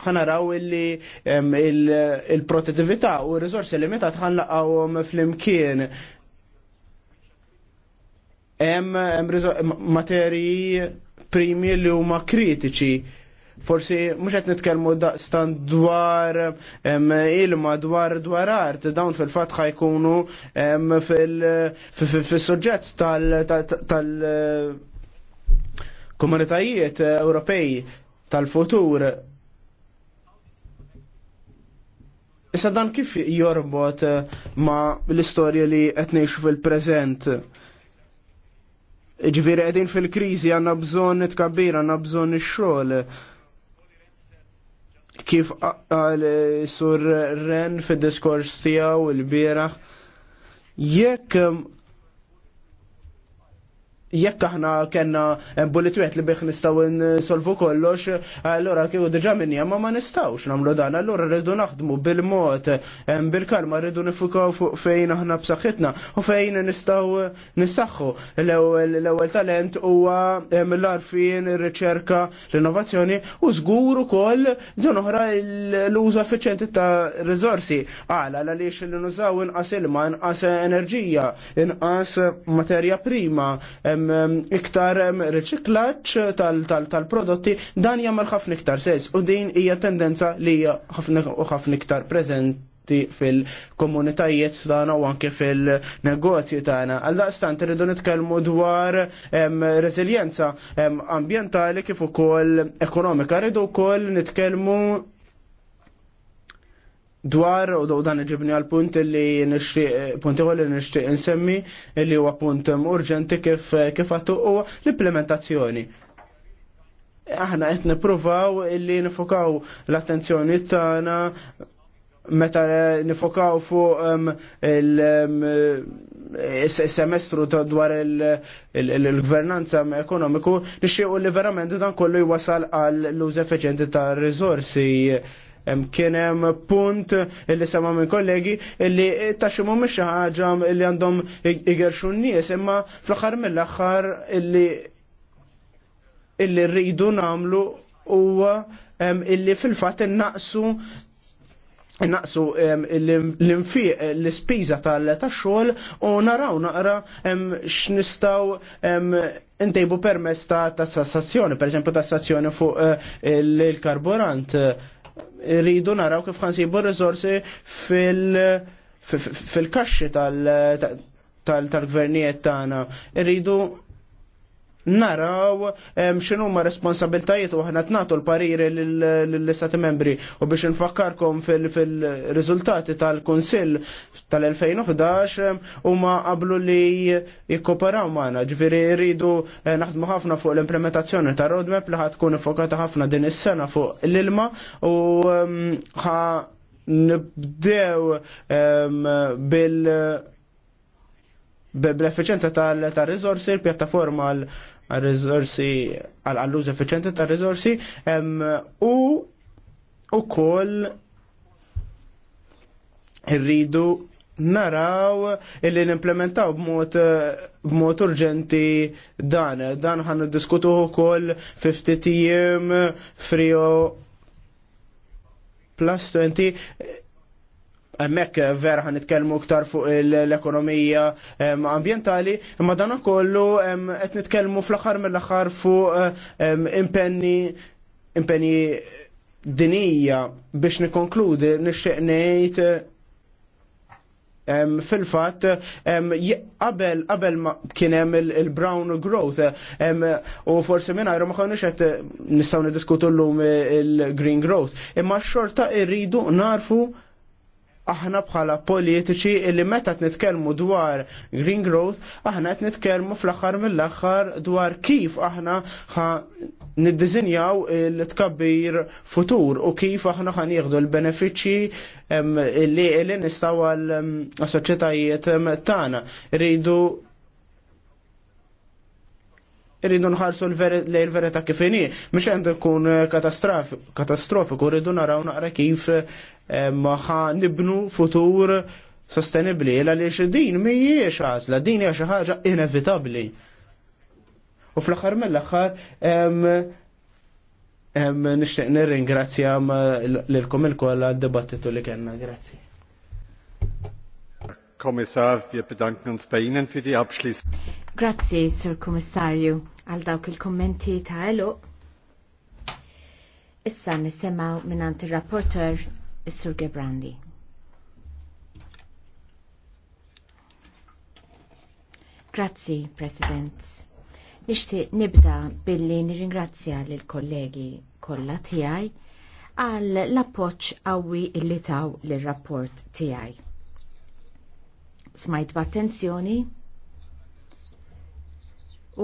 ħanaraw illi il-protettività u r-rizorsi limitat ħanlaqawhom fl-imkien hemm materji primi li huma kritiċi forsi mhux qed nitkellmu daqstan dwar ilma dwar dwar art dawn fil-fatt ħajkunu fil-soġġett tal-komunitajiet Ewropej tal-futur. Issa dan kif jorbot ma l-istorja li qed ngħixu fil-preżent? Ġviri għedin fil-krizi għanna bżon it-kabir, għanna bżon xol. Kif għal sur Ren fil-diskors tijaw il-biraħ, jekk jekk aħna kena eh, bullet li biex nistaw nsolvu kollox, allora kieku diġa minn ma ma nistawx namlu dan, allora rridu naħdmu bil-mod, eh, bil-kalma rridu nifukaw fejn aħna b'saħħitna u fejn nistaw eh, nissaħħu. L-ewwel talent huwa l-arfin, ir-riċerka, l-innovazzjoni u żgur ukoll din oħra l-użu effiċjenti ta' riżorsi. Għala għaliex li nużaw inqas ilma, inqas enerġija, inqas materja prima, iktar riċiklaċ tal-prodotti dan jagħmel ħafna iktar sens u din hija tendenza li hija ħafna u ħafna iktar preżent fil-komunitajiet tagħna u anke fil-negozji tagħna. Għal daqstant irridu nitkellmu dwar reżiljenza ambjentali kif ukoll ekonomika. Rridu wkoll nitkellmu dwar u daw dan iġibni għal punt li nixtieq eh, punt li nixtieq insemmi li huwa punt eh, urġenti kif eh, kif u l-implementazzjoni. Aħna qed nippruvaw illi nifokaw l-attenzjoni tagħna meta nifokaw fuq ehm, il-semestru ehm, dwar il-gvernanza ekonomiku nixtiequ li verament dan kollu jwasal għal l-uż effiċjenti ta' riżorsi Kien hemm punt illi sema minn kollegi illi taxximu mhux xi ħaġa illi għandhom igerxu n-nies imma fl-aħħar mill-aħħar illi illi rridu nagħmlu huwa illi fil-fatt innaqsu naqsu l-infiq, l-spiża tal-xogħol u naraw naqra x'nistgħu ntejbu permess ta' tassazzjoni, per esempio tassazzjoni fuq il-karburant. Eh, rridu naraw kif ħansibu r-rizorsi fil-kaxxi tal-gvernijiet tagħna. Irridu naraw xinu ma responsabiltajiet u ħna t-natu l-pariri l-istati membri u biex nfakkarkom fil-rizultati tal-Konsil tal-2011 u ma qablu li jikkoperaw maħna ġviri rridu eh, naħdmu ħafna fuq l-implementazzjoni ta' roadmap li ħatkun fokata ħafna din is-sena fuq l-ilma u ħa nibdew bil- bl-efficienza tal-rizorsi, l-pjattaforma għal-rizorsi, għall-uż efficienti tal-rizorsi, u u koll irridu naraw illi b b'mod urġenti dan. Dan ħan diskutu wkoll 50 tiem frio plus 20 Mek eh, vera għan nitkellmu ktar fuq l-ekonomija eh, ambientali, imma dan kollu qed nitkellmu fl-aħħar mill-aħħar fuq eh, impenni impenni dinija biex nikonkludi nixtieq ngħid fil-fatt qabel qabel ma kien hemm il-brown growth u forsi mingħajru ma konniex qed nistgħu niddiskutu llum il-green growth imma x-xorta irridu narfu aħna bħala politiċi illi meta qed nitkellmu dwar green growth, aħna qed nitkellmu fl-aħħar mill-aħħar dwar kif aħna ħa niddiżinjaw l-tkabbir futur u kif aħna ħan jieħdu l-benefiċċji li li nistgħu għal soċjetajiet tagħna. Rridu irridu nħarsu l-verita kif inhi, mhux għandu jkun eh, katastrofiku, rridu naraw naqra kif eh, maħa nibnu futur sostenibli, illa li din mhijiex għażla, din hija xi ħaġa inevitabbli. U fl-aħħar mill-aħħar nixtieq nirringrazzja eh, lilkom ilkoll għad-dibattitu li kellna, grazzi.
Kommissar, wir bedanken uns bei Ihnen für die abschließende.
Grazie, Sir
Kommissarju, għal dawk il-kommenti ta' elu. Issa minn minnant il-rapporter, Sir Gebrandi. Grazzi, President. Nixtieq nibda billi nirringrazzja l-kollegi kollha tiegħi għal l-appoċ qawwi illi taw lir rapport tiegħi smajt b'attenzjoni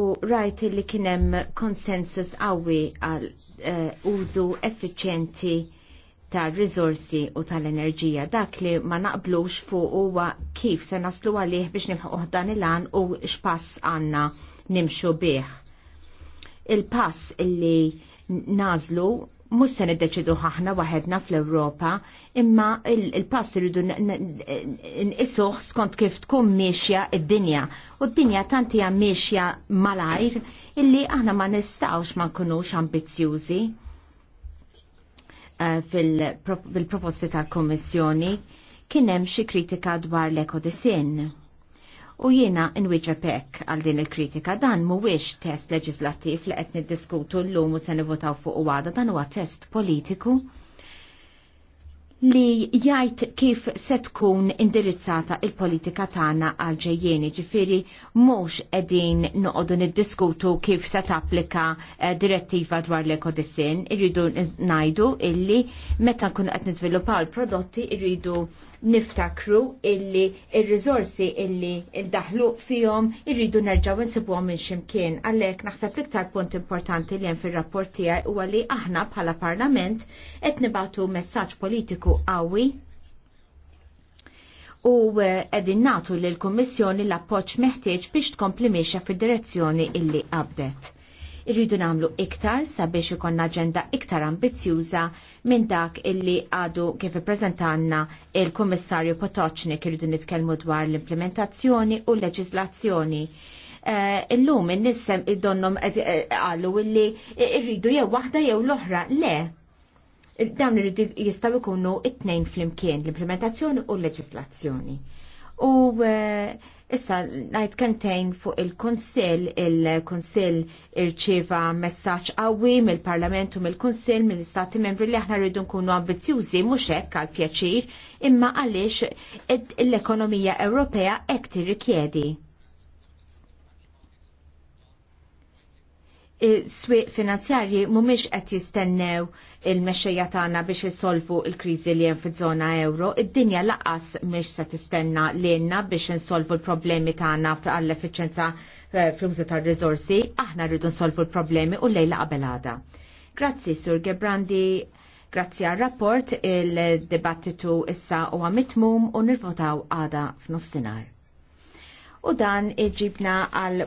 u rajt li kienem konsensus għawi għal eh, użu effiċenti tal-rizorsi u tal-enerġija dak li ma naqblux fuq huwa kif se naslu għalih biex nilħuq dan il-għan u x'pass għanna nimxu bih. Il-pass illi nażlu mux se niddeċidu ħahna waħedna fl-Europa, imma il-pass il n-isuħ skont kif tkun miexja id-dinja. U d-dinja tanti hija miexja malajr illi aħna ma nistawx ma nkunux ambizzjużi eh, fil-proposti tal-Kommissjoni kien hemm xi kritika dwar l-ekodisin u jiena nwieġeb hekk għal din il-kritika dan mhuwiex test leġislattiv li qed niddiskutu llum u se nivvotaw fuq għada dan huwa test politiku li jgħid kif se tkun indirizzata il-politika tagħna għal ġejjeni ġifieri mhux qegħdin noqogħdu niddiskutu kif se tapplika eh, direttiva dwar l-ekodissin, irridu ngħidu illi meta nkunu qed niżviluppaw il-prodotti irridu niftakru illi il-rizorsi illi iddaħlu fihom irridu nerġaw nsibuhom minn ximkien. Għalhekk naħseb l-iktar punt importanti li hemm fir-rapport tiegħi huwa li aħna bħala Parlament qed nibatu messaġġ politiku qawwi u edin eh, natu l komissjoni l-appoċ meħtieġ biex tkompli miexja fid-direzzjoni illi qabdet. Irridu namlu iktar sabiex ikonna agenda iktar ambizjuża minn dak illi għadu kif ippreżentanna il-Kummissarju Potoċnik irridu nitkellmu dwar l-implementazzjoni u l-leġislazzjoni eh, illum in-nissem id-donnom għallu eh, illi irridu jew waħda jew l-oħra le. Dawn irridu jistaw ikunu it-tnejn flimkien l-implementazzjoni u l-leġislazzjoni. U eh, Issa ngħid kentejn fuq il-Kunsill, il-Kunsill irċiva messaġġ qawwi mill-Parlament u mill-Kunsill mill-Istati Membri li aħna rridu nkunu ambizzjużi mhux hekk għal pjaċir imma għaliex l-ekonomija Ewropea ektir tirrikjedi. il-swieq finanzjarji mhumiex qed jistennew il-mexxejja tagħna biex isolvu l-kriżi li hemm fiż-żona euro, id-dinja laqas mhix se tistenna lilna biex insolvu l-problemi tagħna għall-effiċenza eh, fl-użu tar-riżorsi, aħna rridu nsolvu l-problemi u lejla qabel għada. Grazzi, Sur Gebrandi, grazzi għal rapport il debattitu issa u għamitmum u nirvotaw għada f'nofsinhar. U dan iġibna għal